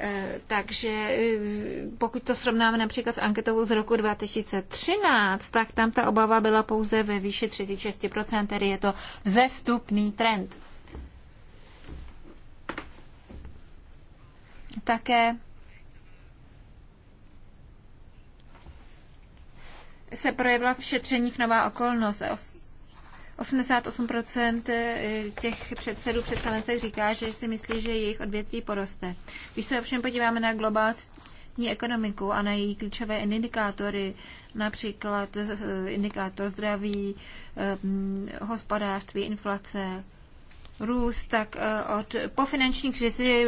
Eh, takže eh, pokud to srovnáme například s anketou z roku 2013, tak tam ta obava byla pouze ve výši 36%, tedy je to vzestupný trend. Také se projevila v šetřeních nová okolnost. 88% eh, těch předsedů představencech říká, že si myslí, že jejich odvětví poroste. Když se ovšem podíváme na globální ekonomiku a na její klíčové indikátory, například indikátor zdraví, eh, hospodářství, inflace, růst, tak eh, od, po finanční krizi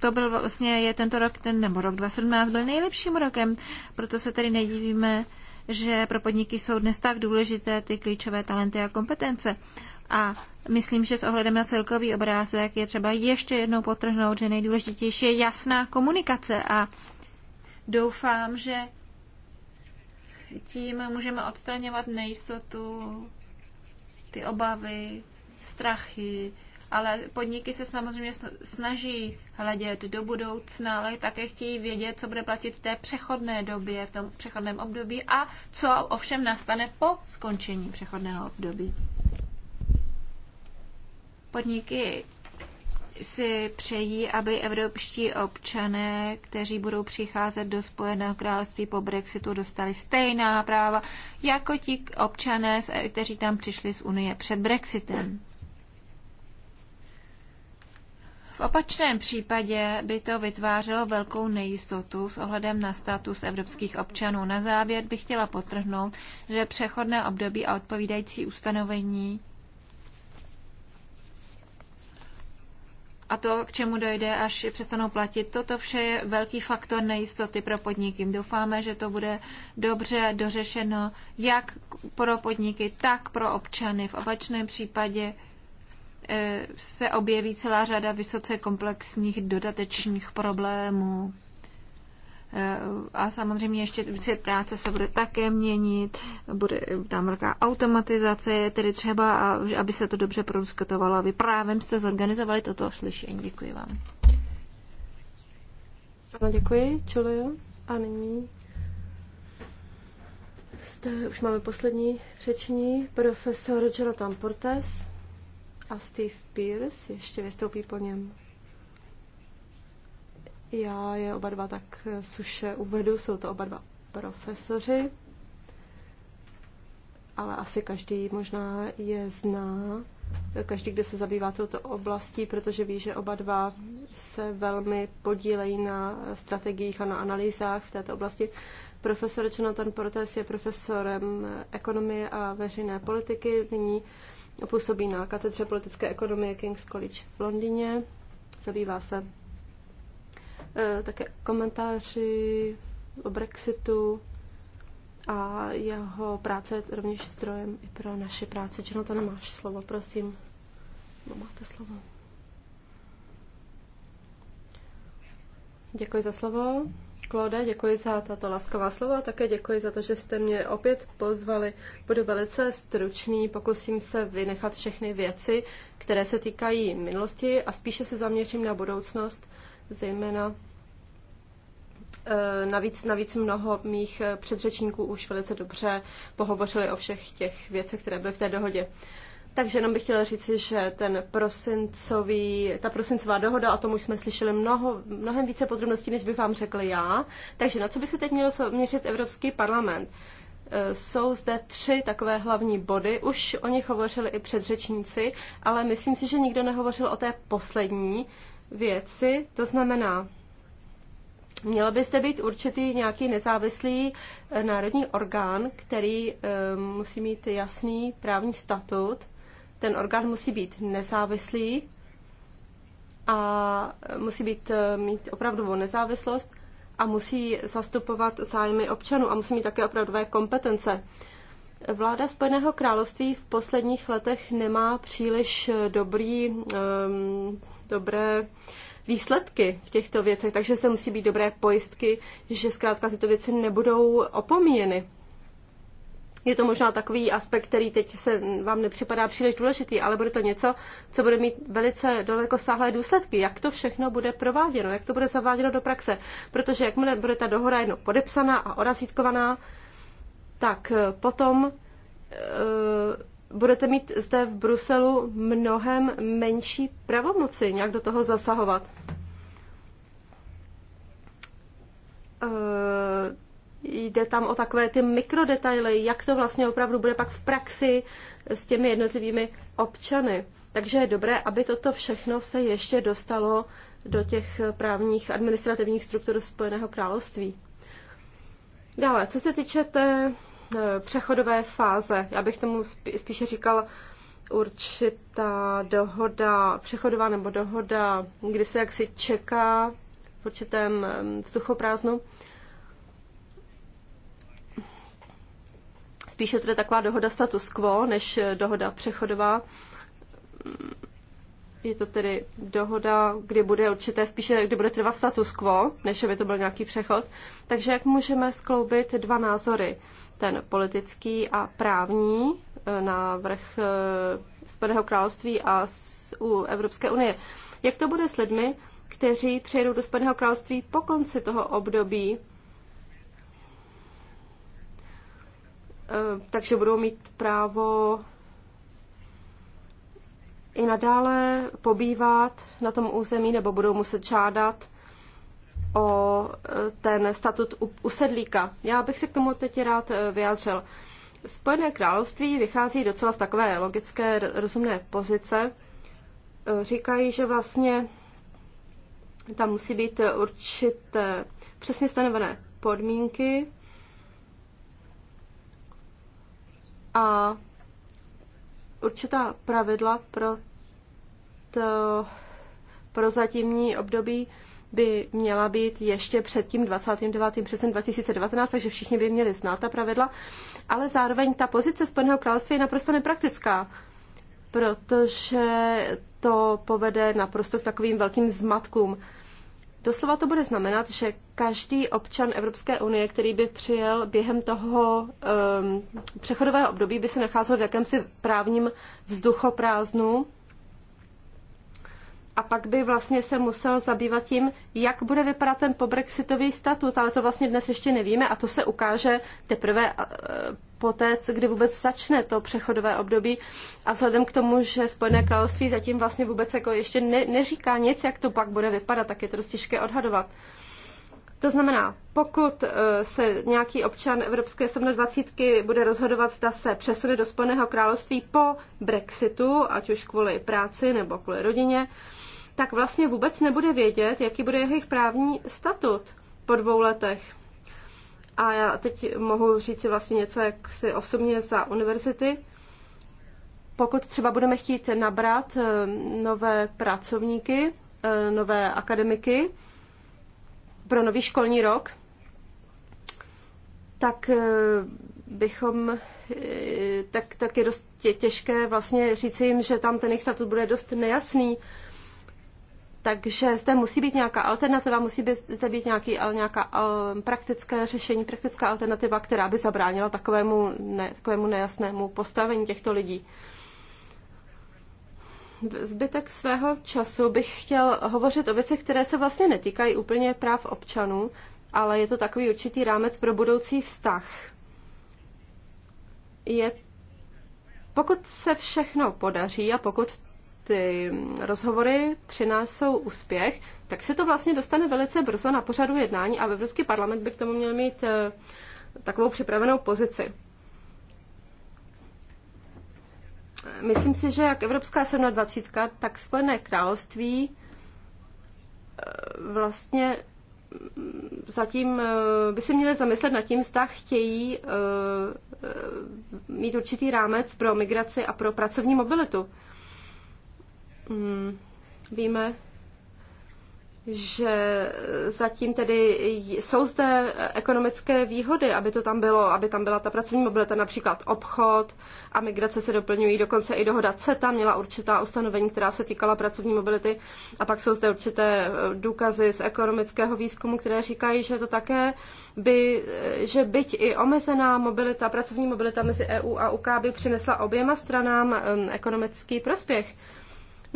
to byl vlastně, je tento rok, ten, nebo rok 2017 byl nejlepším rokem, proto se tady nedivíme, že pro podniky jsou dnes tak důležité ty klíčové talenty a kompetence. A myslím, že s ohledem na celkový obrázek je třeba ještě jednou potrhnout, že nejdůležitější je jasná komunikace a doufám, že tím můžeme odstraňovat nejistotu, ty obavy, strachy, ale podniky se samozřejmě snaží hledět do budoucna, ale také chtějí vědět, co bude platit v té přechodné době, v tom přechodném období a co ovšem nastane po skončení přechodného období. Podniky si přejí, aby evropští občané, kteří budou přicházet do Spojeného království po Brexitu, dostali stejná práva jako ti občané, kteří tam přišli z Unie před Brexitem. V opačném případě by to vytvářelo velkou nejistotu s ohledem na status evropských občanů. Na závěr bych chtěla potrhnout, že přechodné období a odpovídající ustanovení a to, k čemu dojde, až přestanou platit. Toto vše je velký faktor nejistoty pro podniky. Doufáme, že to bude dobře dořešeno jak pro podniky, tak pro občany. V opačném případě Eh, se objeví celá řada vysoce komplexních dodatečných problémů. Eh, a samozřejmě ještě svět práce se bude také měnit, bude tam velká automatizace, je tedy třeba, aby se to dobře prodiskutovalo, aby právě jste zorganizovali toto slyšení. Děkuji vám. Ano, děkuji, Julio. A nyní jste, už máme poslední řeční, profesor Jonathan Portes. A Steve Pierce ještě vystoupí po něm. Já je oba dva tak eh, suše uvedu, jsou to oba dva profesoři, ale asi každý možná je zná, každý, kdo se zabývá touto oblastí, protože ví, že oba dva se velmi podílejí na strategiích a na analýzách v této oblasti. Profesor Jonathan Portes je profesorem ekonomie a veřejné politiky, nyní působí na katedře politické ekonomie King's College v Londýně. Zabývá se e, také komentáři o Brexitu a jeho práce je rovněž zdrojem i pro naše práce. to máš slovo, prosím. No, máte slovo. Děkuji za slovo. Klode, děkuji za tato laskavá slova také děkuji za to, že jste mě opět pozvali. Budu velice stručný, pokusím se vynechat všechny věci, které se týkají minulosti a spíše se zaměřím na budoucnost, zejména eh, Navíc, navíc mnoho mých eh, předřečníků už velice dobře pohovořili o všech těch věcech, které byly v té dohodě. Takže jenom bych chtěla říct, že ten prosincový, ta prosincová dohoda, o tom už jsme slyšeli mnoho, mnohem více podrobností, než bych vám řekl já. Takže na co by se teď měl měřit Evropský parlament? E, jsou zde tři takové hlavní body, už o nich hovořili i předřečníci, ale myslím si, že nikdo nehovořil o té poslední věci, to znamená, měl byste být určitý nějaký nezávislý e, národní orgán, který e, musí mít jasný právní statut ten orgán musí být nezávislý a musí být, eh, mít opravdovou nezávislost a musí zastupovat zájmy občanů a musí mít také opravdové kompetence. Vláda Spojeného království v posledních letech nemá příliš eh, dobrý, um, dobré výsledky v těchto věcech, takže se musí být dobré pojistky, že zkrátka tyto věci nebudou opomíjeny. Je to možná takový aspekt, který teď se vám nepřipadá příliš důležitý, ale bude to něco, co bude mít velice dalekosáhlé důsledky. Jak to všechno bude prováděno, jak to bude zaváděno do praxe. Protože jakmile bude ta dohoda jedno podepsaná a orazítkovaná, tak eh, potom eh, budete mít zde v Bruselu mnohem menší pravomoci nějak do toho zasahovat. Eh, Jde tam o takové ty mikrodetaily, jak to vlastně opravdu bude pak v praxi s těmi jednotlivými občany. Takže je dobré, aby toto všechno se ještě dostalo do těch právních administrativních struktur Spojeného království. Dále, co se týče té e, přechodové fáze, já bych tomu spíše říkal určitá dohoda, přechodová nebo dohoda, kdy se jaksi čeká v určitém e, vzduchoprázdnu. prázdnu spíše tedy taková dohoda status quo, než eh, dohoda přechodová. Je to tedy dohoda, kdy bude určité spíše, kdy bude trvat status quo, než aby to byl nějaký přechod. Takže jak můžeme skloubit dva názory? Ten politický a právní eh, na vrch eh, Spadného království a z, u Evropské unie. Jak to bude s lidmi, kteří přejdou do Spadného království po konci toho období Eh, takže budou mít právo i nadále pobývat na tom území nebo budou muset žádat o eh, ten statut usedlíka. Já bych se k tomu teď rád eh, vyjádřil. Spojené království vychází docela z takové logické, rozumné pozice. Říkají, že vlastně tam musí být určité přesně stanovené podmínky a určitá pravidla pro to prozatímní období by měla být ještě před tím 29. březnem 2019, takže všichni by měli znát ta pravidla, ale zároveň ta pozice Spojeného království je naprosto nepraktická, protože to povede naprosto k takovým velkým zmatkům. Doslova to bude znamenat, že každý občan Evropské unie, který by přijel během toho um, přechodového období, by se nacházel v jakémsi právním vzduchoprázdnu a pak by vlastně se musel zabývat tím, jak bude vypadat ten pobrexitový statut, ale to vlastně dnes ještě nevíme a to se ukáže teprve poté, kdy vůbec začne to přechodové období a vzhledem k tomu, že Spojené království zatím vlastně vůbec jako ještě ne, neříká nic, jak to pak bude vypadat, tak je to dost těžké odhadovat. To znamená, pokud eh, se nějaký občan Evropské 27 bude rozhodovat, zda se přesune do Spojeného království po Brexitu, ať už kvůli práci nebo kvůli rodině, tak vlastně vůbec nebude vědět, jaký bude jejich právní statut po dvou letech. A já teď mohu říct si vlastně něco jak si osobně za univerzity. Pokud třeba budeme chtít nabrat eh, nové pracovníky, eh, nové akademiky pro nový školní rok, tak eh, bychom, tak, tak je dost těžké vlastně říci jim, že tam ten jejich statut bude dost nejasný, takže zde musí být nějaká alternativa, musí být, zde být nějaký, eh, nějaká eh, praktické řešení, praktická alternativa, která by zabránila takovému, ne, takovému nejasnému postavení těchto lidí. Zbytek svého času bych chtěl hovořit o věcech, které se vlastně netýkají úplně práv občanů, ale je to takový určitý rámec pro budoucí vztah. Je pokud se všechno podaří a pokud ty rozhovory přinásou úspěch, tak se to vlastně dostane velice brzo na pořadu jednání a Evropský parlament by k tomu měl mít eh, takovou připravenou pozici. Myslím si, že jak Evropská 27, tak Spojené království eh, vlastně mm, zatím eh, by se měli zamyslet nad tím, zda chtějí mít určitý rámec pro migraci a pro pracovní mobilitu mm, víme, že zatím tedy jsou zde ekonomické výhody, aby to tam bylo, aby tam byla ta pracovní mobilita, například obchod a migrace se doplňují, dokonce i dohoda CETA měla určitá ustanovení, která se týkala pracovní mobility a pak jsou zde určité eh, důkazy z ekonomického výzkumu, které říkají, že to také by, eh, že byť i omezená mobilita, pracovní mobilita mezi EU a UK by přinesla oběma stranám ehm, ekonomický prospěch.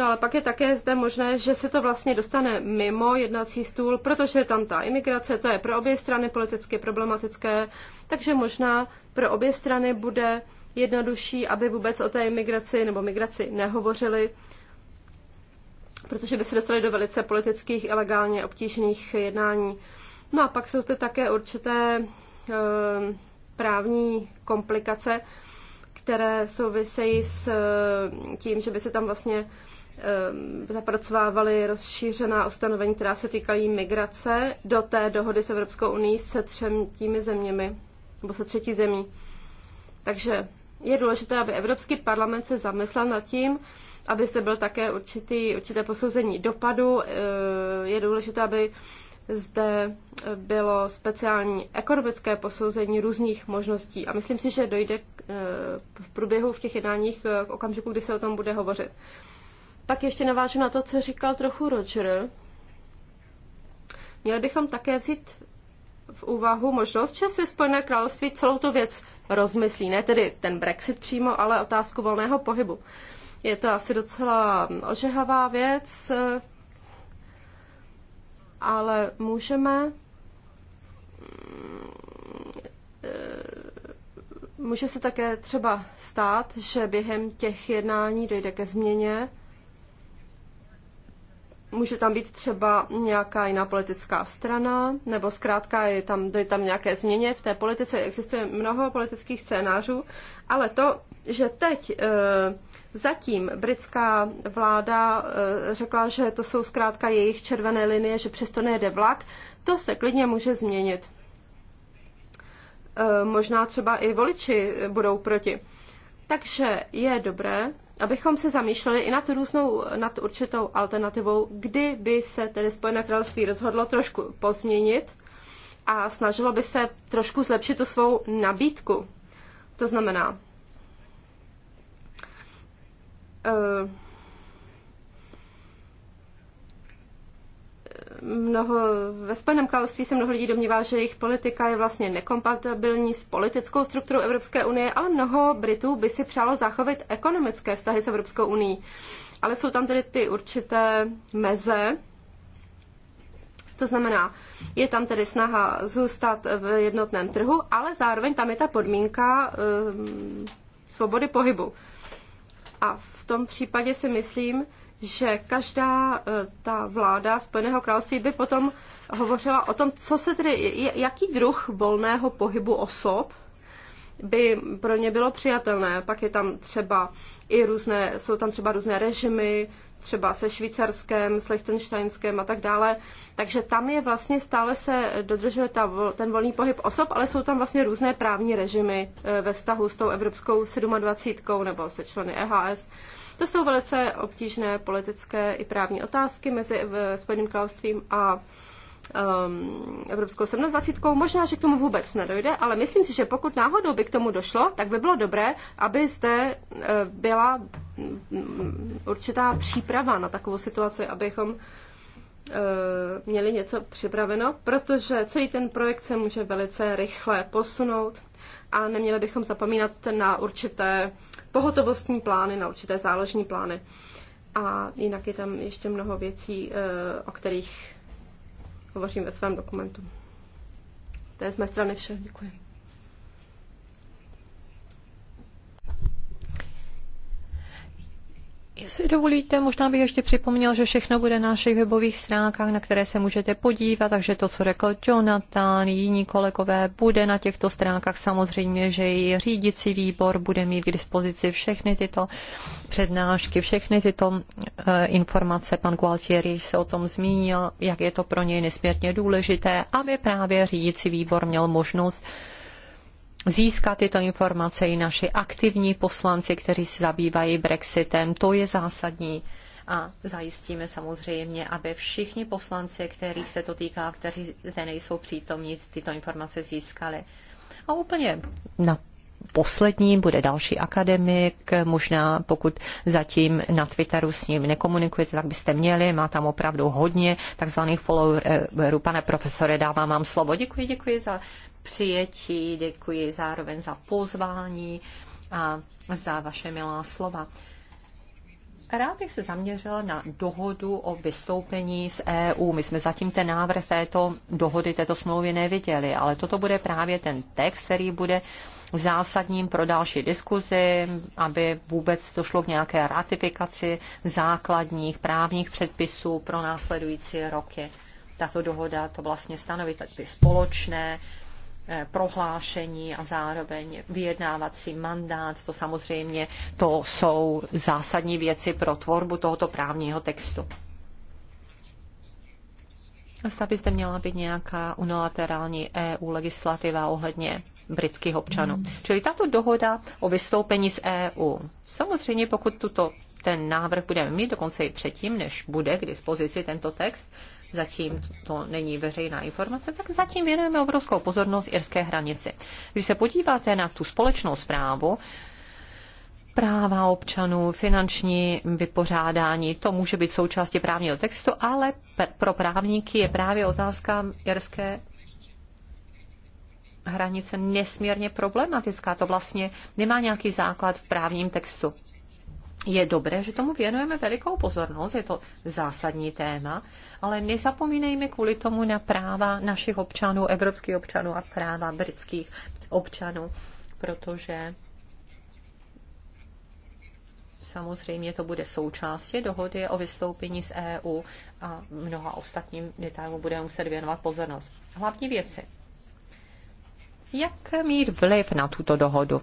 No ale pak je také zde možné, že se to vlastně dostane mimo jednací stůl, protože je tam ta imigrace, to je pro obě strany politicky problematické, takže možná pro obě strany bude jednodušší, aby vůbec o té imigraci nebo migraci nehovořili, protože by se dostali do velice politických, ilegálně obtížných jednání. No a pak jsou zde také určité e, právní komplikace, které souvisejí s ehm, tím, že by se tam vlastně Eh, zapracovávali rozšířená ustanovení, která se týkají migrace do té dohody s Evropskou unii se třetími zeměmi, nebo se třetí zemí. Takže je důležité, aby Evropský parlament se zamyslel nad tím, aby se byl také určitý, určité posouzení dopadu. Eh, je důležité, aby zde bylo speciální ekonomické posouzení různých možností. A myslím si, že dojde eh, v průběhu v těch jednáních k okamžiku, kdy se o tom bude hovořit. Pak ještě navážu na to, co říkal trochu Roger. Měli bychom také vzít v úvahu možnost, že se Spojené království celou tu věc rozmyslí. Ne tedy ten Brexit přímo, ale otázku volného pohybu. Je to asi docela ožehavá věc, ale můžeme může se také třeba stát, že během těch jednání dojde ke změně může tam být třeba nějaká jiná politická strana, nebo zkrátka je tam, je tam nějaké změně v té politice, existuje mnoho politických scénářů, ale to, že teď e, zatím britská vláda e, řekla, že to jsou zkrátka jejich červené linie, že přesto nejede vlak, to se klidně může změnit. E, možná třeba i voliči budou proti. Takže je dobré abychom se zamýšleli i nad různou, nad určitou alternativou, kdy by se tedy Spojené království rozhodlo trošku pozměnit a snažilo by se trošku zlepšit tu svou nabídku. To znamená, uh, mnoho, ve Spojeném království se mnoho lidí domnívá, že jejich politika je vlastně nekompatibilní s politickou strukturou Evropské unie, ale mnoho Britů by si přálo zachovat ekonomické vztahy s Evropskou unii. Ale jsou tam tedy ty určité meze, to znamená, je tam tedy snaha zůstat v jednotném trhu, ale zároveň tam je ta podmínka ehm, svobody pohybu. A v tom případě si myslím, že každá eh, ta vláda Spojeného království by potom hovořila o tom, co se tedy, jaký druh volného pohybu osob by pro ně bylo přijatelné. Pak je tam třeba i různé, jsou tam třeba různé režimy, třeba se švýcarském, s Lichtensteinském a tak dále. Takže tam je vlastně stále se dodržuje ta, ten volný pohyb osob, ale jsou tam vlastně různé právní režimy eh, ve vztahu s tou evropskou 27 nebo se členy EHS. To jsou velice obtížné politické i právní otázky mezi eh, Spojeným královstvím a um, Evropskou 27. Možná, že k tomu vůbec nedojde, ale myslím si, že pokud náhodou by k tomu došlo, tak by bylo dobré, aby zde eh, byla mm, určitá příprava na takovou situaci, abychom eh, měli něco připraveno, protože celý ten projekt se může velice rychle posunout a neměli bychom zapomínat na určité pohotovostní plány, na určité záložní plány. A jinak je tam ještě mnoho věcí, eh, o kterých hovořím ve svém dokumentu. To je z mé strany vše. Děkuji. Jestli dovolíte, možná bych ještě připomněl, že všechno bude na našich webových stránkách, na které se můžete podívat, takže to, co řekl Jonathan, jiní kolegové, bude na těchto stránkách. Samozřejmě, že i řídící výbor bude mít k dispozici všechny tyto přednášky, všechny tyto e, informace. Pan Gualtieri se o tom zmínil, jak je to pro něj nesmírně důležité, aby právě řídící výbor měl možnost získat tyto informace i naši aktivní poslanci, kteří se zabývají Brexitem. To je zásadní a zajistíme samozřejmě, aby všichni poslanci, kterých se to týká, kteří zde nejsou přítomní, tyto informace získali. A úplně na bude další akademik, možná pokud zatím na Twitteru s ním nekomunikujete, tak byste měli, má tam opravdu hodně takzvaných followerů. Pane profesore, dávám vám slovo. Děkuji, děkuji za přijetí, děkuji zároveň za pozvání a za vaše milá slova. Rád bych se zaměřila na dohodu o vystoupení z EU. My jsme zatím ten návrh této dohody, této smlouvy neviděli, ale toto bude právě ten text, který bude zásadním pro další diskuzi, aby vůbec došlo k nějaké ratifikaci základních právních předpisů pro následující roky. Tato dohoda to vlastně stanoví ty společné Eh, prohlášení a zároveň vyjednávací mandát. To samozřejmě to jsou zásadní věci pro tvorbu tohoto právního textu. Zda by zde měla být nějaká unilaterální EU legislativa ohledně britských občanů. Mm. Čili tato dohoda o vystoupení z EU. Samozřejmě, pokud tuto ten návrh budeme mít, dokonce i předtím, než bude k dispozici tento text, zatím to není veřejná informace, tak zatím věnujeme obrovskou pozornost irské hranici. Když se podíváte na tu společnou zprávu, práva občanů, finanční vypořádání, to může být součástí právního textu, ale pro právníky je právě otázka irské hranice nesmírně problematická. To vlastně nemá nějaký základ v právním textu je dobré, že tomu věnujeme velikou pozornost, je to zásadní téma, ale nezapomínejme kvůli tomu na práva našich občanů, evropských občanů a práva britských občanů, protože samozřejmě to bude součástí dohody o vystoupení z EU a mnoha ostatním detailům budeme muset věnovat pozornost. Hlavní věci. Jak mít vliv na tuto dohodu?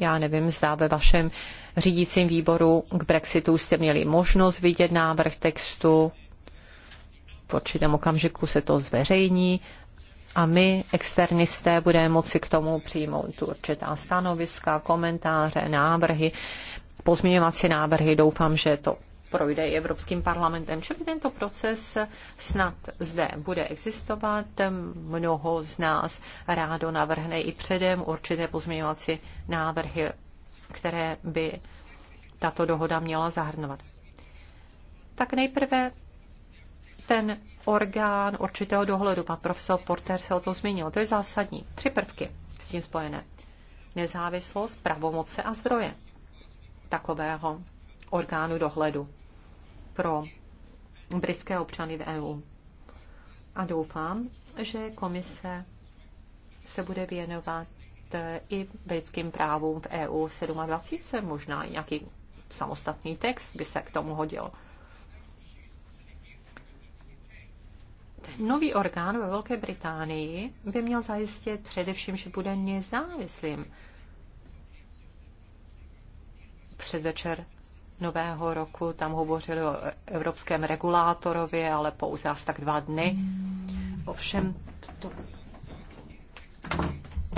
Já nevím, zda ve vašem řídícím výboru k Brexitu jste měli možnost vidět návrh textu. V určitém okamžiku se to zveřejní a my, externisté, budeme moci k tomu přijmout tu určitá stanoviska, komentáře, návrhy, pozměňovací návrhy. Doufám, že to projde i Evropským parlamentem. Čili tento proces snad zde bude existovat. Mnoho z nás rádo navrhne i předem určité pozměňovací návrhy, které by tato dohoda měla zahrnovat. Tak nejprve ten orgán určitého dohledu, pan profesor Porter se o to zmínil, to je zásadní. Tři prvky s tím spojené. Nezávislost, pravomoce a zdroje takového orgánu dohledu pro britské občany v EU. A doufám, že komise se bude věnovat eh, i britským právům v EU 27, možná nějaký samostatný text by se k tomu hodil. Nový orgán ve Velké Británii by měl zajistit především, že bude nezávislým. Předvečer nového roku. Tam hovořili o evropském regulátorovi, ale pouze asi tak dva dny. Ovšem to...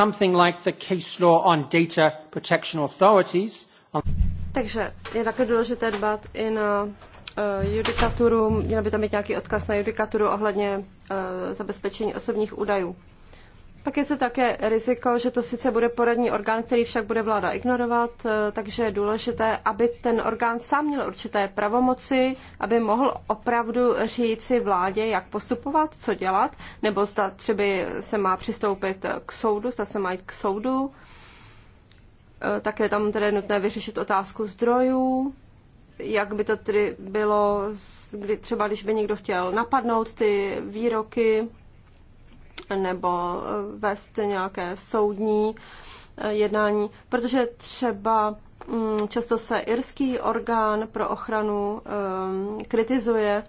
Something like the case law on data protection authorities. On... Takže je také důležité dbát i na eh, judikaturu, měl by tam být nějaký odkaz na judikaturu ohledně eh, zabezpečení osobních údajů. Pak je to také riziko, že to sice bude poradní orgán, který však bude vláda ignorovat, eh, takže je důležité, aby ten orgán sám měl určité pravomoci, aby mohl opravdu říci vládě, jak postupovat, co dělat, nebo zda třeba se má přistoupit k soudu, zda se má jít k soudu. Eh, také tam tedy nutné vyřešit otázku zdrojů, jak by to tedy bylo, kdy třeba když by někdo chtěl napadnout ty výroky, nebo eh, vést nějaké soudní eh, jednání, protože třeba mm, často se irský orgán pro ochranu eh, kritizuje,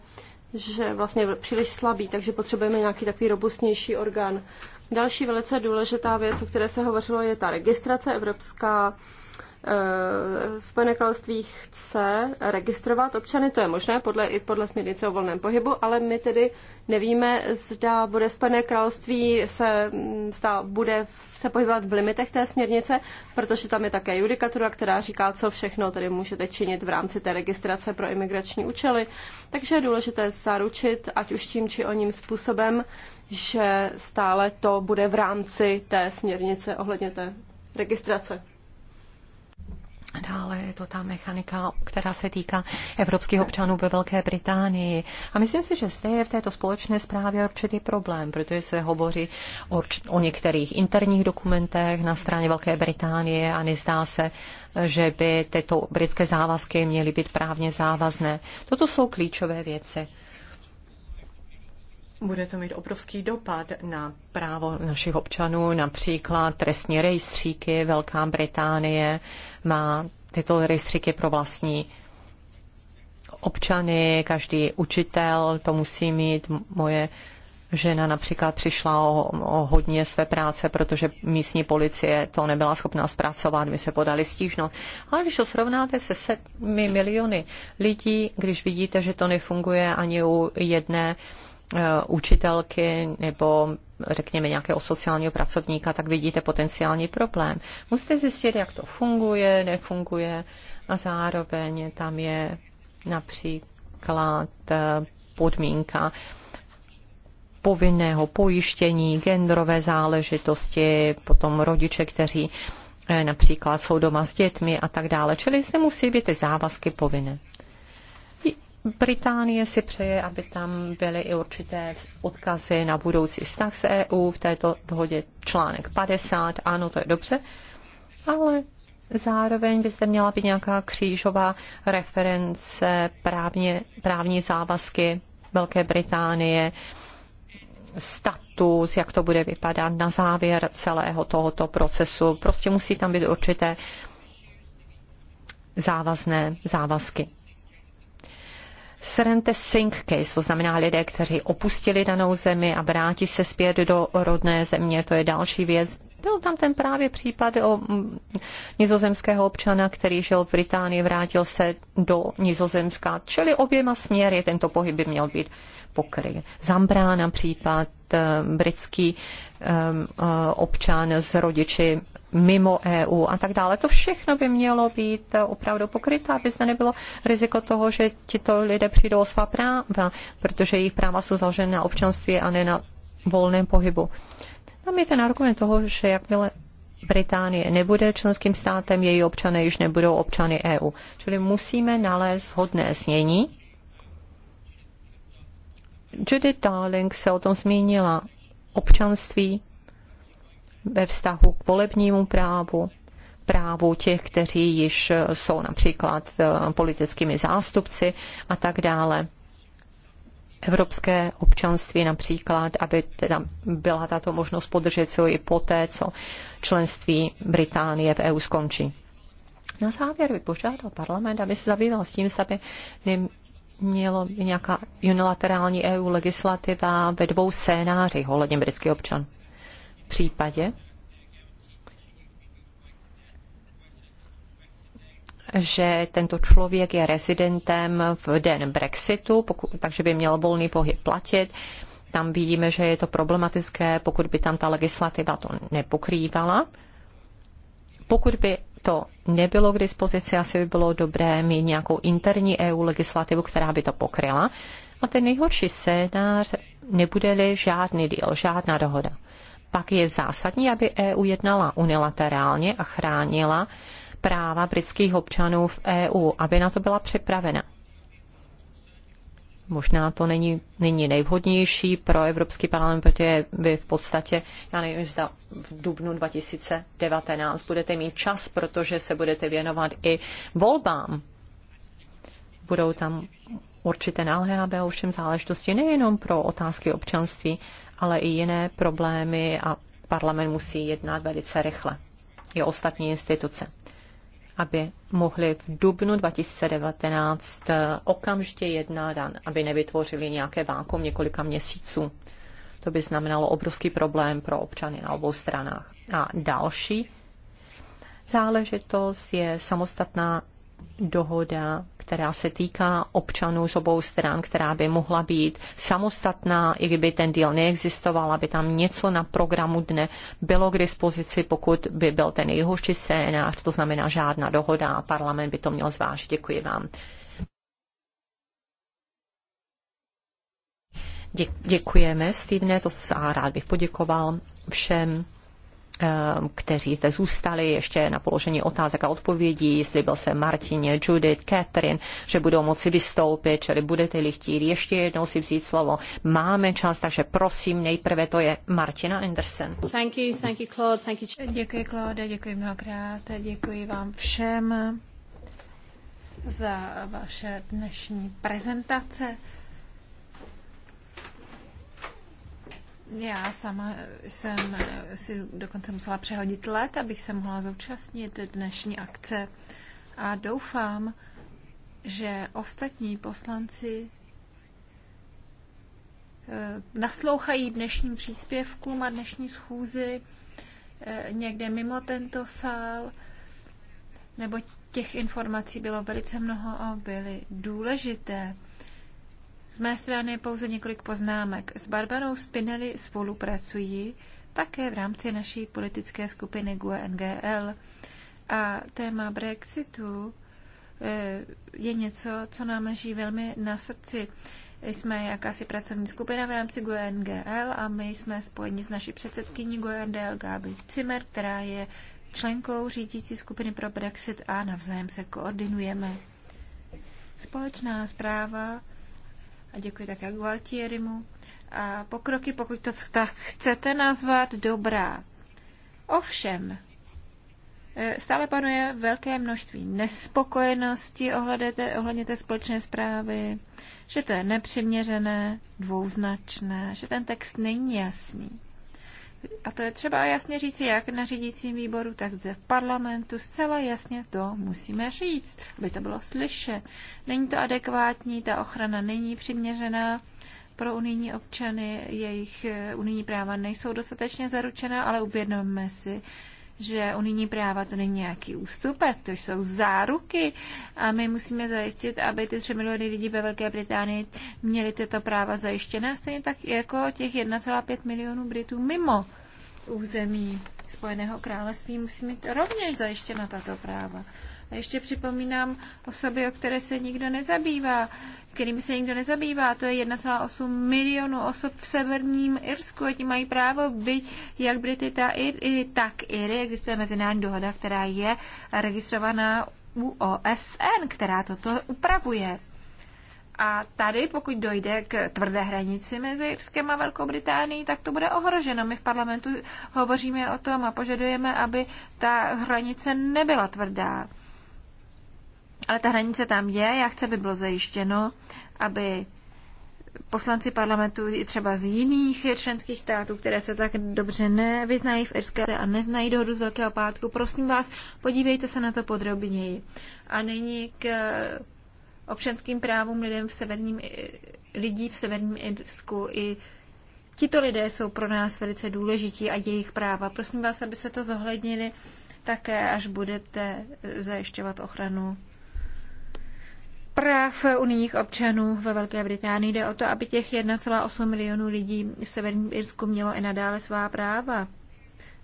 že vlastně je příliš slabý, takže potřebujeme nějaký takový robustnější orgán. Další velice důležitá věc, o které se hovořilo, je ta registrace Evropská Eh, Spojené království chce registrovat občany, to je možné podle, i podle směrnice o volném pohybu, ale my tedy nevíme, zda bude Spojené království se, mm, zda bude se pohybovat v limitech té směrnice, protože tam je také judikatura, která říká, co všechno tedy můžete činit v rámci té registrace pro imigrační účely. Takže je důležité zaručit, ať už tím či ním způsobem, že stále to bude v rámci té směrnice ohledně té registrace. Dále je to ta mechanika, která se týká evropských občanů ve Velké Británii. A myslím si, že zde je v této společné zprávě určitý problém, protože se hovoří o, o některých interních dokumentech na straně Velké Británie a nezdá se, že by tyto britské závazky měly být právně závazné. Toto jsou klíčové věci. Bude to mít obrovský dopad na právo našich občanů, například trestní rejstříky Velká Británie, má tyto rejstříky pro vlastní občany, každý učitel to musí mít. Moje žena například přišla o, o hodně své práce, protože místní policie to nebyla schopná zpracovat, my se podali stížnost. Ale když to srovnáte se sedmi miliony lidí, když vidíte, že to nefunguje ani u jedné uh, učitelky nebo řekněme, nějakého sociálního pracovníka, tak vidíte potenciální problém. Musíte zjistit, jak to funguje, nefunguje a zároveň tam je například eh, podmínka povinného pojištění, genderové záležitosti, potom rodiče, kteří eh, například jsou doma s dětmi a tak dále. Čili zde musí být ty závazky povinné. Británie si přeje, aby tam byly i určité odkazy na budoucí vztah s EU v této dohodě článek 50. Ano, to je dobře, ale zároveň by zde měla být nějaká křížová reference, právně, právní závazky Velké Británie, status, jak to bude vypadat na závěr celého tohoto procesu. Prostě musí tam být určité závazné závazky. Serente Sink Case, to znamená lidé, kteří opustili danou zemi a vrátí se zpět do rodné země, to je další věc. Byl tam ten právě případ o mm, nizozemského občana, který žil v Británii, vrátil se do Nizozemska, čili oběma směry tento pohyb by měl být pokryt. Zambrána případ, eh, britský eh, eh, občan s rodiči mimo EU a tak dále. To všechno by mělo být opravdu pokryté, aby zde nebylo riziko toho, že tito lidé přijdou o svá práva, protože jejich práva jsou založena na občanství a ne na volném pohybu. Tam je ten argument toho, že jakmile Británie nebude členským státem, její občané již nebudou občany EU. Čili musíme nalézt vhodné snění. Judy Darling se o tom zmínila. Občanství ve vztahu k volebnímu právu, právu těch, kteří již jsou například eh, politickými zástupci a tak dále. Evropské občanství například, aby teda byla tato možnost podržet se i poté, co členství Británie v EU skončí. Na závěr by požádal parlament, aby se zabýval s tím, zda by nemělo nějaká unilaterální EU legislativa ve dvou scénářích ohledně britských občanů případě, že tento člověk je rezidentem v den Brexitu, pokud, takže by měl volný pohyb platit. Tam vidíme, že je to problematické, pokud by tam ta legislativa to nepokrývala. Pokud by to nebylo k dispozici, asi by bylo dobré mít nějakou interní EU legislativu, která by to pokryla. A ten nejhorší scénář nebude-li žádný díl, žádná dohoda pak je zásadní, aby EU jednala unilaterálně a chránila práva britských občanů v EU, aby na to byla připravena. Možná to není, není nejvhodnější pro Evropský parlament, protože vy v podstatě, já nevím, zda v dubnu 2019 budete mít čas, protože se budete věnovat i volbám. Budou tam určité náhlé, ovšem záležitosti nejenom pro otázky občanství, ale i jiné problémy a parlament musí jednat velice rychle. I ostatní instituce, aby mohli v dubnu 2019 eh, okamžitě jednat, aby nevytvořili nějaké vákum několika měsíců. To by znamenalo obrovský problém pro občany na obou stranách. A další záležitost je samostatná dohoda, která se týká občanů z obou stran, která by mohla být samostatná, i kdyby ten díl neexistoval, aby tam něco na programu dne bylo k dispozici, pokud by byl ten nejhorší scénář, to znamená žádná dohoda a parlament by to měl zvážit. Děkuji vám. Děkujeme, Stevene, to a rád bych poděkoval všem Eh, kteří zde zůstali ještě na položení otázek a odpovědí. byl se Martin, Judith, Catherine, že budou moci vystoupit, čili budete-li chtít ještě jednou si vzít slovo. Máme čas, takže prosím, nejprve to je Martina Anderson. Thank you, thank you, Claude, thank you. Děkuji, Claude, děkuji mnohokrát, děkuji vám všem za vaše dnešní prezentace. Já sama jsem si dokonce musela přehodit let, abych se mohla zúčastnit dnešní akce a doufám, že ostatní poslanci eh, naslouchají dnešním příspěvkům a dnešní schůzi eh, někde mimo tento sál, nebo těch informací bylo velice mnoho a byly důležité. Z mé strany pouze několik poznámek. S Barbarou Spinelli spolupracují, také v rámci naší politické skupiny GUE NGL. A téma Brexitu eh, je něco, co nám leží velmi na srdci. Jsme jakási pracovní skupina v rámci GUNGL a my jsme spojeni s naší předsedkyní ngl Gabi Cimer, která je členkou řídící skupiny pro Brexit a navzájem se koordinujeme. Společná zpráva a děkuji také Gualtierimu. A pokroky, pokud to tak chcete nazvat, dobrá. Ovšem, e, stále panuje velké množství nespokojenosti ohledně té, společné zprávy, že to je nepřiměřené, dvouznačné, že ten text není jasný a to je třeba jasně říci jak na řídícím výboru, tak zde v parlamentu, zcela jasně to musíme říct, aby to bylo slyšet. Není to adekvátní, ta ochrana není přiměřená pro unijní občany, jejich eh, unijní práva nejsou dostatečně zaručená, ale uvědomme si, že unijní práva to není nějaký ústupek, to jsou záruky a my musíme zajistit, aby ty 3 miliony lidí ve Velké Británii měli tyto práva zajištěné, stejně tak jako těch 1,5 milionů Britů mimo území Spojeného království musí mít rovněž zajištěna tato práva. A ještě připomínám osoby, o které se nikdo nezabývá, kterými se nikdo nezabývá. To je 1,8 milionu osob v severním Irsku a ti mají právo být jak Brity, ta Ir, tak Iry. Existuje mezinárodní dohoda, která je registrovaná u OSN, která toto upravuje. A tady, pokud dojde k tvrdé hranici mezi Irskem a Velkou Británií, tak to bude ohroženo. My v parlamentu hovoříme o tom a požadujeme, aby ta hranice nebyla tvrdá. Ale ta hranice tam je, já chci, aby bylo zajištěno, aby poslanci parlamentu i třeba z jiných členských států, které se tak dobře nevyznají v Irské a neznají dohodu z Velkého pátku, prosím vás, podívejte se na to podrobněji. A nyní k občanským právům lidem v severním, lidí v severním Irsku i Tito lidé jsou pro nás velice důležití a jejich práva. Prosím vás, aby se to zohlednili také, až budete zajišťovat ochranu práv unijních občanů ve Velké Británii. Jde o to, aby těch 1,8 milionů lidí v Severním Irsku mělo i nadále svá práva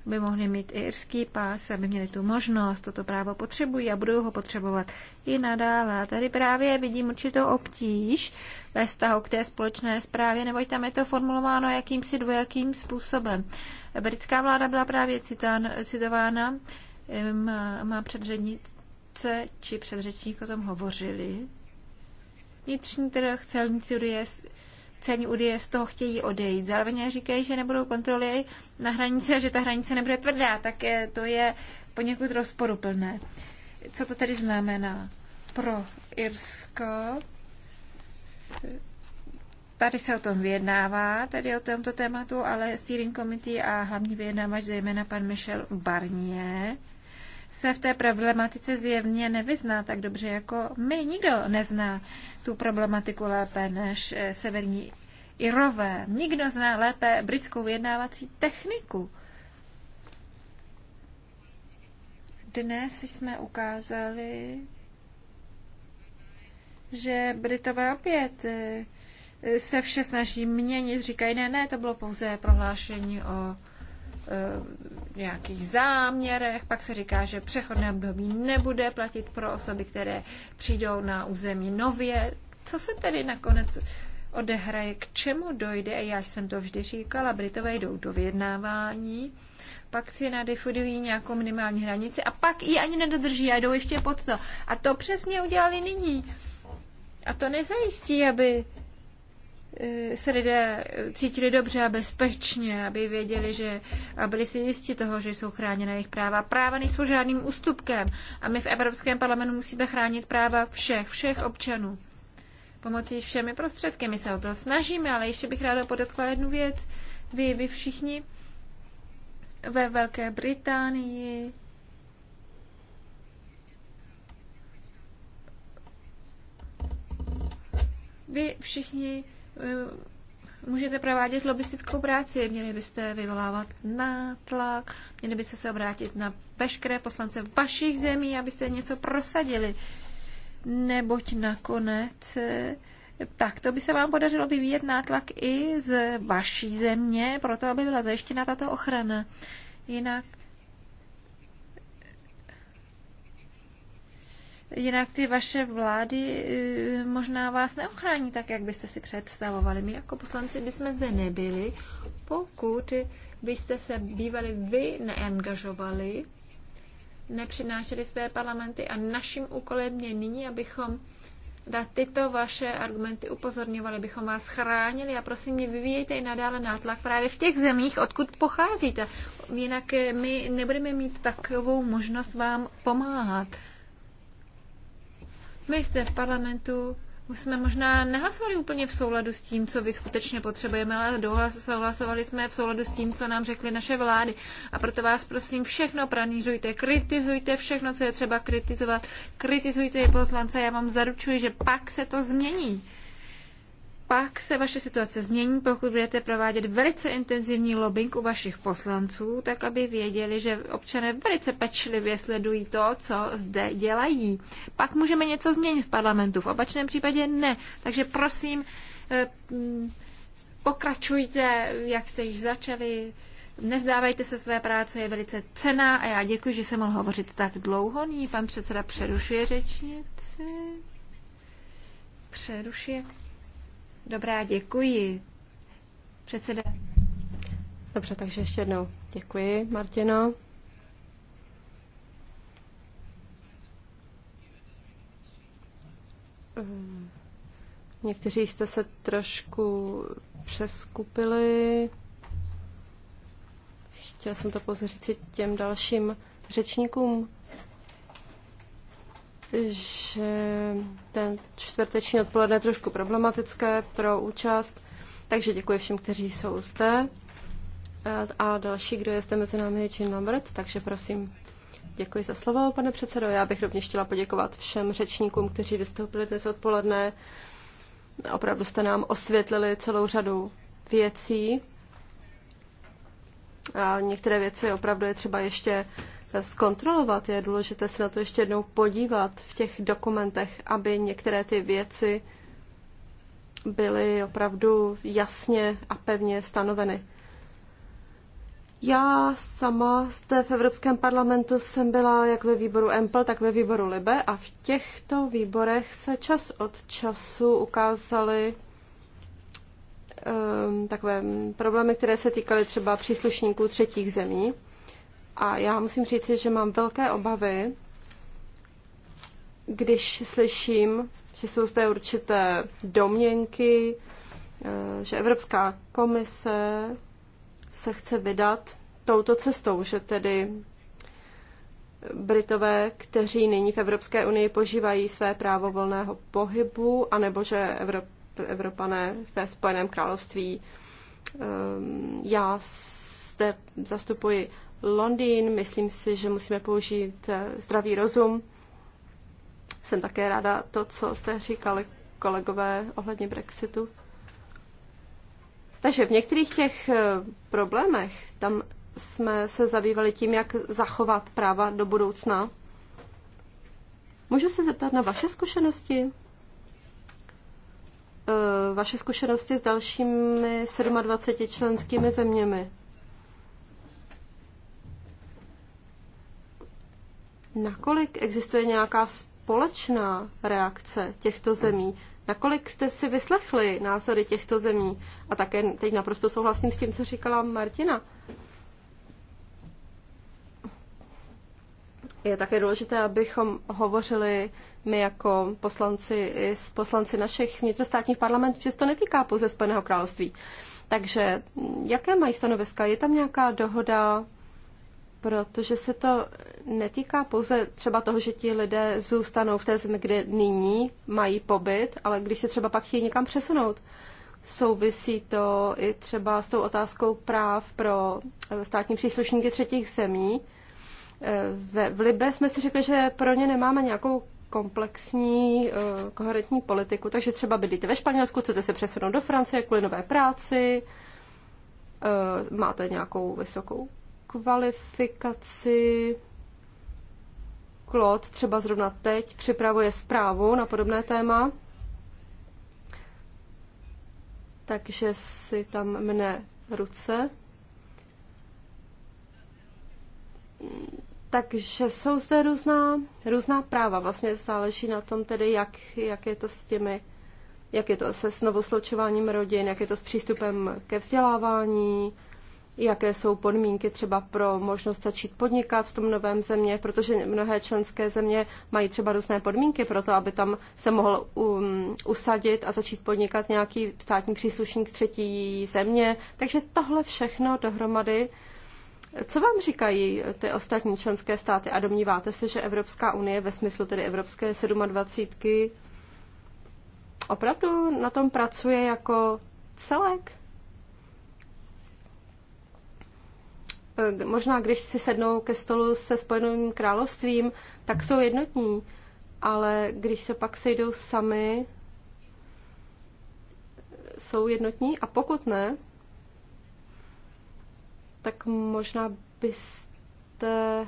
by mohli mít i irský pás, aby měli tu možnost, toto právo potřebují a budou ho potřebovat i nadále. A tady právě vidím určitou obtíž ve vztahu k té společné zprávě, neboť tam je to formulováno jakýmsi dvojakým způsobem. Britská vláda byla právě citán, citována, eh, má, má či předřečník o tom hovořili vnitřní trh, celníci urie, celní urie z toho chtějí odejít. Zároveň říkají, že nebudou kontroly na hranici a že ta hranice nebude tvrdá, tak je, eh, to je poněkud rozporuplné. Co to tedy znamená? Pro Irsko Tady se o tom vyjednává, tady o tomto tématu, ale steering committee a hlavní vyjednávač, zejména pan Michel Barnier, se v té problematice zjevně nevyzná tak dobře jako my. Nikdo nezná tu problematiku lépe než eh, severní Irové. Nikdo zná lépe britskou vyjednávací techniku. Dnes jsme ukázali, že Britové opět eh, se vše snaží měnit. Říkají, ne, ne, to bylo pouze prohlášení o Eh, nějakých záměrech, pak se říká, že přechodné období nebude platit pro osoby, které přijdou na území nově. Co se tedy nakonec odehraje, k čemu dojde, já jsem to vždy říkala, Britové jdou do vyjednávání, pak si nadefinují nějakou minimální hranici a pak ji ani nedodrží a jdou ještě pod to. A to přesně udělali nyní. A to nezajistí, aby Eh, se lidé eh, cítili dobře a bezpečně, aby věděli, že a byli si jisti toho, že jsou chráněna jejich práva. Práva nejsou žádným ústupkem a my v Evropském parlamentu musíme chránit práva všech, všech občanů. Pomocí všemi prostředky. My se o to snažíme, ale ještě bych ráda podotkla jednu věc. Vy, vy všichni ve Velké Británii vy všichni Eh, můžete provádět lobistickou práci, měli byste vyvolávat nátlak, měli byste se obrátit na veškeré poslance vašich zemí, abyste něco prosadili. Neboť nakonec eh, tak to by se vám podařilo vyvíjet nátlak i z vaší země, proto aby byla zajištěna tato ochrana. Jinak Jinak ty vaše vlády eh, možná vás neochrání tak, jak byste si představovali. My jako poslanci bychom zde nebyli, pokud byste se bývali vy neangažovali, nepřinášeli své parlamenty a naším úkolem je nyní, abychom na tyto vaše argumenty upozorňovali, bychom vás chránili a prosím mě vyvíjejte i nadále nátlak právě v těch zemích, odkud pocházíte. Jinak eh, my nebudeme mít takovou možnost vám pomáhat. My zde v parlamentu jsme možná nehlasovali úplně v souladu s tím, co vy skutečně potřebujeme, ale dohlasovali jsme v souladu s tím, co nám řekly naše vlády. A proto vás prosím, všechno pranířujte, kritizujte všechno, co je třeba kritizovat, kritizujte i poslance, já vám zaručuji, že pak se to změní pak se vaše situace změní, pokud budete provádět velice intenzivní lobbying u vašich poslanců, tak aby věděli, že občané velice pečlivě sledují to, co zde dělají. Pak můžeme něco změnit v parlamentu, v opačném případě ne. Takže prosím, eh, mm, pokračujte, jak jste již začali, nezdávejte se své práce, je velice cená a já děkuji, že jsem mohl hovořit tak dlouho. Nyní pan předseda přerušuje řečnici. Přerušuje Dobrá, děkuji. Předseda. Dobře, takže ještě jednou děkuji, Martino. Eh, někteří jste se trošku přeskupili. Chtěla jsem to pouze těm dalším řečníkům že ten čtvrteční odpoledne je trošku problematické pro účast, takže děkuji všem, kteří jsou zde. A další, kdo je zde mezi námi, je Jean Lambert, takže prosím. Děkuji za slovo, pane předsedo. Já bych rovněž chtěla poděkovat všem řečníkům, kteří vystoupili dnes odpoledne. Opravdu jste nám osvětlili celou řadu věcí. A některé věci opravdu je třeba ještě uh, zkontrolovat. Je důležité se na to ještě jednou podívat v těch dokumentech, aby některé ty věci byly opravdu jasně a pevně stanoveny. Já sama zde v Evropském parlamentu jsem byla jak ve výboru EMPL, tak ve výboru LIBE a v těchto výborech se čas od času ukázaly um, takové problémy, které se týkaly třeba příslušníků třetích zemí. A já musím říci, že mám velké obavy, když slyším, že jsou zde určité domněnky, eh, že Evropská komise se chce vydat touto cestou, že tedy Britové, kteří nyní v Evropské unii požívají své právo volného pohybu, anebo že Evrop, Evropané ve Spojeném království. Ehm, já zde zastupuji Londýn. Myslím si, že musíme použít eh, zdravý rozum. Jsem také ráda to, co jste říkali kolegové ohledně Brexitu. Takže v některých těch eh, problémech tam jsme se zabývali tím, jak zachovat práva do budoucna. Můžu se zeptat na vaše zkušenosti? Eh, vaše zkušenosti s dalšími 27 členskými zeměmi? Nakolik existuje nějaká společná reakce těchto zemí? Nakolik jste si vyslechli názory těchto zemí? A také teď naprosto souhlasím s tím, co říkala Martina. Je také důležité, abychom hovořili my jako poslanci, s poslanci našich vnitrostátních parlamentů, že to netýká pouze Spojeného království. Takže jaké mají stanoviska? Je tam nějaká dohoda protože se to netýká pouze třeba toho, že ti lidé zůstanou v té zemi, kde nyní mají pobyt, ale když se třeba pak chtějí někam přesunout. Souvisí to i třeba s tou otázkou práv pro eh, státní příslušníky třetích zemí. Eh, v Libe jsme si řekli, že pro ně nemáme nějakou komplexní, eh, koherentní politiku, takže třeba bydlíte ve Španělsku, chcete se přesunout do Francie kvůli nové práci, máte nějakou vysokou kvalifikaci. Klot třeba zrovna teď připravuje zprávu na podobné téma, takže si tam mne ruce. Takže jsou zde různá, různá práva. Vlastně záleží na tom tedy, jak, jak je to s těmi, jak je to se znovu rodin, jak je to s přístupem ke vzdělávání, jaké jsou podmínky třeba pro možnost začít podnikat v tom novém země, protože mnohé členské země mají třeba různé podmínky pro to, aby tam se mohl um, usadit a začít podnikat nějaký státní příslušník třetí země. Takže tohle všechno dohromady. Co vám říkají ty ostatní členské státy a domníváte se, že Evropská unie ve smyslu tedy Evropské 27 opravdu na tom pracuje jako celek? možná když si sednou ke stolu se Spojeným královstvím, tak jsou jednotní, ale když se pak sejdou sami, jsou jednotní a pokud ne, tak možná byste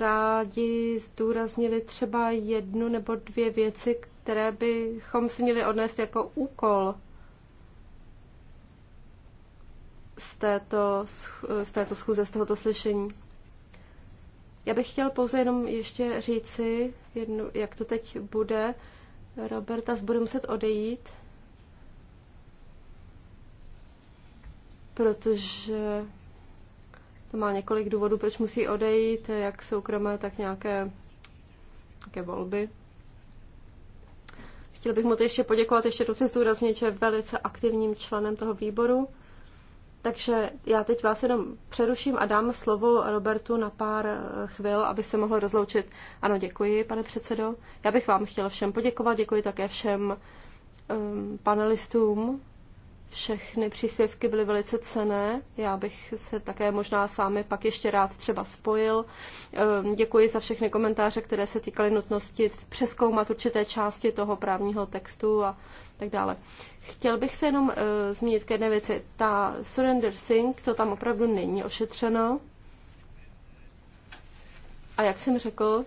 rádi zdůraznili třeba jednu nebo dvě věci, které bychom si měli odnést jako úkol z této, z této schůze, z tohoto slyšení. Já bych chtěl pouze jenom ještě říci, jednu, jak to teď bude. Roberta budu muset odejít, protože to má několik důvodů, proč musí odejít, jak soukromé, tak nějaké, nějaké volby. Chtěl bych mu to ještě poděkovat, ještě doce zdůraznit, že je velice aktivním členem toho výboru. Takže já teď vás jenom přeruším a dám slovo Robertu na pár eh, chvil, aby se mohl rozloučit. Ano, děkuji, pane předsedo. Já bych vám chtěl všem poděkovat, děkuji také všem um, panelistům. Všechny příspěvky byly velice cené. Já bych se také možná s vámi pak ještě rád třeba spojil. Ehm, děkuji za všechny komentáře, které se týkaly nutnosti přeskoumat určité části toho právního textu a tak dále. Chtěl bych se jenom uh, zmínit k jedné věci. Ta surrender sync to tam opravdu není ošetřeno. A jak jsem řekl,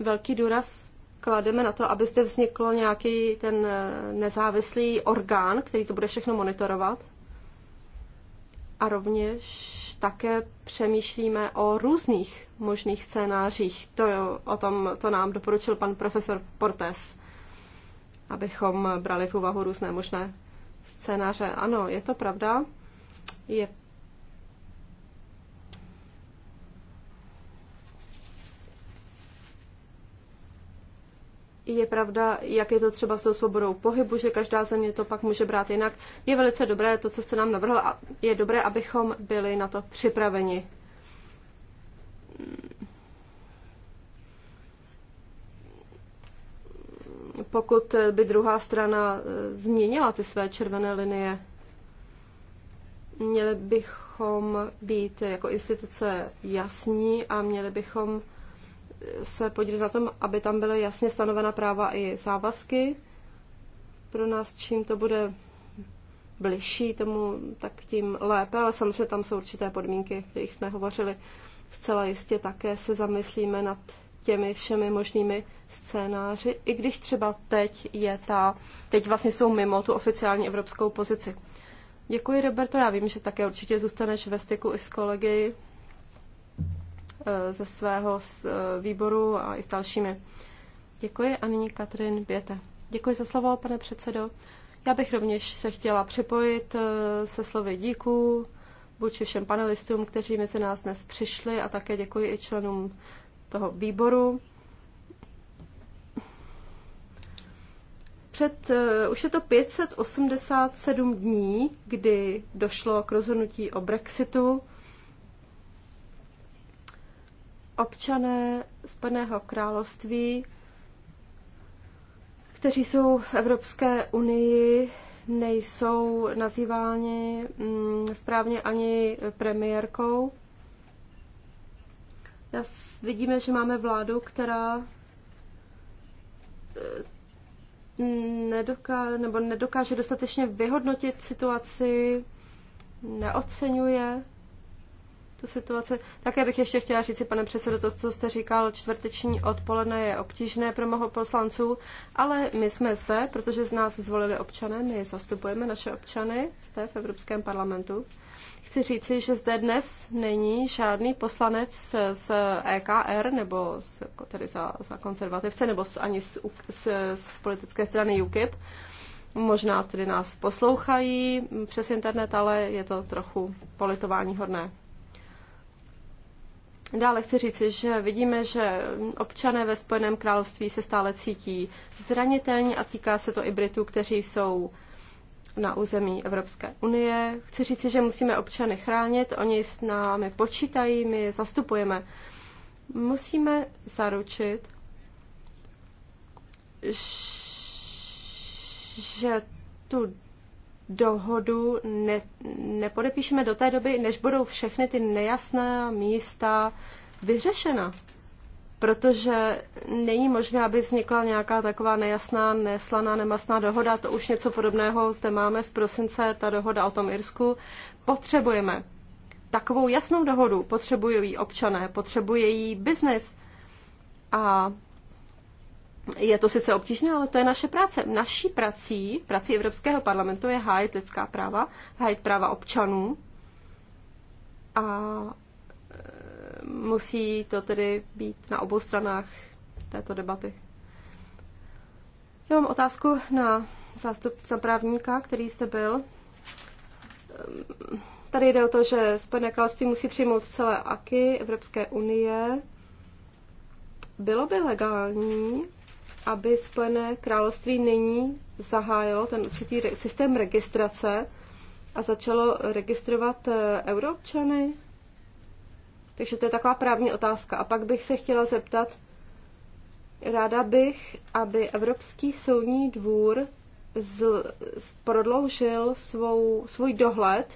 velký důraz klademe na to, aby zde vznikl nějaký ten eh, nezávislý orgán, který to bude všechno monitorovat. A rovněž také přemýšlíme o různých možných scénářích. To, jo, o tom to nám doporučil pan profesor Portes, abychom brali v úvahu různé možné scénáře. Ano, je to pravda. Je je pravda, jak je to třeba s tou svobodou pohybu, že každá země to pak může brát jinak. Je velice dobré to, co jste nám navrhl a je dobré, abychom byli na to připraveni. Pokud by druhá strana eh, změnila ty své červené linie, měli bychom být jako instituce jasní a měli bychom se podílet na tom, aby tam byly jasně stanovena práva i závazky. Pro nás čím to bude bližší tomu, tak tím lépe, ale samozřejmě tam jsou určité podmínky, o kterých jsme hovořili. Zcela jistě také se zamyslíme nad těmi všemi možnými scénáři, i když třeba teď je ta, teď vlastně jsou mimo tu oficiální evropskou pozici. Děkuji, Roberto, já vím, že také určitě zůstaneš ve styku i s kolegy Eh, ze svého eh, výboru a i s dalšími. Děkuji a nyní Katrin Běte. Děkuji za slovo, pane předsedo. Já bych rovněž se chtěla připojit eh, se slovy díků vůči všem panelistům, kteří mezi nás dnes přišli a také děkuji i členům toho výboru. Před, uh, už je to 587 dní, kdy došlo k rozhodnutí o Brexitu občané Spojeného království, kteří jsou v Evropské unii, nejsou nazýváni mm, správně ani premiérkou. Vidíme, že máme vládu, která e, nedokáže, nebo nedokáže dostatečně vyhodnotit situaci, neocenuje tu situaci. Také bych ještě chtěla říci, pane předsedo, to, co jste říkal, čtvrteční odpoledne je obtížné pro mnoho poslanců, ale my jsme zde, protože z nás zvolili občané, my zastupujeme naše občany jste v Evropském parlamentu. Chci říci, že zde dnes není žádný poslanec z EKR nebo z, jako tedy za, za konzervativce nebo z, ani z, z, z politické strany UKIP možná tedy nás poslouchají přes internet, ale je to trochu politování hodné. Dále chci říci, že vidíme, že občané ve Spojeném království se stále cítí zranitelně a týká se to i Britů, kteří jsou na území Evropské unie. Chci říci, že musíme občany chránit, oni s námi počítají, my je zastupujeme. Musíme zaručit, že tu dohodu ne, nepodepíšeme do té doby, než budou všechny ty nejasné místa vyřešena. Protože není možné, aby vznikla nějaká taková nejasná, neslaná, nemastná dohoda. To už něco podobného zde máme z prosince, ta dohoda o tom Irsku. Potřebujeme takovou jasnou dohodu. Potřebují ji občané, potřebuje ji biznis. A je to sice obtížné, ale to je naše práce. Naší prací, prací Evropského parlamentu je hájit lidská práva, hájit práva občanů a e, musí to tedy být na obou stranách této debaty. Já mám otázku na zástupce právníka, který jste byl. Ehm, tady jde o to, že Spojené království musí přijmout celé aky Evropské unie. Bylo by legální aby Spojené království nyní zahájilo ten určitý re- systém registrace a začalo registrovat eh, euroobčany? Takže to je taková právní otázka. A pak bych se chtěla zeptat, ráda bych, aby Evropský soudní dvůr zl- prodloužil svou, svůj dohled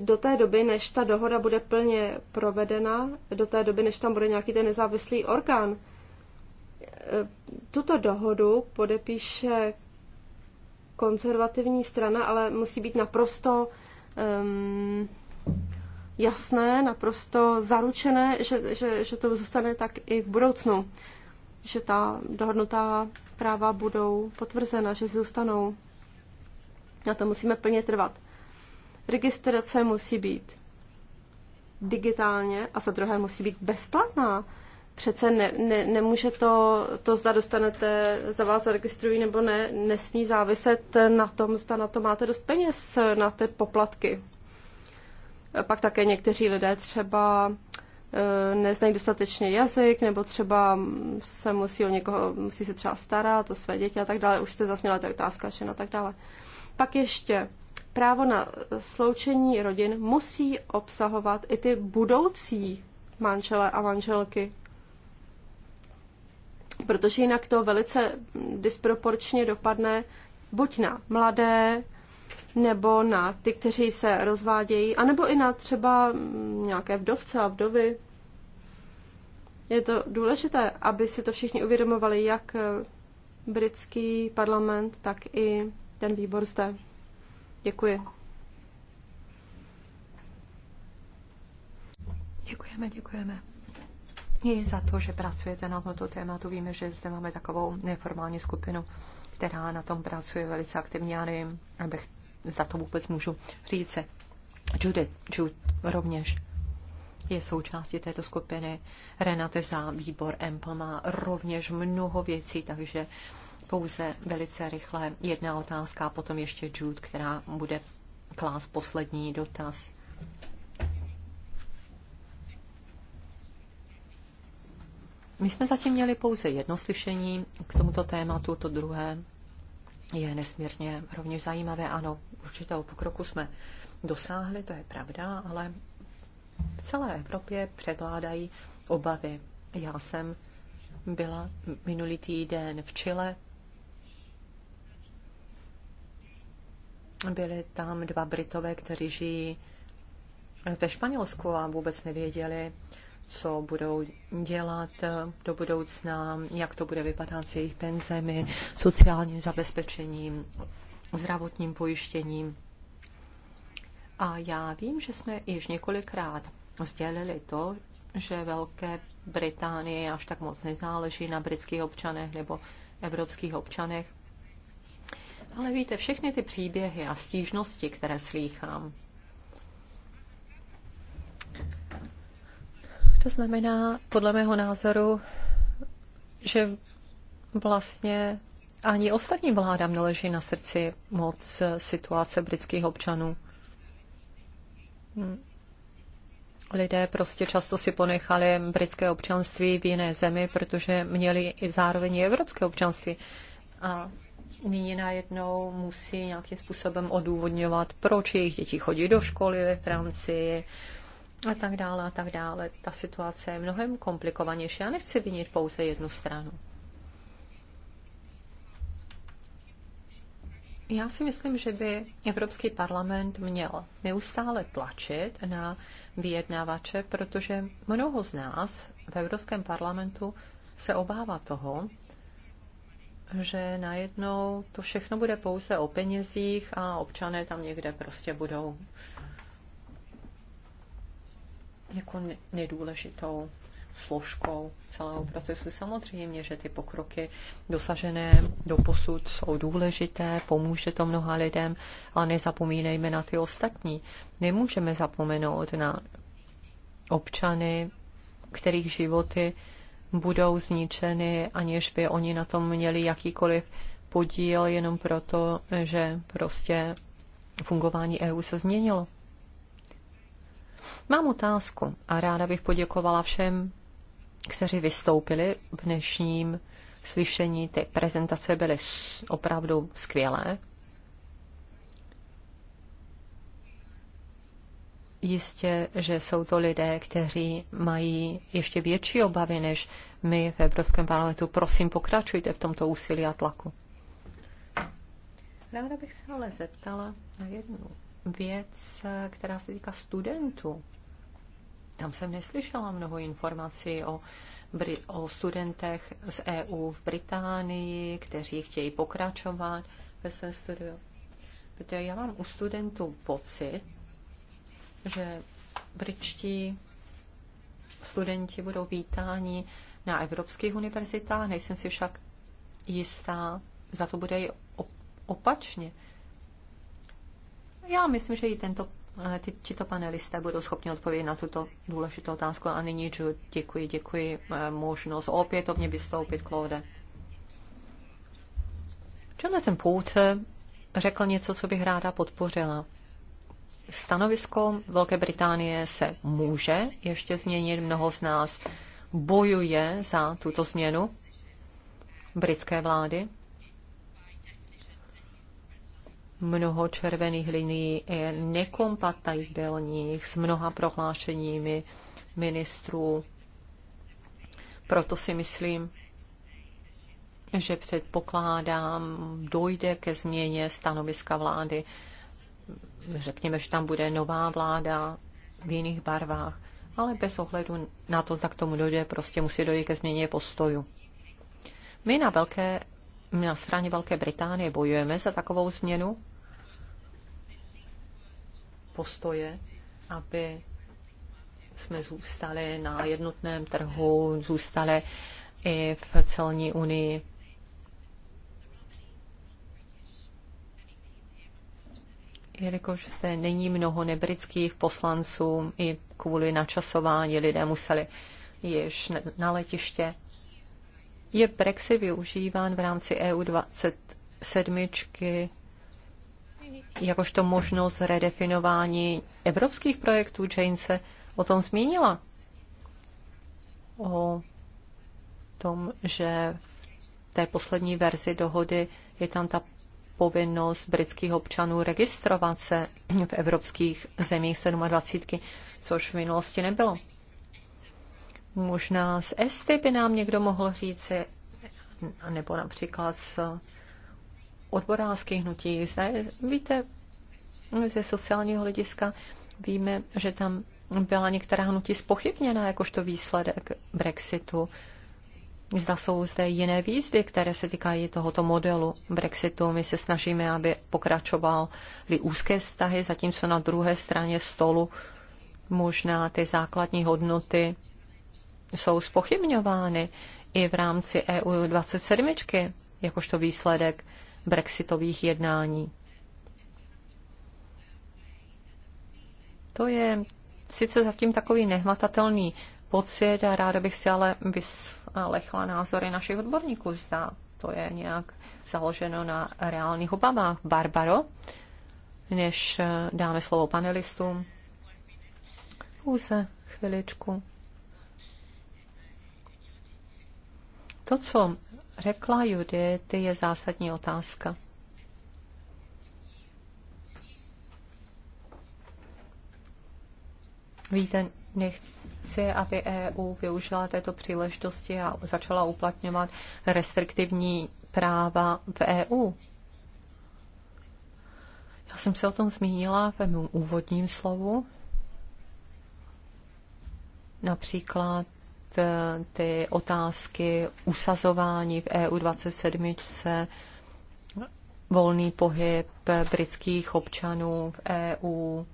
do té doby, než ta dohoda bude plně provedena, do té doby, než tam bude nějaký ten nezávislý orgán. Tuto dohodu podepíše konzervativní strana, ale musí být naprosto um, jasné, naprosto zaručené, že, že, že to zůstane tak i v budoucnu, že ta dohodnutá práva budou potvrzena, že zůstanou. Na to musíme plně trvat. Registrace musí být digitálně a za druhé musí být bezplatná přece ne, ne, nemůže to, to, zda dostanete, za vás zaregistrují nebo ne, nesmí záviset na tom, zda na to máte dost peněz, na ty poplatky. Pak také někteří lidé třeba eh, neznají dostatečně jazyk, nebo třeba se musí o někoho, musí se třeba starat o své děti a tak dále. Už jste zasněla ta otázka, že a tak dále. Pak ještě právo na sloučení rodin musí obsahovat i ty budoucí manžele a manželky protože jinak to velice disproporčně dopadne buď na mladé, nebo na ty, kteří se rozvádějí, anebo i na třeba nějaké vdovce a vdovy. Je to důležité, aby si to všichni uvědomovali, jak britský parlament, tak i ten výbor zde. Děkuji. Děkujeme, děkujeme všichni za to, že pracujete na tomto tématu. Víme, že zde máme takovou neformální skupinu, která na tom pracuje velice aktivně. Já nevím, abych za to vůbec můžu říct. Judith, Jude rovněž je součástí této skupiny. Renate za výbor Empl má rovněž mnoho věcí, takže pouze velice rychle jedna otázka a potom ještě Jude, která bude klás poslední dotaz. My jsme zatím měli pouze jedno slyšení k tomuto tématu, to druhé je nesmírně rovněž zajímavé. Ano, určitého pokroku jsme dosáhli, to je pravda, ale v celé Evropě převládají obavy. Já jsem byla minulý týden v Chile. Byli tam dva Britové, kteří žijí ve Španělsku a vůbec nevěděli, co budou dělat eh, do budoucna, jak to bude vypadat s jejich penzemi, sociálním zabezpečením, zdravotním pojištěním. A já vím, že jsme již několikrát sdělili to, že Velké Británie až tak moc nezáleží na britských občanech nebo evropských občanech. Ale víte, všechny ty příběhy a stížnosti, které slýchám, To znamená, podle mého názoru, že vlastně ani ostatním vládám neleží na srdci moc situace britských občanů. Lidé prostě často si ponechali britské občanství v jiné zemi, protože měli i zároveň i evropské občanství. A nyní najednou musí nějakým způsobem odůvodňovat, proč jejich děti chodí do školy ve Francii, a tak dále a tak dále. Ta situace je mnohem komplikovanější. Já nechci vinit pouze jednu stranu. Já si myslím, že by Evropský parlament měl neustále tlačit na vyjednávače, protože mnoho z nás v Evropském parlamentu se obává toho, že najednou to všechno bude pouze o penězích a občané tam někde prostě budou jako nedůležitou složkou celého procesu. Samozřejmě, že ty pokroky dosažené do posud jsou důležité, pomůže to mnoha lidem, ale nezapomínejme na ty ostatní. Nemůžeme zapomenout na občany, kterých životy budou zničeny, aniž by oni na tom měli jakýkoliv podíl, jenom proto, že prostě fungování EU se změnilo. Mám otázku a ráda bych poděkovala všem, kteří vystoupili v dnešním slyšení. Ty prezentace byly opravdu skvělé. Jistě, že jsou to lidé, kteří mají ještě větší obavy než my v Evropském parlamentu. Prosím, pokračujte v tomto úsilí a tlaku. Ráda bych se ale zeptala na jednu věc, která se týká studentů. Tam jsem neslyšela mnoho informací o, o studentech z EU v Británii, kteří chtějí pokračovat ve svém studiu. Protože já mám u studentů pocit, že britští studenti budou vítáni na evropských univerzitách, nejsem si však jistá, za to bude i opačně. Já myslím, že i tento eh, ty, tito panelisté budou schopni odpovědět na tuto důležitou otázku. A nyní Jude, děkuji, děkuji eh, možnost opětovně vystoupit, Claude. Jonathan pout? řekl něco, co bych ráda podpořila. Stanovisko Velké Británie se může ještě změnit. Mnoho z nás bojuje za tuto změnu britské vlády mnoho červených linií je nekompatibilních s mnoha prohlášeními ministrů. Proto si myslím, že předpokládám, dojde ke změně stanoviska vlády. Řekněme, že tam bude nová vláda v jiných barvách, ale bez ohledu na to, zda k tomu dojde, prostě musí dojít ke změně postoju. My na, velké, my na straně Velké Británie bojujeme za takovou změnu, postoje, aby jsme zůstali na jednotném trhu, zůstali i v celní unii. Jelikož zde není mnoho nebritských poslanců, i kvůli načasování lidé museli již na letiště. Je Brexit využíván v rámci EU 27 jakožto možnost redefinování evropských projektů. Jane se o tom zmínila. O tom, že v té poslední verzi dohody je tam ta povinnost britských občanů registrovat se v evropských zemích 27, což v minulosti nebylo. Možná z Esty by nám někdo mohl říci, nebo například z odborářské hnutí. víte, ze sociálního hlediska víme, že tam byla některá hnutí spochybněna jakožto výsledek Brexitu. Zda jsou zde jiné výzvy, které se týkají tohoto modelu Brexitu. My se snažíme, aby pokračovaly úzké vztahy, zatímco na druhé straně stolu možná ty základní hodnoty jsou spochybňovány i v rámci EU 27, jakožto výsledek brexitových jednání. To je sice zatím takový nehmatatelný pocit a ráda bych si ale vyslechla názory našich odborníků. Zda to je nějak založeno na reálných obavách. Barbaro, než eh, dáme slovo panelistům. Pouze chviličku. To, co řekla Judith, je zásadní otázka. Víte, nechci, aby EU využila této příležitosti a začala uplatňovat restriktivní práva v EU. Já jsem se o tom zmínila ve mém úvodním slovu. Například Eh, ty otázky usazování v EU27, volný pohyb britských občanů v EU,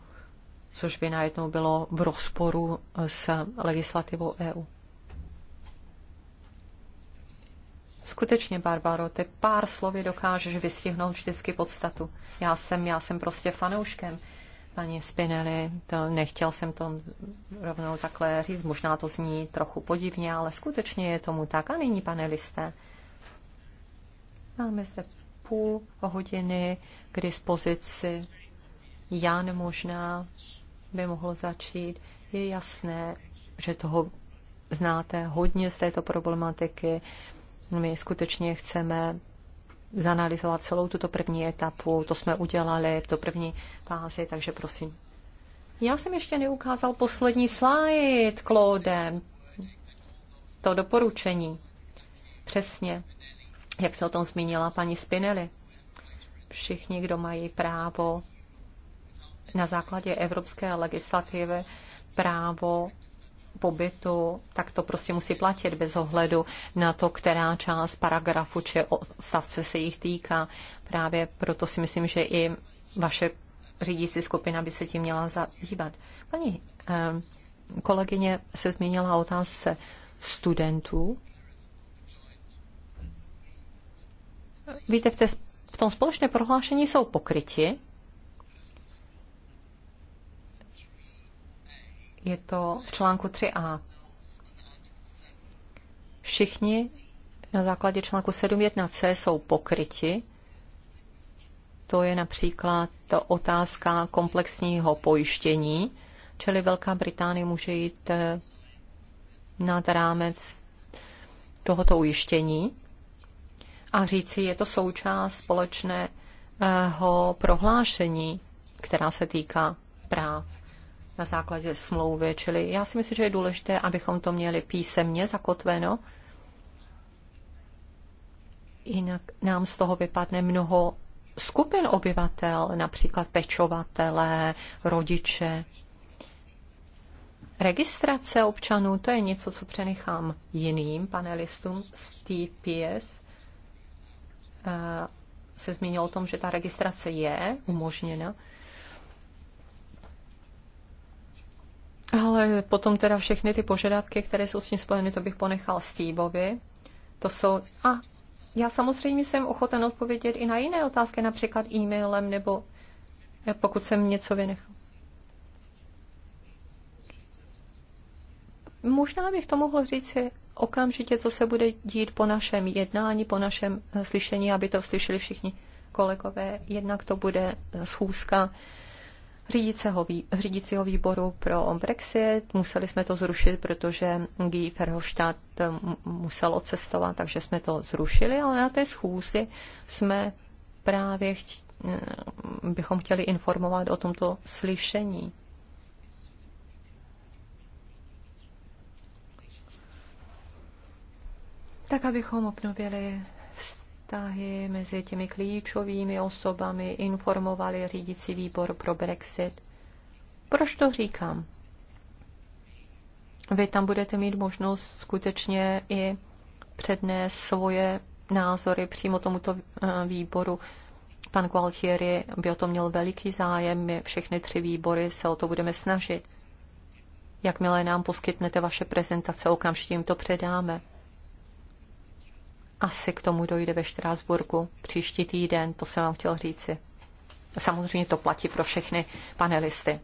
což by najednou bylo v rozporu s legislativou EU. Skutečně, Barbaro, ty pár slovy dokážeš vystihnout vždycky podstatu. Já jsem, já jsem prostě fanouškem paní Spinelli, to nechtěl jsem to rovnou takhle říct, možná to zní trochu podivně, ale skutečně je tomu tak. A nyní, pane Liste, máme zde půl hodiny k dispozici. Jan možná by mohl začít. Je jasné, že toho znáte hodně z této problematiky. My skutečně chceme zanalizovat celou tuto první etapu. To jsme udělali, to první fázi, takže prosím. Já jsem ještě neukázal poslední slide, Claude. To doporučení. Přesně, jak se o tom zmínila paní Spinelli. Všichni, kdo mají právo na základě evropské legislativy právo pobytu, tak to prostě musí platit bez ohledu na to, která část paragrafu či odstavce se jich týká. Právě proto si myslím, že i vaše řídící skupina by se tím měla zabývat. Paní eh, kolegyně se zmínila o otázce studentů. Víte, v, té, v tom společné prohlášení jsou pokryti je to v článku 3a. Všichni na základě článku 7.1c jsou pokryti. To je například otázka komplexního pojištění, čili Velká Británie může jít eh, nad rámec tohoto ujištění a říci, je to součást společného prohlášení, která se týká práv na základě smlouvy. Čili já si myslím, že je důležité, abychom to měli písemně zakotveno. Jinak nám z toho vypadne mnoho skupin obyvatel, například pečovatelé, rodiče. Registrace občanů, to je něco, co přenechám jiným panelistům z TPS. Eh, se zmínil o tom, že ta registrace je umožněna. Ale potom teda všechny ty požadavky, které jsou s tím spojeny, to bych ponechal Steveovi. To jsou... A já samozřejmě jsem ochoten odpovědět i na jiné otázky, například e-mailem nebo eh, pokud jsem něco vynechal. Možná bych to mohl říct si okamžitě, co se bude dít po našem jednání, po našem eh, slyšení, aby to slyšeli všichni kolegové. Jednak to bude eh, schůzka řídícího, řídícího výboru pro Brexit. Museli jsme to zrušit, protože Guy Verhofstadt eh, musel odcestovat, takže jsme to zrušili, ale na té schůzi jsme právě chtě, eh, bychom chtěli informovat o tomto slyšení. Tak, abychom obnovili vztahy mezi těmi klíčovými osobami informovali řídící výbor pro Brexit. Proč to říkám? Vy tam budete mít možnost skutečně i přednést svoje názory přímo tomuto eh, výboru. Pan Gualtieri by o to měl veliký zájem, my všechny tři výbory se o to budeme snažit. Jakmile nám poskytnete vaše prezentace, okamžitě jim to předáme asi k tomu dojde ve Štrásburku příští týden, to jsem vám chtěl říci. Samozřejmě to platí pro všechny panelisty.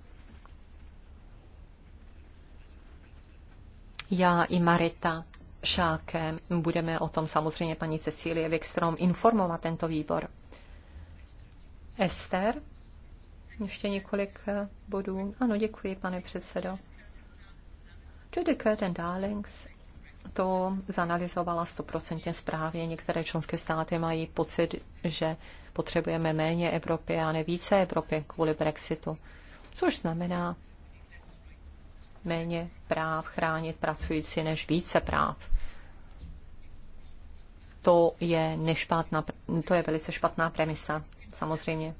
Já i Marita Šáke budeme o tom samozřejmě paní Cecílie Wikstrom informovat tento výbor. Ester, ještě několik eh, bodů. Ano, děkuji, pane předsedo. To the curtain, darlings to zanalizovala stoprocentně správně. Některé členské státy mají pocit, že potřebujeme méně Evropy a ne více Evropy kvůli Brexitu, což znamená méně práv chránit pracující než více práv. To je, nešpatná, to je velice špatná premisa, samozřejmě,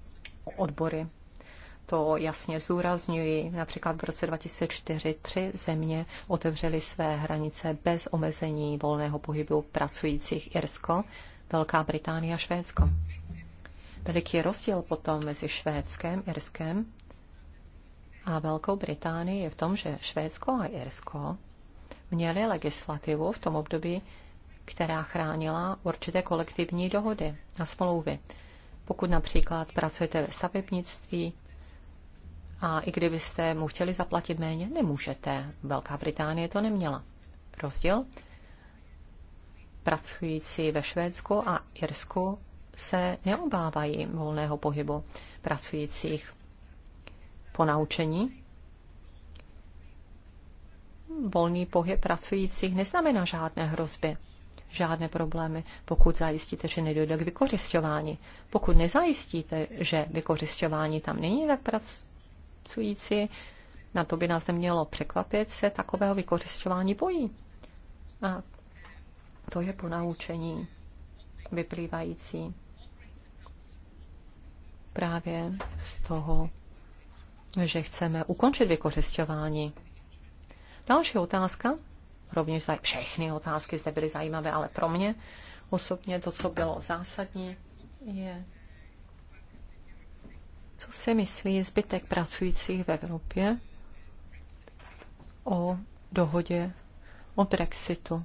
odbory to jasně zúrazňuji. Například v roce 2004 tři země otevřely své hranice bez omezení volného pohybu pracujících Irsko, Velká Británie a Švédsko. Veliký rozdíl potom mezi Švédskem, Irskem a Velkou Británií je v tom, že Švédsko a Irsko měli legislativu v tom období, která chránila určité kolektivní dohody a smlouvy. Pokud například pracujete ve stavebnictví, a i kdybyste mu chtěli zaplatit méně, nemůžete. Velká Británie to neměla. Rozdíl? Pracující ve Švédsku a Irsku se neobávají volného pohybu pracujících po naučení. Volný pohyb pracujících neznamená žádné hrozby, žádné problémy, pokud zajistíte, že nedojde k vykořišťování. Pokud nezajistíte, že vykořišťování tam není, tak prac, pracující, na to by nás nemělo překvapit, se takového vykořišťování bojí. A to je ponaučení vyplývající právě z toho, že chceme ukončit vykořišťování. Další otázka, rovněž zaj- všechny otázky zde byly zajímavé, ale pro mě osobně to, co bylo zásadní, je co si myslí zbytek pracujících v Evropě o dohodě o Brexitu?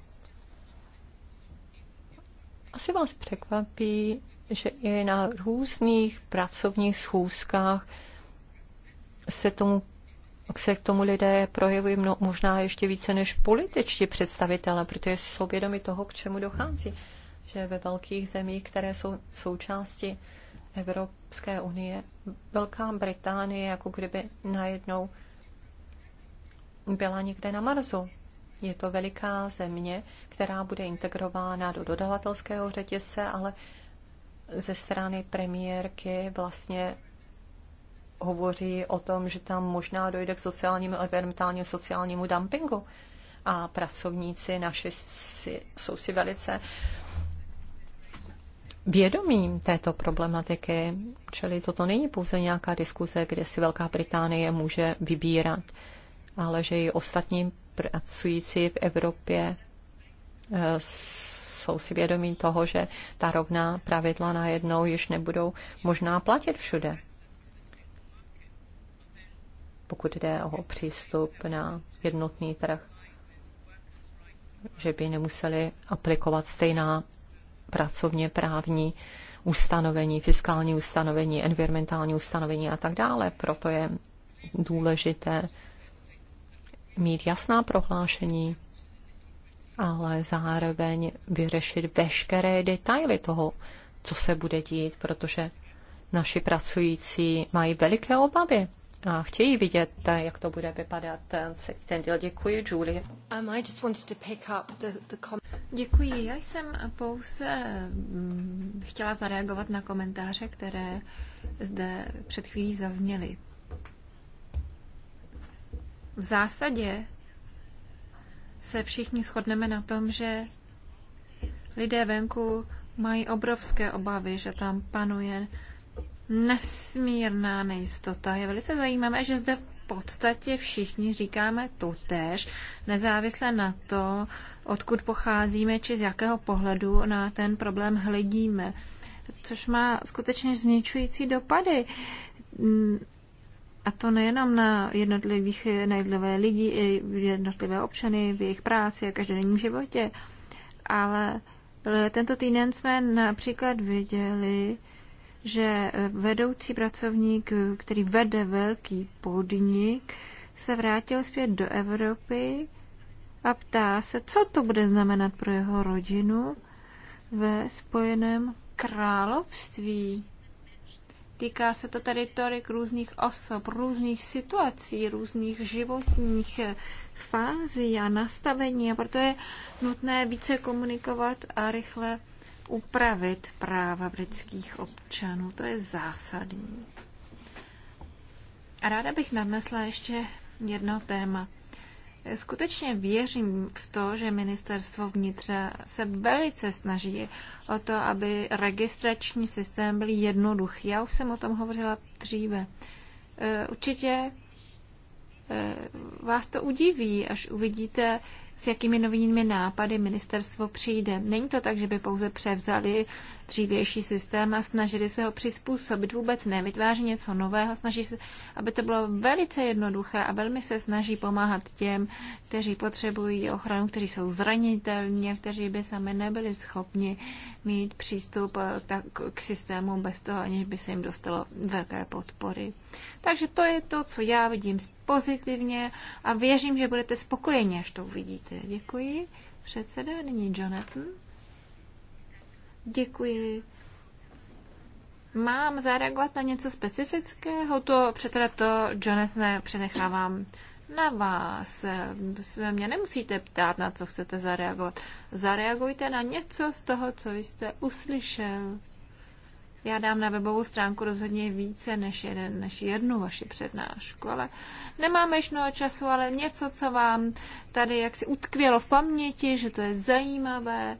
Asi vás překvapí, že i na různých pracovních schůzkách se tomu se k tomu lidé projevují mno, možná ještě více než političtí představitelé, protože jsou vědomi toho, k čemu dochází. Že ve velkých zemích, které jsou součástí Evropské unie, Velká Británie jako kdyby najednou byla někde na Marsu. Je to veliká země, která bude integrována do dodavatelského řetězce, ale ze strany premiérky vlastně hovoří o tom, že tam možná dojde k sociálnímu, environmentálně sociálnímu dumpingu. A pracovníci naši si, jsou si velice uh, vědomím této problematiky, čili toto není pouze nějaká diskuze, kde si Velká Británie může vybírat, ale že i ostatní pracující v Evropě eh, jsou si vědomí toho, že ta rovná pravidla najednou již nebudou možná platit všude. Pokud jde o přístup na jednotný trh, že by nemuseli aplikovat stejná pracovně právní ustanovení, fiskální ustanovení, environmentální ustanovení a tak dále. Proto je důležité mít jasná prohlášení, ale zároveň vyřešit veškeré detaily toho, co se bude dít, protože naši pracující mají veliké obavy a chtějí vidět, jak to bude vypadat ten díl. Děkuji, Julie. Um, I just wanted to pick up the, the Děkuji. Já jsem pouze mm, chtěla zareagovat na komentáře, které zde před chvílí zazněly. V zásadě se všichni shodneme na tom, že lidé venku mají obrovské obavy, že tam panuje nesmírná nejistota. Je velice zajímavé, že zde v podstatě všichni říkáme tež, nezávisle na to, odkud pocházíme, či z jakého pohledu na ten problém hledíme. Což má skutečně zničující dopady. Mm, a to nejenom na jednotlivých, na jednotlivé lidi, jednotlivé občany v jejich práci a každodenním životě, ale tento týden jsme například viděli, že eh, vedoucí pracovník, eh, který vede velký podnik, se vrátil zpět do Evropy a ptá se, co to bude znamenat pro jeho rodinu ve Spojeném království. Týká se to tady tolik různých osob, různých situací, různých životních eh, fází a nastavení a proto je nutné více komunikovat a rychle upravit práva britských občanů. To je zásadní. A ráda bych nadnesla ještě jedno téma. Skutečně věřím v to, že ministerstvo vnitra se velice snaží o to, aby registrační systém byl jednoduchý. Já už jsem o tom hovořila dříve. E, určitě e, vás to udiví, až uvidíte, s jakými novými nápady ministerstvo přijde. Není to tak, že by pouze převzali dřívější systém a snažili se ho přizpůsobit. Vůbec ne, vytváří něco nového, snaží se, aby to bylo velice jednoduché a velmi se snaží pomáhat těm, kteří potřebují ochranu, kteří jsou zranitelní a kteří by sami nebyli schopni mít přístup eh, k systému bez toho, aniž by se jim dostalo velké podpory. Takže to je to, co já vidím pozitivně a věřím, že budete spokojeni, až to uvidíte. Děkuji. Předseda, nyní Jonathan. Děkuji. Mám zareagovat na něco specifického? To přece to, Jonathan, přenechávám na vás. mě nemusíte ptát, na co chcete zareagovat. Zareagujte na něco z toho, co jste uslyšel. Já dám na webovou stránku rozhodně více než, jeden, než jednu vaši přednášku, ale nemáme již mnoho času, ale něco, co vám tady jaksi utkvělo v paměti, že to je zajímavé,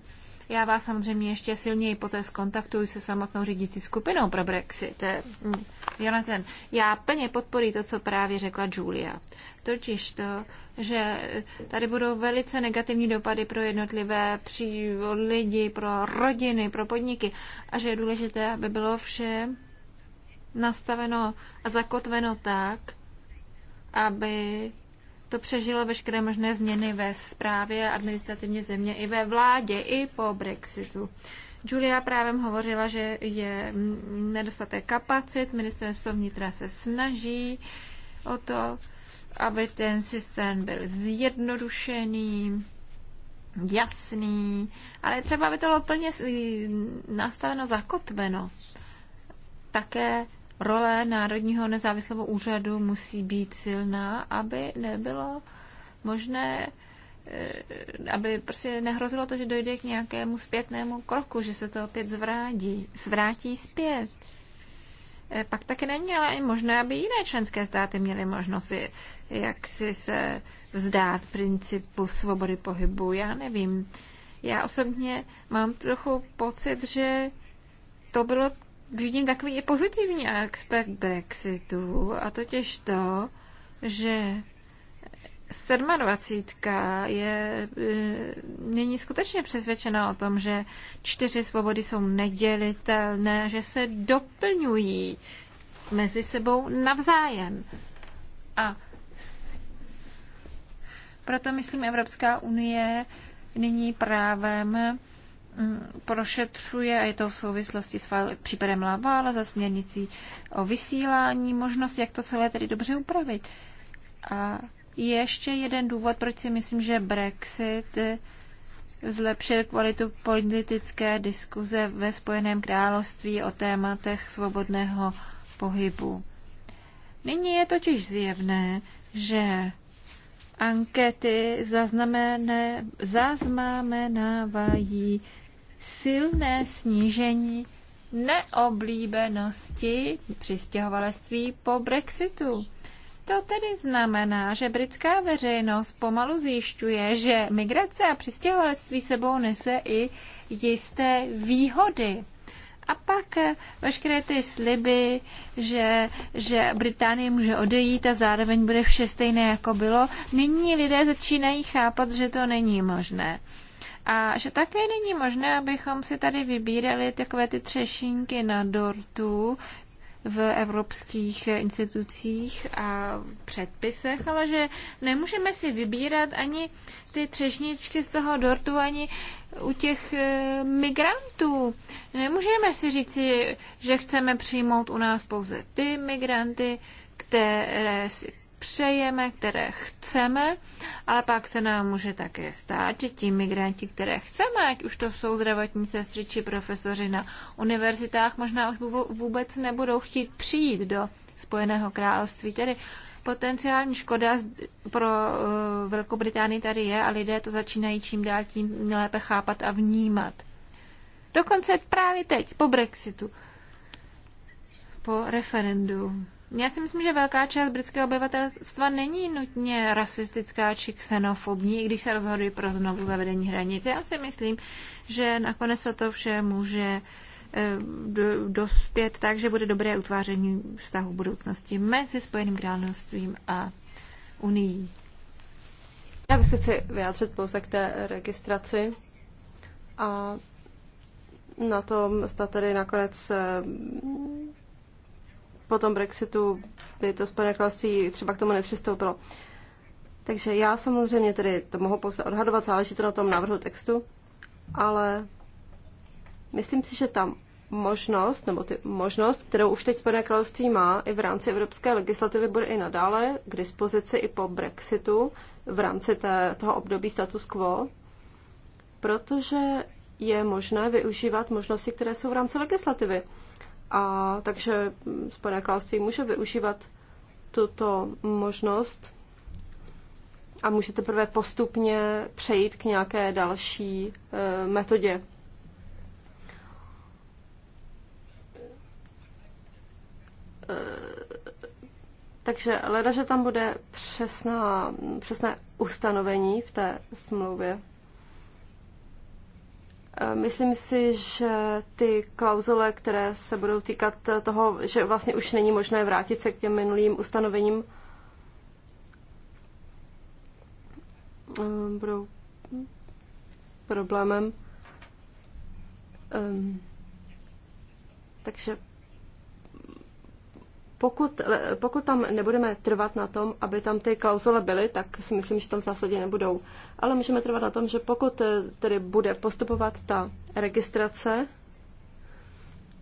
já vás samozřejmě ještě silněji poté skontaktuji se samotnou řídící skupinou pro Brexit. Eh, mm, Jonathan, já plně podporuji to, co právě řekla Julia. Totiž to, že tady budou velice negativní dopady pro jednotlivé při lidi, pro rodiny, pro podniky a že je důležité, aby bylo vše nastaveno a zakotveno tak, aby to přežilo veškeré možné změny ve správě administrativně země i ve vládě, i po Brexitu. Julia právě hovořila, že je nedostatek kapacit, ministerstvo vnitra se snaží o to, aby ten systém byl zjednodušený, jasný, ale třeba by to bylo plně nastaveno, zakotveno. Také Role Národního nezávislého úřadu musí být silná, aby nebylo možné eh, aby prostě nehrozilo to, že dojde k nějakému zpětnému kroku, že se to opět zvrátí, zvrátí zpět. Eh, pak taky není ale ani možné, aby jiné členské státy měly možnost jak si se vzdát principu svobody pohybu. Já nevím. Já osobně mám trochu pocit, že to bylo vidím takový i pozitivní aspekt Brexitu, a totiž to, že 27 je e, nyní skutečně přesvědčena o tom, že čtyři svobody jsou nedělitelné, že se doplňují mezi sebou navzájem. A proto, myslím, Evropská unie nyní právem Mm, prošetřuje, a je to v souvislosti s případem Laval, za směrnicí o vysílání, možnost, jak to celé tedy dobře upravit. A ještě jeden důvod, proč si myslím, že Brexit eh, zlepšil kvalitu politické diskuze ve Spojeném království o tématech svobodného pohybu. Nyní je totiž zjevné, že ankety zaznamenávají silné snížení neoblíbenosti přistěhovalectví po Brexitu. To tedy znamená, že britská veřejnost pomalu zjišťuje, že migrace a přistěhovalectví sebou nese i jisté výhody. A pak veškeré ty sliby, že, že Británie může odejít a zároveň bude vše stejné, jako bylo. Nyní lidé začínají chápat, že to není možné. A že také není možné, abychom si tady vybírali takové ty třešínky na dortu v evropských institucích a předpisech, ale že nemůžeme si vybírat ani ty třešničky z toho dortu, ani u těch e, migrantů. Nemůžeme si říci, že chceme přijmout u nás pouze ty migranty, které si přejeme, které chceme, ale pak se nám může také stát, že ti migranti, které chceme, ať už to jsou zdravotní sestry či profesoři na univerzitách, možná už vůbec nebudou chtít přijít do Spojeného království. Tedy potenciální škoda pro eh, Velkou Británii tady je a lidé to začínají čím dál tím lépe chápat a vnímat. Dokonce právě teď, po Brexitu, po referendu. Já si myslím, že velká část britského obyvatelstva není nutně rasistická či xenofobní, i když se rozhodují pro znovu zavedení hranic. Já si myslím, že nakonec to vše může eh, dospět tak, že bude dobré utváření vztahu budoucnosti mezi Spojeným královstvím a Unii. Já bych se chci vyjádřit pouze k té registraci a na tom, zda tedy nakonec eh, po tom Brexitu by to Spojené království třeba k tomu nepřistoupilo. Takže já samozřejmě tedy to mohu pouze odhadovat, záleží to na tom návrhu textu, ale myslím si, že tam možnost, nebo ty možnost, kterou už teď Spojené království má i v rámci evropské legislativy, bude i nadále k dispozici i po Brexitu v rámci té, toho období status quo, protože je možné využívat možnosti, které jsou v rámci legislativy. A takže Spojené království může využívat tuto možnost a může teprve postupně přejít k nějaké další e, metodě. E, takže leda, že tam bude přesná, přesné ustanovení v té smlouvě. Myslím si, že ty klauzule, které se budou týkat toho, že vlastně už není možné vrátit se k těm minulým ustanovením, ehm, budou problémem. Ehm, takže pokud, eh, pokud tam nebudeme trvat na tom, aby tam ty klauzule byly, tak si myslím, že tam v zásadě nebudou. Ale můžeme trvat na tom, že pokud eh, tedy bude postupovat ta registrace,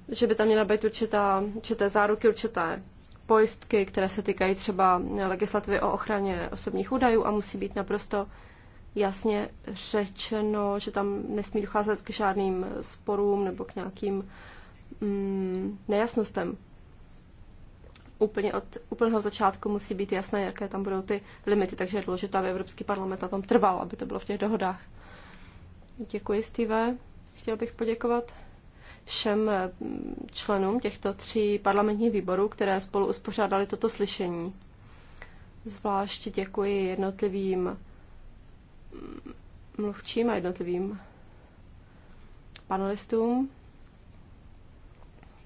že by tam měla být určitá, určité záruky, určité pojistky, které se týkají třeba legislativy o ochraně osobních údajů a musí být naprosto jasně řečeno, že tam nesmí docházet k žádným sporům nebo k nějakým mm, nejasnostem úplně od úplného začátku musí být jasné, jaké tam budou ty limity, takže je důležité, aby Evropský parlament na tom trval, aby to bylo v těch dohodách. Děkuji, Steve. Chtěl bych poděkovat všem eh, členům těchto tří parlamentních výborů, které spolu uspořádali toto slyšení. Zvlášť děkuji jednotlivým mm, mluvčím a jednotlivým panelistům.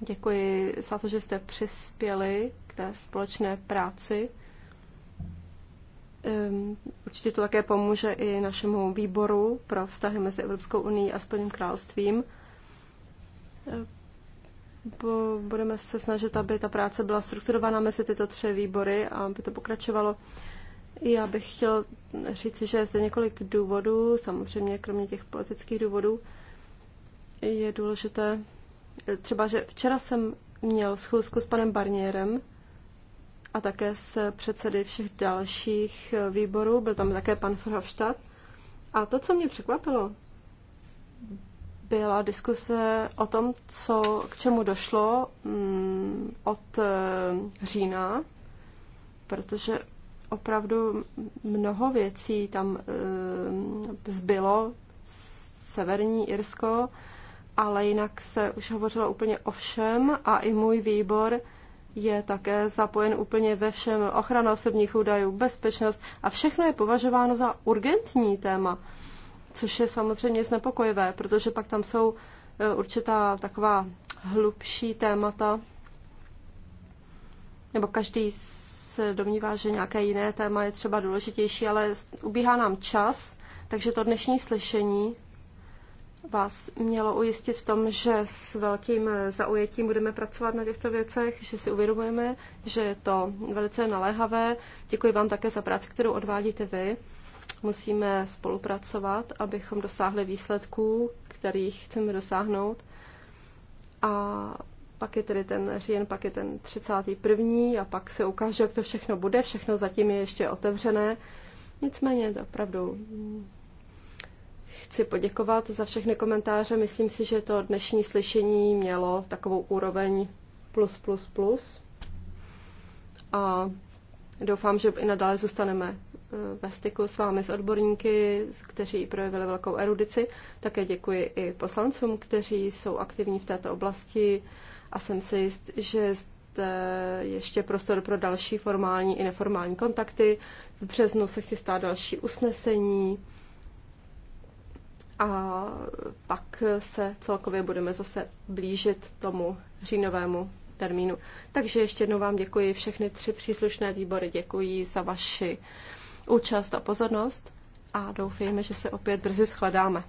Děkuji za to, že jste přispěli k té společné práci. Ehm, určitě to také pomůže i našemu výboru pro vztahy mezi Evropskou unii a Spojeným královstvím. Ehm, budeme se snažit, aby ta práce byla strukturována mezi tyto tři výbory a aby to pokračovalo. Já bych chtěl říct, že je zde několik důvodů, samozřejmě kromě těch politických důvodů, je důležité Třeba, že včera jsem měl schůzku s panem Barnierem a také s předsedy všech dalších eh, výborů, byl tam také pan Verhofstadt. A to, co mě překvapilo, byla diskuse o tom, co, k čemu došlo mm, od eh, října, protože opravdu mnoho věcí tam eh, zbylo. Severní Irsko, ale jinak se už hovořilo úplně o všem a i můj výbor je také zapojen úplně ve všem. Ochrana osobních údajů, bezpečnost a všechno je považováno za urgentní téma, což je samozřejmě znepokojivé, protože pak tam jsou e, určitá taková hlubší témata, nebo každý se domnívá, že nějaké jiné téma je třeba důležitější, ale ubíhá nám čas, takže to dnešní slyšení vás mělo ujistit v tom, že s velkým eh, zaujetím budeme pracovat na těchto věcech, že si uvědomujeme, že je to velice naléhavé. Děkuji vám také za práci, kterou odvádíte vy. Musíme spolupracovat, abychom dosáhli výsledků, kterých chceme dosáhnout. A pak je tedy ten říjen, pak je ten 31. a pak se ukáže, jak to všechno bude. Všechno zatím je ještě otevřené. Nicméně to opravdu chci poděkovat za všechny komentáře. Myslím si, že to dnešní slyšení mělo takovou úroveň plus, plus, plus. A doufám, že i nadále zůstaneme eh, ve styku s vámi, s odborníky, kteří projevili velkou erudici. Také děkuji i poslancům, kteří jsou aktivní v této oblasti a jsem si jist, že ještě prostor pro další formální i neformální kontakty. V březnu se chystá další usnesení a pak se celkově budeme zase blížit tomu říjnovému termínu. Takže ještě jednou vám děkuji. Všechny tři příslušné výbory děkuji za vaši účast a pozornost a doufejme, že se opět brzy shledáme.